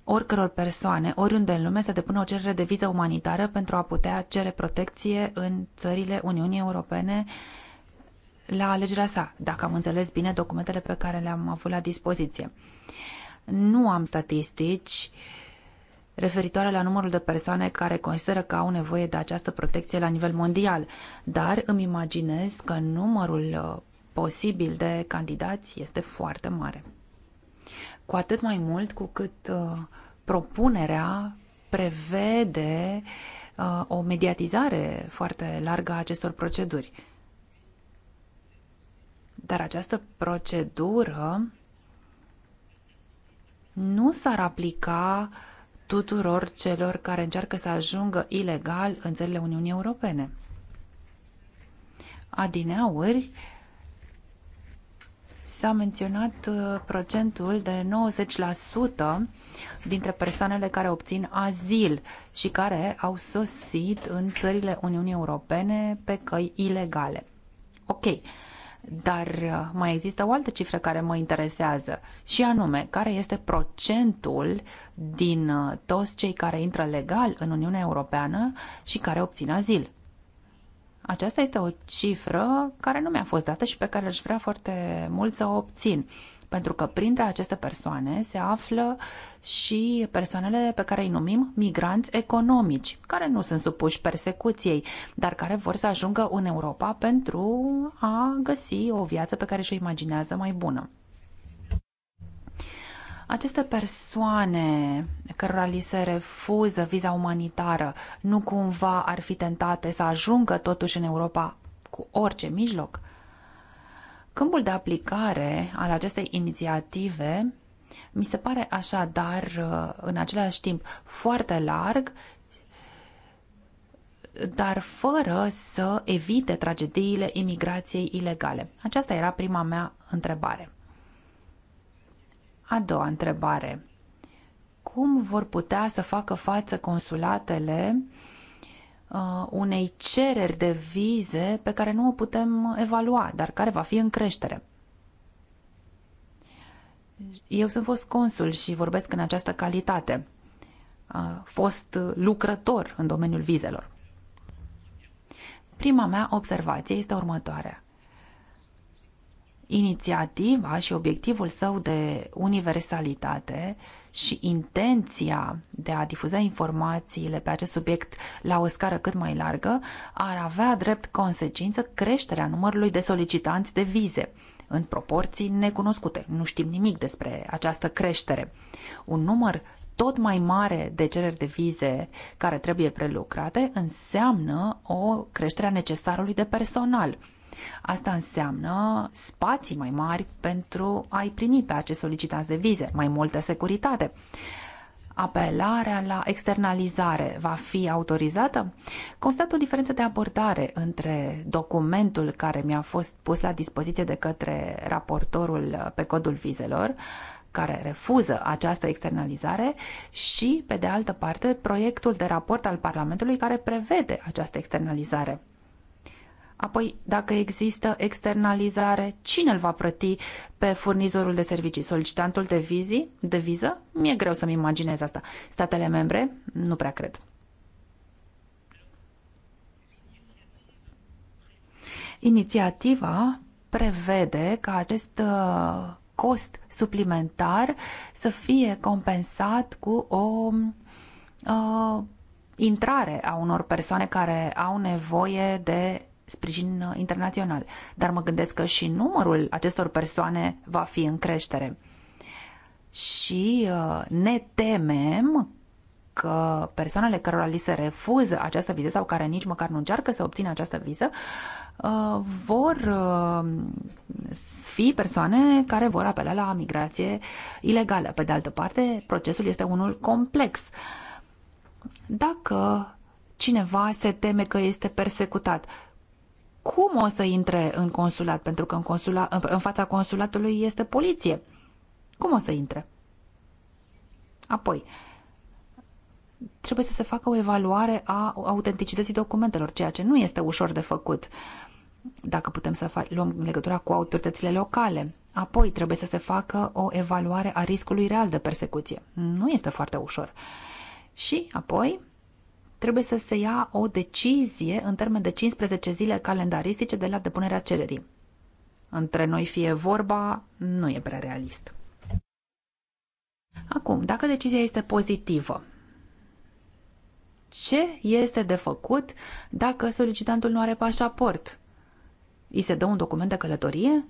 oricăror persoane, oriunde în lume, să depună o cerere de viză umanitară pentru a putea cere protecție în țările Uniunii Europene la alegerea sa, dacă am înțeles bine documentele pe care le-am avut la dispoziție. Nu am statistici uh, referitoare la numărul de persoane care consideră că au nevoie de această protecție la nivel mondial, dar îmi imaginez că numărul uh, posibil de candidați este foarte mare. Cu atât mai mult cu cât uh, propunerea prevede uh, o mediatizare foarte largă a acestor proceduri. Dar această procedură nu s-ar aplica uh, tuturor celor care încearcă să ajungă ilegal în țările Uniunii Europene. Adineauri s-a menționat uh, procentul de 90% dintre persoanele care obțin azil și care au sosit în țările Uniunii Europene pe căi ilegale. Ok, dar uh, mai există o altă cifră care mă interesează și anume, care este procentul din uh, toți cei care intră legal în Uniunea Europeană și care obțin azil? Aceasta este o cifră care nu mi-a fost dată și pe care aș vrea foarte mult să o obțin pentru că printre aceste persoane se află și persoanele pe care îi numim migranți economici, care nu sunt supuși persecuției, dar care vor să ajungă în Europa pentru a găsi o viață pe care și-o imaginează mai bună. Aceste persoane cărora li se refuză viza umanitară nu cumva ar fi tentate să ajungă totuși în Europa cu orice mijloc? Câmpul de aplicare al acestei inițiative mi se pare așa, dar uh, în același timp foarte larg, dar fără să evite tragediile imigrației ilegale. Aceasta era prima mea întrebare. A doua întrebare. Cum vor putea să facă față consulatele Uh, unei cereri de vize pe care nu o putem evalua, dar care va fi în creștere. Eu sunt fost consul și vorbesc în această calitate. Uh, fost lucrător în domeniul vizelor. Prima mea observație este următoarea. Inițiativa și obiectivul său de universalitate și intenția de a difuza informațiile pe acest subiect la o scară cât mai largă ar avea drept consecință creșterea numărului de solicitanți de vize în proporții necunoscute. Nu știm nimic despre această creștere. Un număr tot mai mare de cereri de vize care trebuie prelucrate înseamnă o creștere a necesarului de personal Asta înseamnă spații mai mari pentru a-i primi pe acești solicitanți de vize, mai multă securitate. Apelarea la externalizare va fi autorizată? Constat o diferență de abordare între documentul care mi-a fost pus la dispoziție de către raportorul pe codul vizelor care refuză această externalizare și, pe de altă parte, proiectul de raport al Parlamentului care prevede această externalizare. Apoi, dacă există externalizare, cine îl va plăti pe furnizorul de servicii? Solicitantul de, vizii, de viză? Mi-e greu să-mi imaginez asta. Statele membre? Nu prea cred. Inițiativa prevede că acest uh, cost suplimentar să fie compensat cu o uh, intrare a unor persoane care au nevoie de sprijin uh, internațional. Dar mă gândesc că și numărul acestor persoane va fi în creștere. Și uh, ne temem că persoanele cărora li se refuză această viză sau care nici măcar nu încearcă să obțină această viză uh, vor fi persoane care vor apela la migrație ilegală. Pe de altă parte, procesul este unul complex. Dacă cineva se teme că este persecutat cum o să intre în consulat, pentru că în, consula, în fața consulatului este poliție. Cum o să intre? Apoi, trebuie să se facă o evaluare a autenticității documentelor, ceea ce nu este ușor de făcut dacă putem să luăm legătura cu autoritățile locale. Apoi trebuie să se facă o evaluare a riscului real de persecuție. Nu este foarte ușor. Și apoi trebuie să se ia o decizie în termen de 15 zile calendaristice de la depunerea cererii. Între noi fie vorba, nu e prea realist. Acum, dacă decizia este pozitivă, ce este de făcut dacă solicitantul nu are pașaport? Îi se dă un document de călătorie?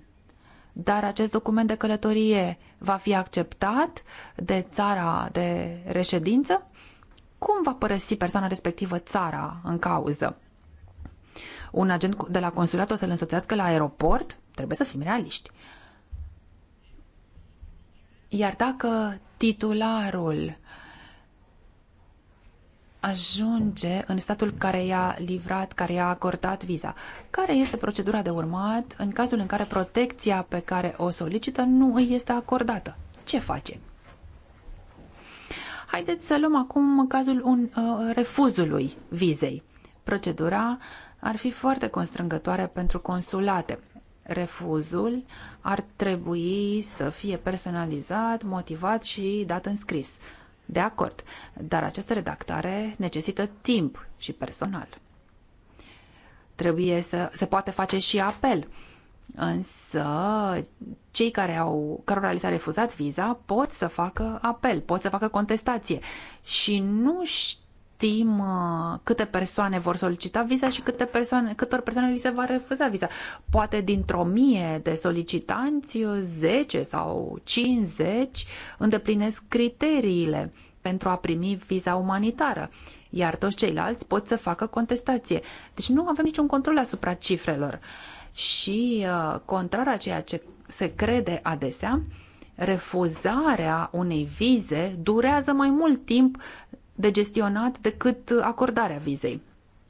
Dar acest document de călătorie va fi acceptat de țara de reședință? cum va părăsi persoana respectivă țara în cauză? Un agent de la consulat o să-l însoțească la aeroport? Trebuie să fim realiști. Iar dacă titularul ajunge în statul care i-a livrat, care i-a acordat viza. Care este procedura de urmat în cazul în care protecția pe care o solicită nu îi este acordată? Ce face? Haideți să luăm acum cazul un, uh, refuzului vizei. Procedura ar fi foarte constrângătoare pentru consulate. Refuzul ar trebui să fie personalizat, motivat și dat în scris. De acord, dar această redactare necesită timp și personal. Trebuie să se poate face și apel Însă, cei care au, cărora li s-a refuzat viza pot să facă apel, pot să facă contestație și nu știm uh, câte persoane vor solicita viza și câte persoane, câtor persoane li se va refuza viza. Poate dintr-o mie de solicitanți, 10 sau 50 îndeplinesc criteriile pentru a primi viza umanitară, iar toți ceilalți pot să facă contestație. Deci nu avem niciun control asupra cifrelor. Uh, și, uh, contrar a ceea ce se crede adesea, refuzarea unei vize durează mai mult timp de gestionat decât acordarea vizei.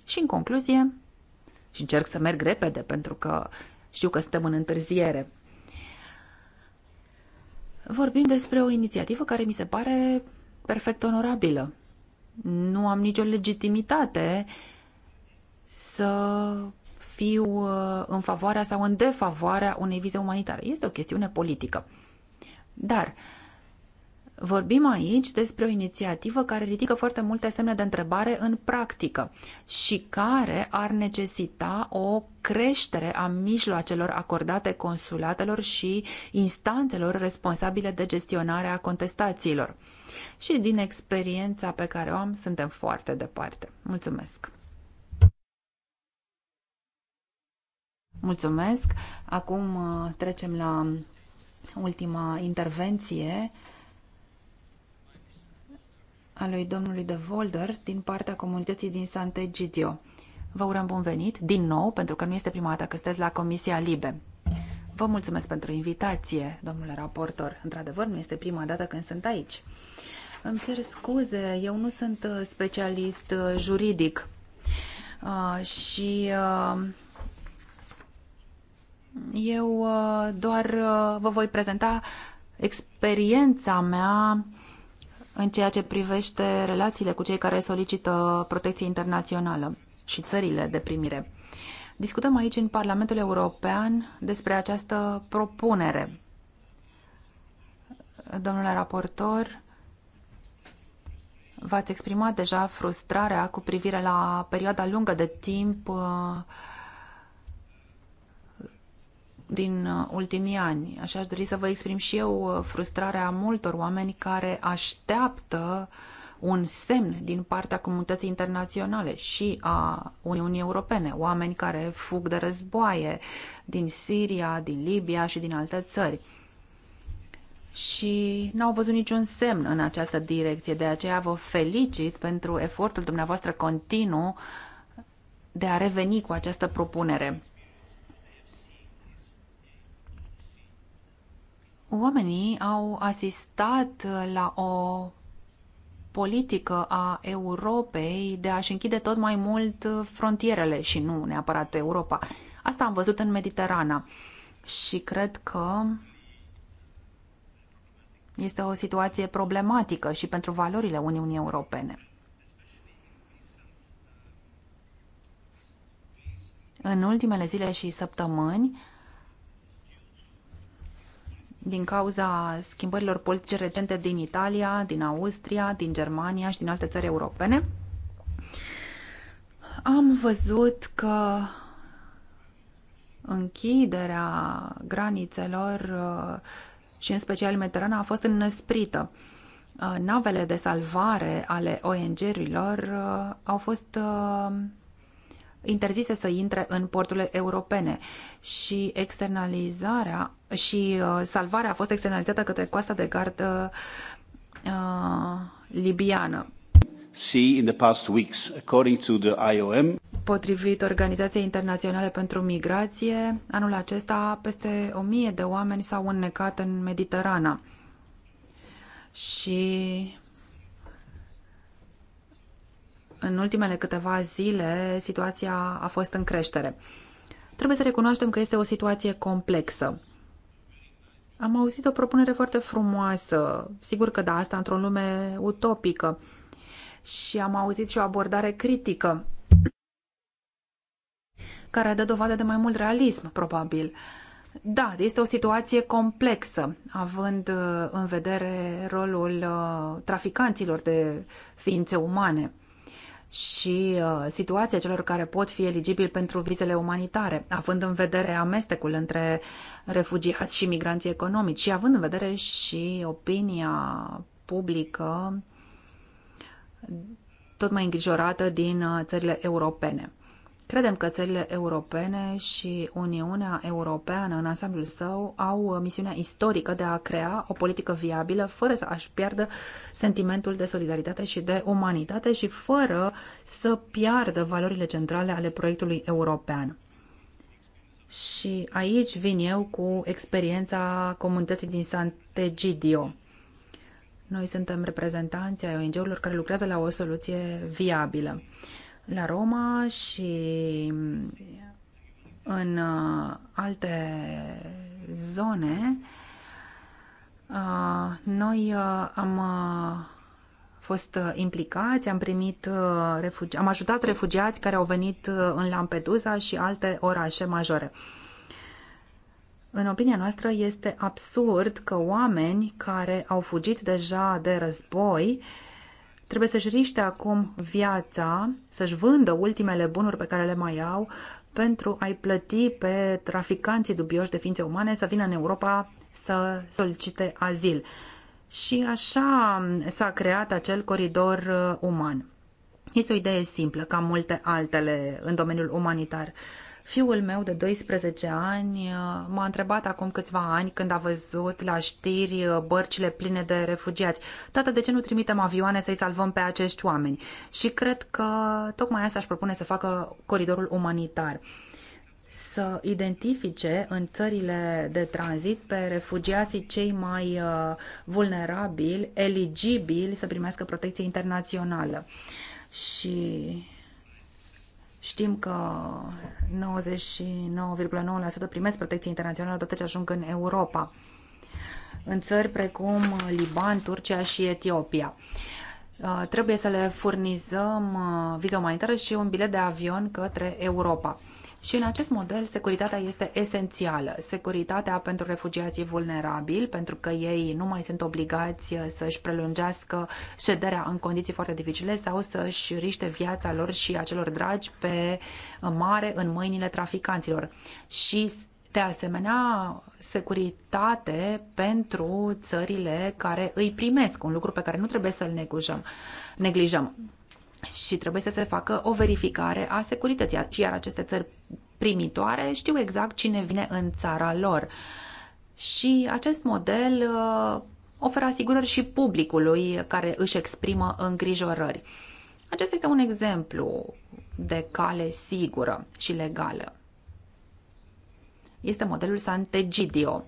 Și în concluzie, și încerc să merg repede pentru că știu că suntem în întârziere, vorbim despre o inițiativă care mi se pare perfect onorabilă. Nu am nicio legitimitate să fiu uh, în favoarea sau în defavoarea unei vize umanitare. Este o chestiune politică. Dar vorbim aici despre o inițiativă care ridică foarte multe semne de întrebare în practică și care ar necesita o creștere a mijloacelor acordate consulatelor și instanțelor responsabile de gestionarea contestațiilor. Și din experiența pe care o am, suntem foarte departe. Mulțumesc! Mulțumesc. Acum uh, trecem la ultima intervenție a lui domnului de Volder din partea comunității din Sant'Egidio. Vă urăm bun venit, din nou, pentru că nu este prima dată că sunteți la Comisia Libe. Vă mulțumesc pentru invitație, domnule raportor. Într-adevăr, nu este prima dată când sunt aici. Îmi cer scuze, eu nu sunt uh, specialist uh, juridic și eu uh, doar uh, vă voi prezenta experiența mea în ceea ce privește relațiile cu cei care solicită protecție internațională și țările de primire. Discutăm aici în Parlamentul European despre această propunere. Domnule raportor, v-ați exprimat deja frustrarea cu privire la perioada lungă de timp uh, din uh, ultimii ani. Așa aș dori să vă exprim și eu uh, frustrarea multor oameni care așteaptă un semn din partea comunității internaționale și a Uniunii Europene, oameni care fug de războaie din Siria, din Libia și din alte țări. Și n-au văzut niciun semn în această direcție, de aceea vă felicit pentru efortul dumneavoastră continuu de a reveni cu această propunere. Oamenii au asistat la o politică a Europei de a-și închide tot mai mult frontierele și nu neapărat Europa. Asta am văzut în Mediterana și cred că este o situație problematică și pentru valorile Uniunii Europene. În ultimele zile și săptămâni din cauza schimbărilor politice recente din Italia, din Austria, din Germania și din alte țări europene, am văzut că închiderea granițelor uh, și în special Mediterana a fost înnăsprită. Uh, navele de salvare ale ONG-urilor uh, au fost interzise să intre în porturile europene și externalizarea și uh, salvarea a fost externalizată către coasta de gardă uh, uh, libiană. See in the past weeks, according to the IOM, Potrivit Organizației Internaționale pentru Migrație, anul acesta peste o mie de oameni s-au înnecat în Mediterana. Și în ultimele câteva zile situația a fost în creștere. Trebuie să recunoaștem că este o situație complexă. Am auzit o propunere foarte frumoasă, sigur că da, asta într-o lume utopică. Și am auzit și o abordare critică, care dă dovadă de mai mult realism, probabil. Da, este o situație complexă, având uh, în vedere rolul uh, traficanților de ființe umane și uh, situația celor care pot fi eligibili pentru vizele umanitare, având în vedere amestecul între refugiați și migranții economici și având în vedere și opinia publică tot mai îngrijorată din uh, țările europene. Credem că țările europene și Uniunea Europeană în ansamblul său au misiunea istorică de a crea o politică viabilă fără să aș piardă sentimentul de solidaritate și de umanitate și fără să piardă valorile centrale ale proiectului european. Și aici vin eu cu experiența comunității din Sant'Egidio. Noi suntem reprezentanții ai ONG-urilor care lucrează la o soluție viabilă la Roma și în uh, alte zone, uh, noi uh, am fost implicați, am primit refugi- am ajutat refugiați care au venit în Lampedusa și alte orașe majore. În opinia noastră este absurd că oameni care au fugit deja de război uh, Trebuie să-și riște acum viața, să-și vândă ultimele bunuri pe care le mai au pentru a-i plăti pe traficanții dubioși de ființe umane să vină în Europa să solicite azil. Și așa s-a creat acel coridor uh, uman. Este o idee simplă, ca multe altele în domeniul umanitar. Uh, Fiul meu de 12 ani uh, m-a întrebat acum câțiva ani când a văzut la știri uh, bărcile pline de refugiați. Tată, de ce nu trimitem avioane să-i salvăm pe acești oameni? Și cred că tocmai asta aș propune să facă coridorul umanitar să identifice în țările de tranzit pe refugiații cei mai uh, vulnerabili, eligibili să primească protecție internațională. Și Știm că 99,9% primesc protecție internațională odată ce ajung în Europa, în țări precum Liban, Turcia și Etiopia. Uh, trebuie să le furnizăm uh, viză umanitară și un bilet de avion către Europa. Și în acest model, securitatea este esențială. Securitatea pentru refugiații vulnerabili, pentru că ei nu mai sunt obligați uh, să-și prelungească șederea în condiții foarte dificile sau să-și riște viața lor și a celor dragi pe uh, mare în mâinile traficanților. Și de asemenea, securitate pentru țările care îi primesc, un lucru pe care nu trebuie să-l neglijăm și trebuie să se facă o verificare a securității, iar aceste țări primitoare știu exact cine vine în țara lor. Și acest model uh, oferă asigurări și publicului care își exprimă îngrijorări. Acesta este un exemplu de cale sigură și legală. Este modelul Sant'Egidio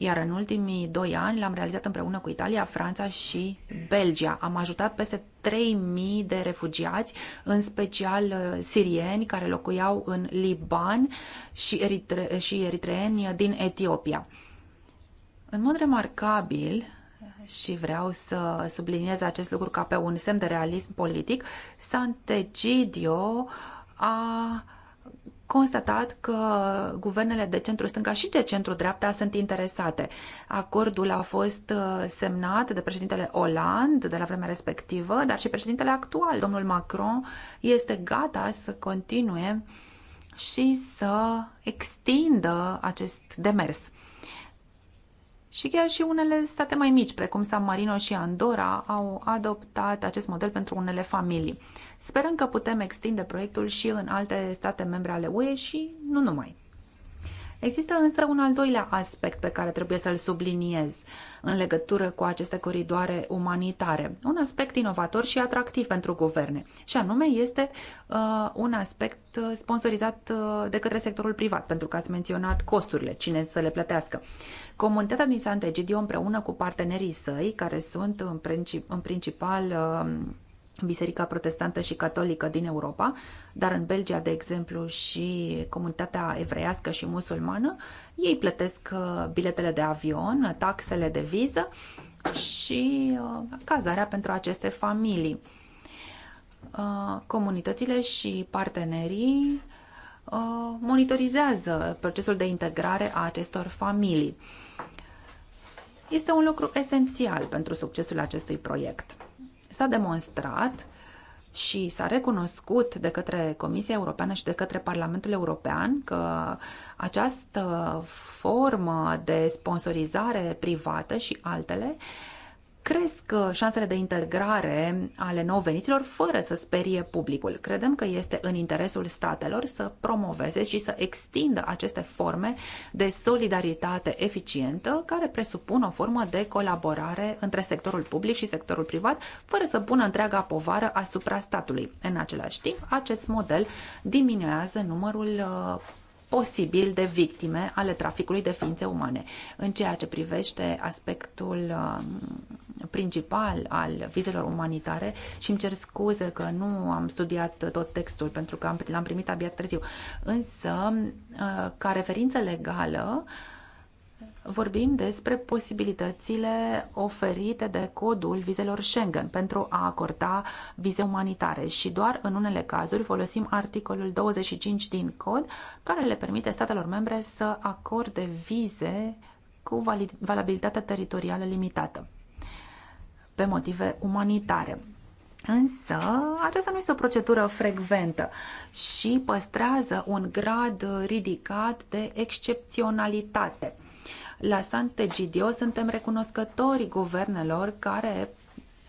iar în ultimii doi ani l-am realizat împreună cu Italia, Franța și Belgia. Am ajutat peste 3.000 de refugiați, în special uh, sirieni care locuiau în Liban și, eritre- și eritreeni din Etiopia. În mod remarcabil, și vreau să subliniez acest lucru ca pe un semn de realism politic, Sant'Egidio a constatat că guvernele de centru-stânga și de centru-dreapta sunt interesate. Acordul a fost uh, semnat de președintele Hollande de la vremea respectivă, dar și președintele actual, domnul Macron, este gata să continue și să extindă acest demers. Și chiar și unele state mai mici, precum San Marino și Andorra, au adoptat acest model pentru unele familii. Sperăm că putem extinde proiectul și în alte state membre ale UE și nu numai. Există însă un al doilea aspect pe care trebuie să-l subliniez în legătură cu aceste coridoare umanitare, un aspect inovator și atractiv pentru guverne, și anume este uh, un aspect uh, sponsorizat uh, de către sectorul privat, pentru că ați menționat costurile, cine să le plătească. Comunitatea din Sant'Egidio împreună cu partenerii săi, care sunt în, princip, în principal uh, Biserica Protestantă și Catolică din Europa, dar în Belgia, de exemplu, și comunitatea evreiască și musulmană, ei plătesc uh, biletele de avion, taxele de viză și uh, cazarea pentru aceste familii. Uh, comunitățile și partenerii monitorizează procesul de integrare a acestor familii. Este un lucru esențial pentru succesul acestui proiect. S-a demonstrat și s-a recunoscut de către Comisia Europeană și de către Parlamentul European că această formă de sponsorizare privată și altele uh, cresc uh, șansele de integrare ale nou veniților fără să sperie publicul. Credem că este în interesul statelor să promoveze și să extindă aceste forme de solidaritate eficientă care presupun o formă de colaborare între sectorul public și sectorul privat fără să pună întreaga povară asupra statului. În același timp, acest model diminuează numărul uh, posibil de victime ale traficului de ființe umane. În ceea ce privește aspectul um, principal al vizelor umanitare și îmi cer scuze că nu am studiat tot textul pentru că l-am primit abia târziu, însă uh, ca referință legală vorbim despre posibilitățile oferite de codul vizelor Schengen pentru a acorda vize umanitare și doar în unele cazuri folosim articolul 25 din cod care le permite statelor membre să acorde vize cu valabilitate teritorială limitată pe motive umanitare. Însă, aceasta nu este o procedură frecventă și păstrează un grad ridicat de excepționalitate la Sant'Egidio suntem recunoscători guvernelor care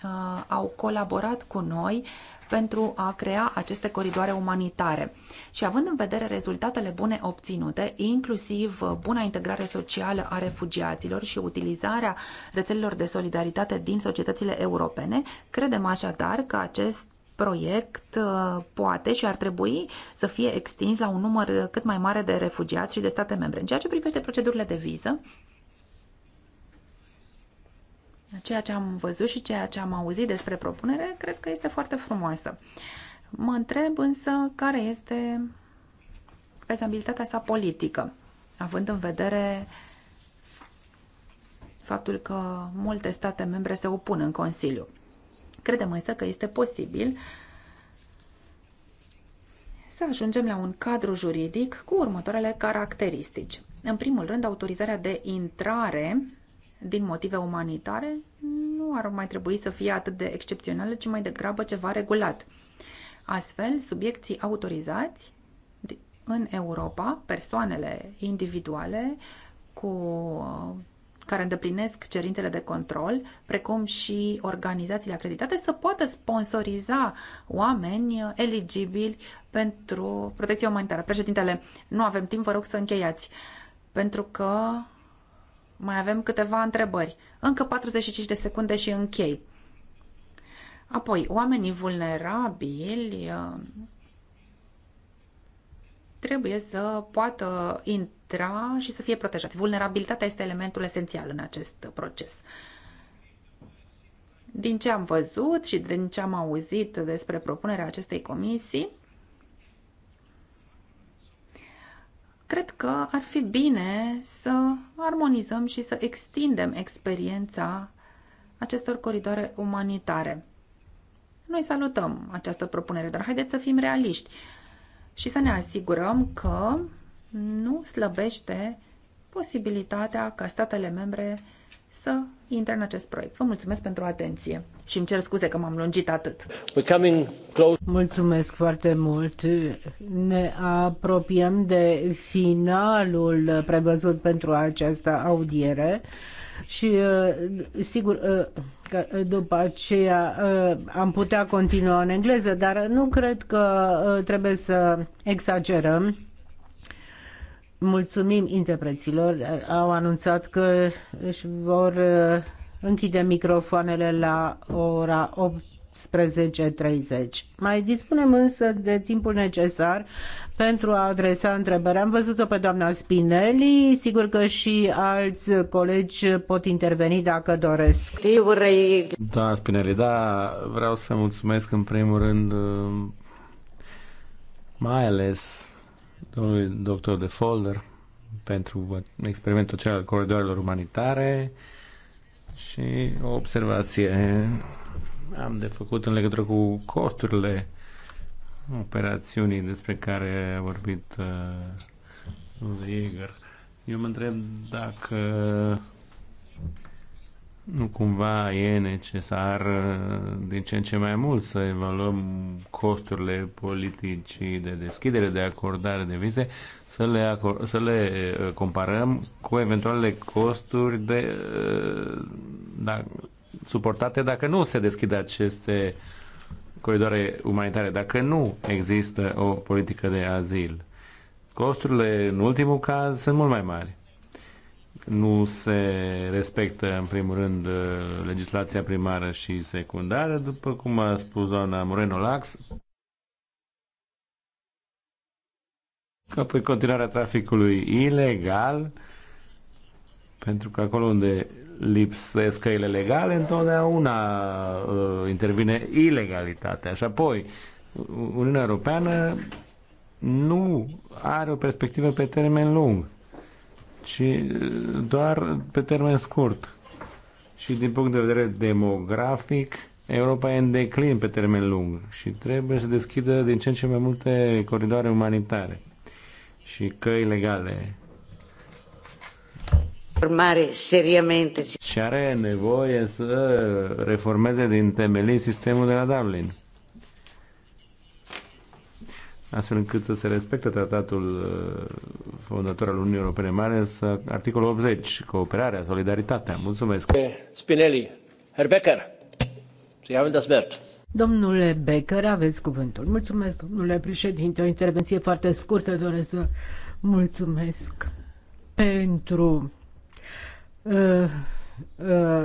uh, au colaborat cu noi pentru a crea aceste coridoare umanitare. Și având în vedere rezultatele bune obținute, inclusiv uh, buna integrare socială a refugiaților și utilizarea rețelelor de solidaritate din societățile europene, credem așadar că acest proiect uh, poate și ar trebui să fie extins la un număr cât mai mare de refugiați și de state membre. În ceea ce privește procedurile de viză, ceea ce am văzut și ceea ce am auzit despre propunere, cred că este foarte frumoasă. Mă întreb însă care este fezabilitatea sa politică, având în vedere faptul că multe state membre se opun în Consiliu. Credem însă că este posibil să ajungem la un cadru juridic cu următoarele caracteristici. În primul rând, autorizarea de intrare din motive umanitare nu ar mai trebui să fie atât de excepțională, ci mai degrabă ceva regulat. Astfel, subiecții autorizați în Europa, persoanele individuale cu care îndeplinesc cerințele de control, precum și organizațiile acreditate, să poată sponsoriza oameni eligibili pentru protecție umanitară. Președintele, nu avem timp, vă rog să încheiați, pentru că mai avem câteva întrebări. Încă 45 de secunde și închei. Apoi, oamenii vulnerabili uh, trebuie să poată intra intra și să fie protejați. Vulnerabilitatea este elementul esențial în acest proces. Din ce am văzut și din ce am auzit despre propunerea acestei comisii, cred că ar fi bine să armonizăm și să extindem experiența acestor coridoare umanitare. Noi salutăm această propunere, dar haideți să fim realiști și să ne asigurăm că nu slăbește posibilitatea ca statele membre să intre în acest proiect. Vă mulțumesc pentru atenție și îmi cer scuze că m-am lungit atât. Mulțumesc foarte mult. Ne apropiem de finalul prevăzut pentru această audiere și uh, sigur uh, că după aceea uh, am putea continua în engleză, dar nu cred că trebuie să exagerăm mulțumim interpreților. Au anunțat că își vor uh, închide microfoanele la ora 8. 18.30. Mai dispunem însă de timpul necesar pentru a adresa întrebări. Am văzut-o pe doamna Spinelli, sigur că și alți colegi pot interveni dacă doresc. Da, Spinelli, da, vreau să mulțumesc în primul rând uh, mai ales domnului doctor de Folder pentru experimentul cel al coridoarelor umanitare și o observație am de făcut în legătură cu costurile operațiunii despre care a vorbit uh, Eger. Eu mă întreb dacă nu cumva e necesar uh, din ce în ce mai mult să evaluăm costurile politicii de deschidere, de acordare de vize, să le, să le uh, comparăm cu eventualele costuri de, uh, da, suportate dacă nu se deschide aceste coridoare umanitare, dacă nu există o politică de azil. Costurile, în ultimul caz, sunt mult mai mari nu se respectă, în primul rând, uh, legislația primară și secundară, după cum a spus doamna Moreno Lax, că apoi continuarea traficului ilegal, pentru că acolo unde lipsesc căile legale, întotdeauna uh, intervine ilegalitatea. Și apoi, Uniunea Europeană nu are o perspectivă pe termen lung ci uh, doar pe termen scurt. Și din punct de vedere demografic, Europa e în declin pe termen lung și trebuie să deschidă din ce în ce mai multe coridoare umanitare și căi legale. Formare seriamente. Și are nevoie să reformeze din temelii sistemul de la Dublin astfel încât să se respecte tratatul uh, fondator al Uniunii Europene, mai ales uh, articolul 80, cooperarea, solidaritatea. Mulțumesc! Spinelli, Herr Becker, Sie haben das Domnule Becker, aveți cuvântul. Mulțumesc, domnule președinte. O intervenție foarte scurtă doresc să mulțumesc pentru uh,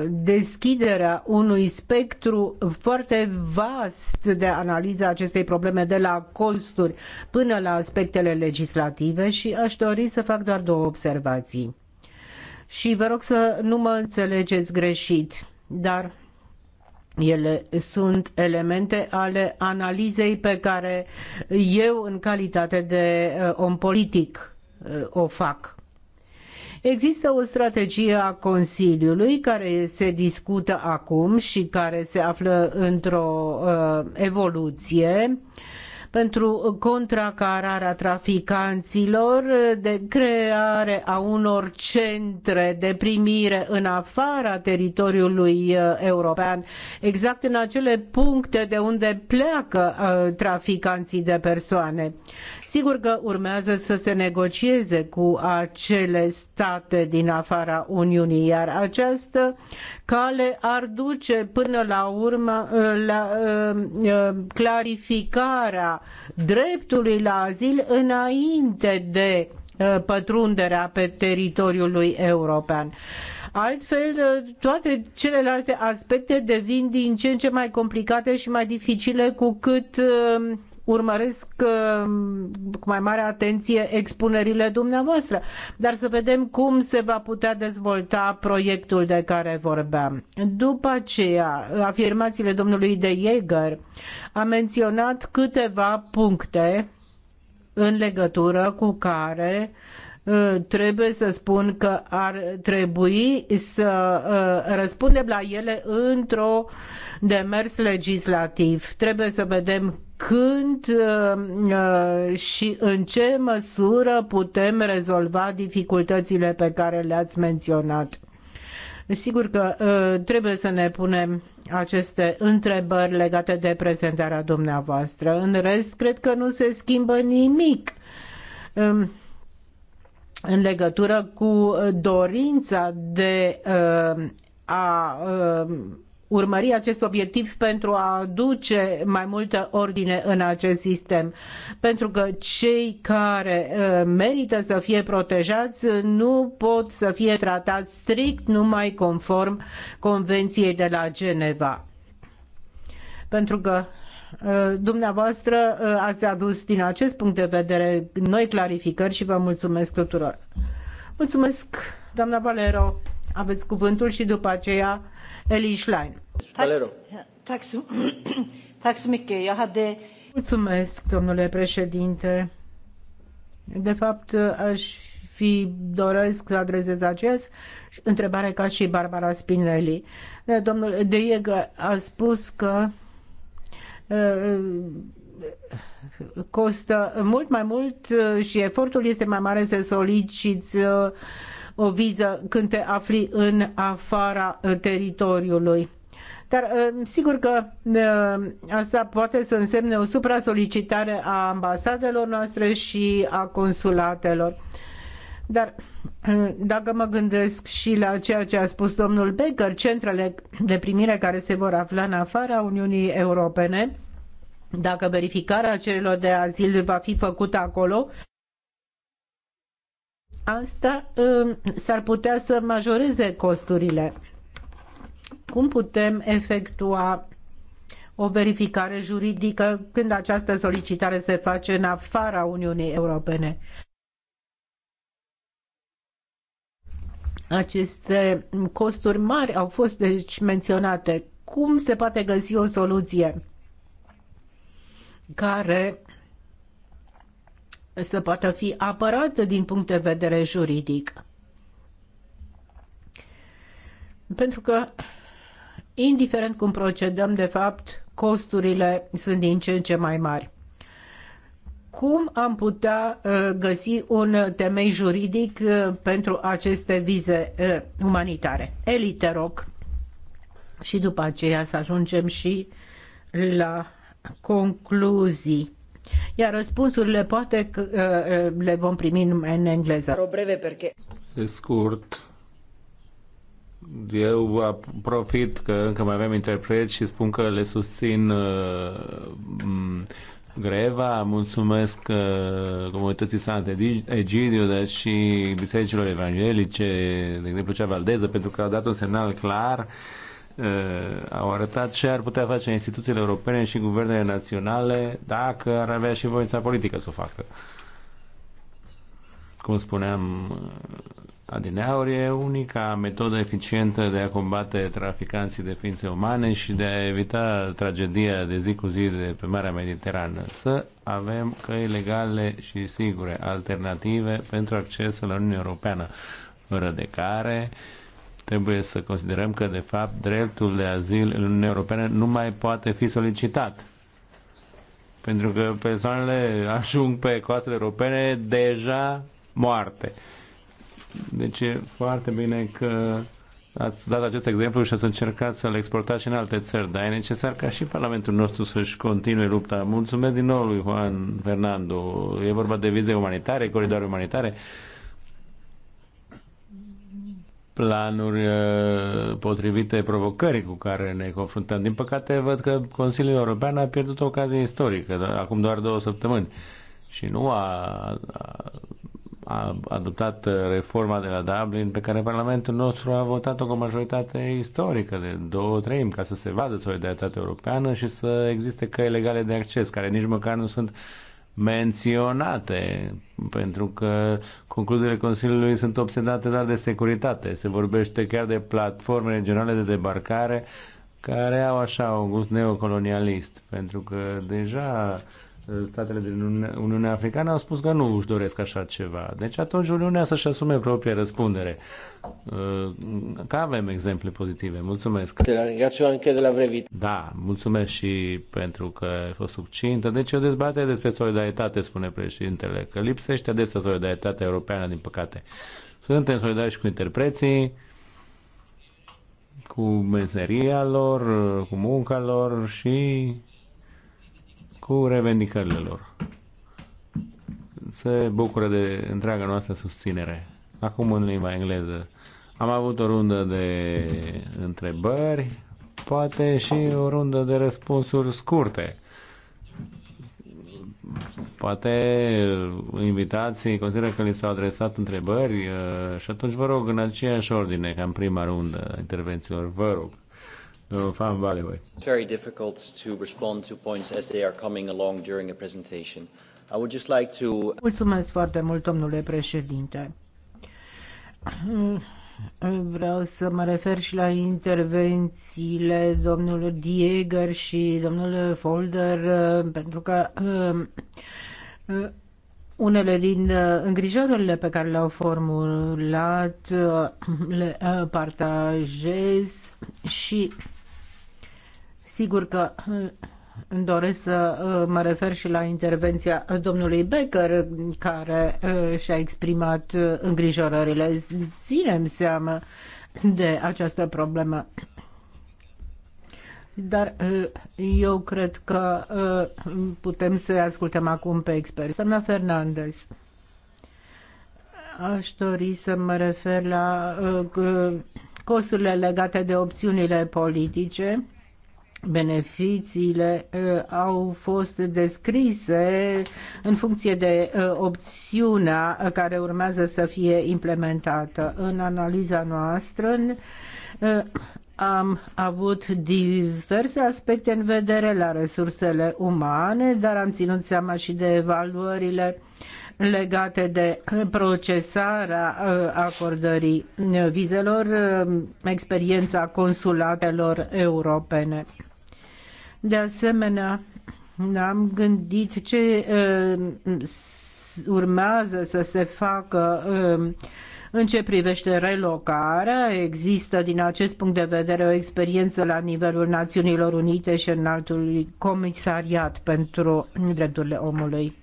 deschiderea unui spectru foarte vast de analiza acestei probleme de la costuri până la aspectele legislative și aș dori să fac doar două observații. Și vă rog să nu mă înțelegeți greșit, dar ele sunt elemente ale analizei pe care eu, în calitate de uh, om politic, uh, o fac. Există o strategie a Consiliului care se discută acum și care se află într-o uh, evoluție uh, pentru contracararea traficanților, de creare a unor centre de primire în afara teritoriului uh, european, exact în acele puncte de unde pleacă uh, traficanții de persoane. Sigur că urmează să se negocieze cu acele state din afara Uniunii, iar această cale ar duce până la urmă uh, la uh, uh, clarificarea dreptului la azil înainte de pătrunderea pe teritoriul lui european. Altfel, toate celelalte aspecte devin din ce în ce mai complicate și mai dificile cu cât urmăresc uh, cu mai mare atenție expunerile dumneavoastră, dar să vedem cum se va putea dezvolta proiectul de care vorbeam. După aceea, afirmațiile domnului de Jäger a menționat câteva puncte în legătură cu care uh, trebuie să spun că ar trebui să uh, răspundem la ele într-o demers legislativ. Trebuie să vedem când uh, uh, și în ce măsură putem rezolva dificultățile pe care le-ați menționat. Sigur că uh, trebuie să ne punem aceste întrebări legate de prezentarea dumneavoastră. În rest, cred că nu se schimbă nimic um, în legătură cu dorința de a urmări acest obiectiv pentru a aduce mai multă ordine în acest sistem. Pentru că cei care uh, merită să fie protejați nu pot să fie tratați strict numai conform Convenției de la Geneva. Pentru că uh, dumneavoastră uh, ați adus din acest punct de vedere noi clarificări și vă mulțumesc tuturor. Mulțumesc, doamna Valero. Aveți cuvântul și după aceea Mulțumesc, domnule președinte. De fapt, aș fi doresc să adresez această întrebare ca și Barbara Spinelli. Eh, domnul jager a spus că eh, costă mult mai mult eh, și efortul este mai mare să soliciți o viză când te afli în afara uh, teritoriului. Dar uh, sigur că uh, asta poate să însemne o supra-solicitare a ambasadelor noastre și a consulatelor. Dar dacă mă gândesc și la ceea ce a spus domnul Becker, centrele de primire care se vor afla în afara Uniunii Europene, dacă verificarea cererilor de azil va fi făcută acolo, Asta um, s-ar putea să majoreze costurile. Cum putem efectua o verificare juridică când această solicitare se face în afara Uniunii Europene? Aceste costuri mari au fost deci menționate. Cum se poate găsi o soluție care să poată fi apărat din punct de vedere juridic. Pentru că, indiferent cum procedăm, de fapt, costurile sunt din ce în ce mai mari. Cum am putea uh, găsi un temei juridic uh, pentru aceste vize uh, umanitare? Elite rog. Și după aceea să ajungem și la concluzii. Iar răspunsurile poate că uh, uh, le vom primi numai în engleză. O breve perché. E scurt. Eu profit că încă mai avem interpreți și spun că le susțin uh, greva, mulțumesc comunității Sante egidiu, dar și bisericilor evanghelice, de exemplu cea valdeză, pentru că au dat un semnal clar uh, Uh, au arătat ce ar putea face instituțiile europene și guvernele naționale dacă ar avea și voința politică să o facă. Cum spuneam, uh, adineauri e unica metodă eficientă de a combate traficanții de ființe umane și de a evita tragedia de zi cu zi de pe Marea Mediterană. Să avem căi legale și sigure, alternative pentru accesul la Uniunea Europeană, fără de care uh, trebuie să considerăm că, de fapt, dreptul de azil în Uniunea Europeană nu mai poate fi solicitat. Pentru că persoanele ajung pe coastele europene deja moarte. Deci e foarte bine că ați dat acest exemplu și ați încercat să-l exportați și în alte țări, dar e necesar ca și Parlamentul nostru să-și continue lupta. Mulțumesc din nou lui Juan Fernando. E vorba de vize umanitare, coridoare umanitare planuri uh, potrivite provocării cu care ne confruntăm. Din păcate, văd că Consiliul European a pierdut o ocazie istorică, da, acum doar două săptămâni, și nu a, a, a adoptat reforma de la Dublin, pe care Parlamentul nostru a votat-o cu o majoritate istorică de două treimi, ca să se vadă solidaritatea europeană și să existe căi legale de acces, care nici măcar nu sunt uh, menționate, pentru că concluziile Consiliului sunt obsedate doar de securitate. Se vorbește chiar de platforme regionale de debarcare care au așa un gust neocolonialist, pentru că deja statele din Uniunea Africană au spus că nu își doresc așa ceva. Deci atunci Uniunea să-și asume propria răspundere. Uh, că avem exemple pozitive. Mulțumesc! Te la ringrazio anche de la Vrevit. Da, mulțumesc și pentru că ai fost succintă. Deci o dezbatere despre solidaritate, spune președintele, că lipsește adesea solidaritatea europeană, din păcate. Suntem solidari și cu interpreții, cu meseria lor, cu munca lor și cu revendicările lor. Se bucură de întreaga noastră susținere. Acum în limba engleză. Am avut o rundă de întrebări, poate și o rundă de răspunsuri scurte. Poate invitații consideră că li s-au adresat întrebări uh, și atunci vă rog în aceeași ordine ca în prima rundă intervențiilor. Vă rog. Fan Very difficult to respond to points as they are coming along during a presentation. I would just like to... Mulțumesc foarte mult, domnule președinte. Mm, vreau să mă refer și la intervențiile domnului Dieger și domnului Folder, uh, pentru că uh, uh, unele din îngrijorările pe care le-au formulat le partajez și sigur că doresc să uh, mă refer și la intervenția domnului Becker, care uh, și-a exprimat uh, îngrijorările. Ținem seama de această problemă. Dar eu cred că putem să ascultăm acum pe expert. Doamna Fernandez, aș dori să mă refer la costurile legate de opțiunile politice beneficiile uh, au fost descrise în funcție de uh, opțiunea uh, care urmează să fie implementată. În analiza noastră am avut diverse aspecte în vedere la resursele umane, dar am ținut seama și de evaluările legate de procesarea acordării vizelor, experiența consulatelor europene. De asemenea, am gândit ce uh, urmează să se facă uh, în ce privește relocarea, există din acest punct de vedere o experiență la nivelul Națiunilor Unite și altul comisariat pentru drepturile omului.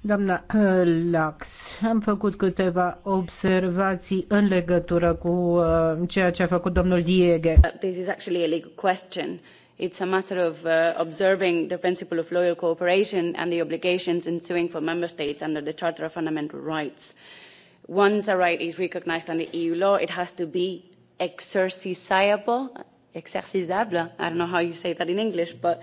Doamna uh, Lax, am făcut câteva observații în legătură cu ceea ce a făcut domnul Diege. This is actually a legal question it's a matter of uh, observing the principle of loyal cooperation and the obligations ensuing for member states under the Charter of Fundamental Rights. Once a right is recognised under EU law, it has to be exercisable, exercisable, I don't know how you say that in English, but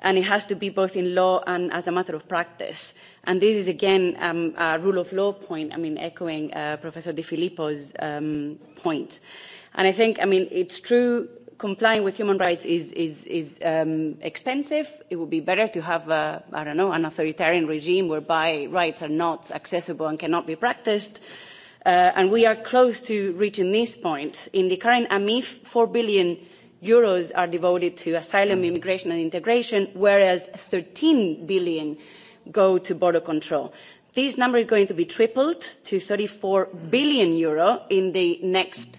and it has to be both in law and as a matter of practice. And this is again um, a rule of law point, I mean, echoing uh, Professor De Filippo's um, point. And I think, I mean, it's true complying with human rights is, is, is um, expensive. It would be better to have, a, I don't know, an authoritarian regime whereby rights are not accessible and cannot be practiced. Uh, and we are close to reaching this point. In the current AMIF, 4 billion euros are devoted to asylum, immigration and integration, whereas 13 billion go to border control. This number is going to be tripled to 34 billion euro in the next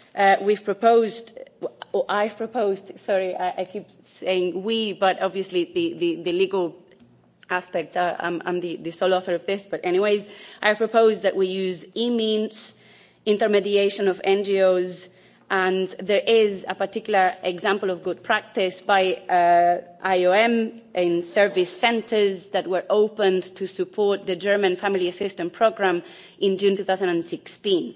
Uh, we've proposed or I've proposed, sorry, I, I keep saying we, but obviously the, the, the legal aspects are, I'm, I'm the, the sole author of this, but anyways, I propose that we use e-means, intermediation of NGOs, and there is a particular example of good practice by uh, IOM in service centres that were opened to support the German family assistance programme in June 2016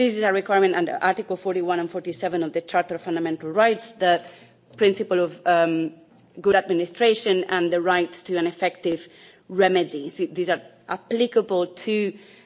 this is a requirement under article forty one and forty seven of the charter of fundamental rights the principle of um, good administration and the right to an effective remedy. So these are applicable to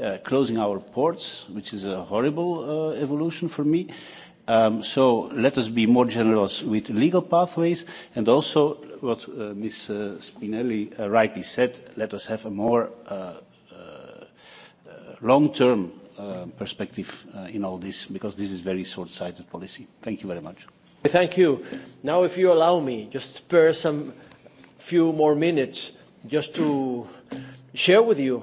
uh, closing our ports, which is a horrible uh, evolution for me. Um, so let us be more generous with legal pathways and also what uh, Ms. Uh, Spinelli uh, rightly said, let us have a more uh, uh, long-term uh, perspective uh, in all this because this is very short-sighted policy. Thank you very much. Thank you. Now if you allow me, just spare some few more minutes just to share with you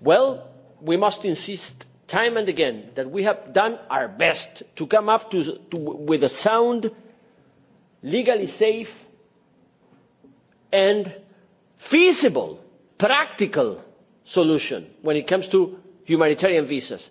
well we must insist time and again that we have done our best to come up to, to, with a sound legally safe and feasible practical solution when it comes to humanitarian visas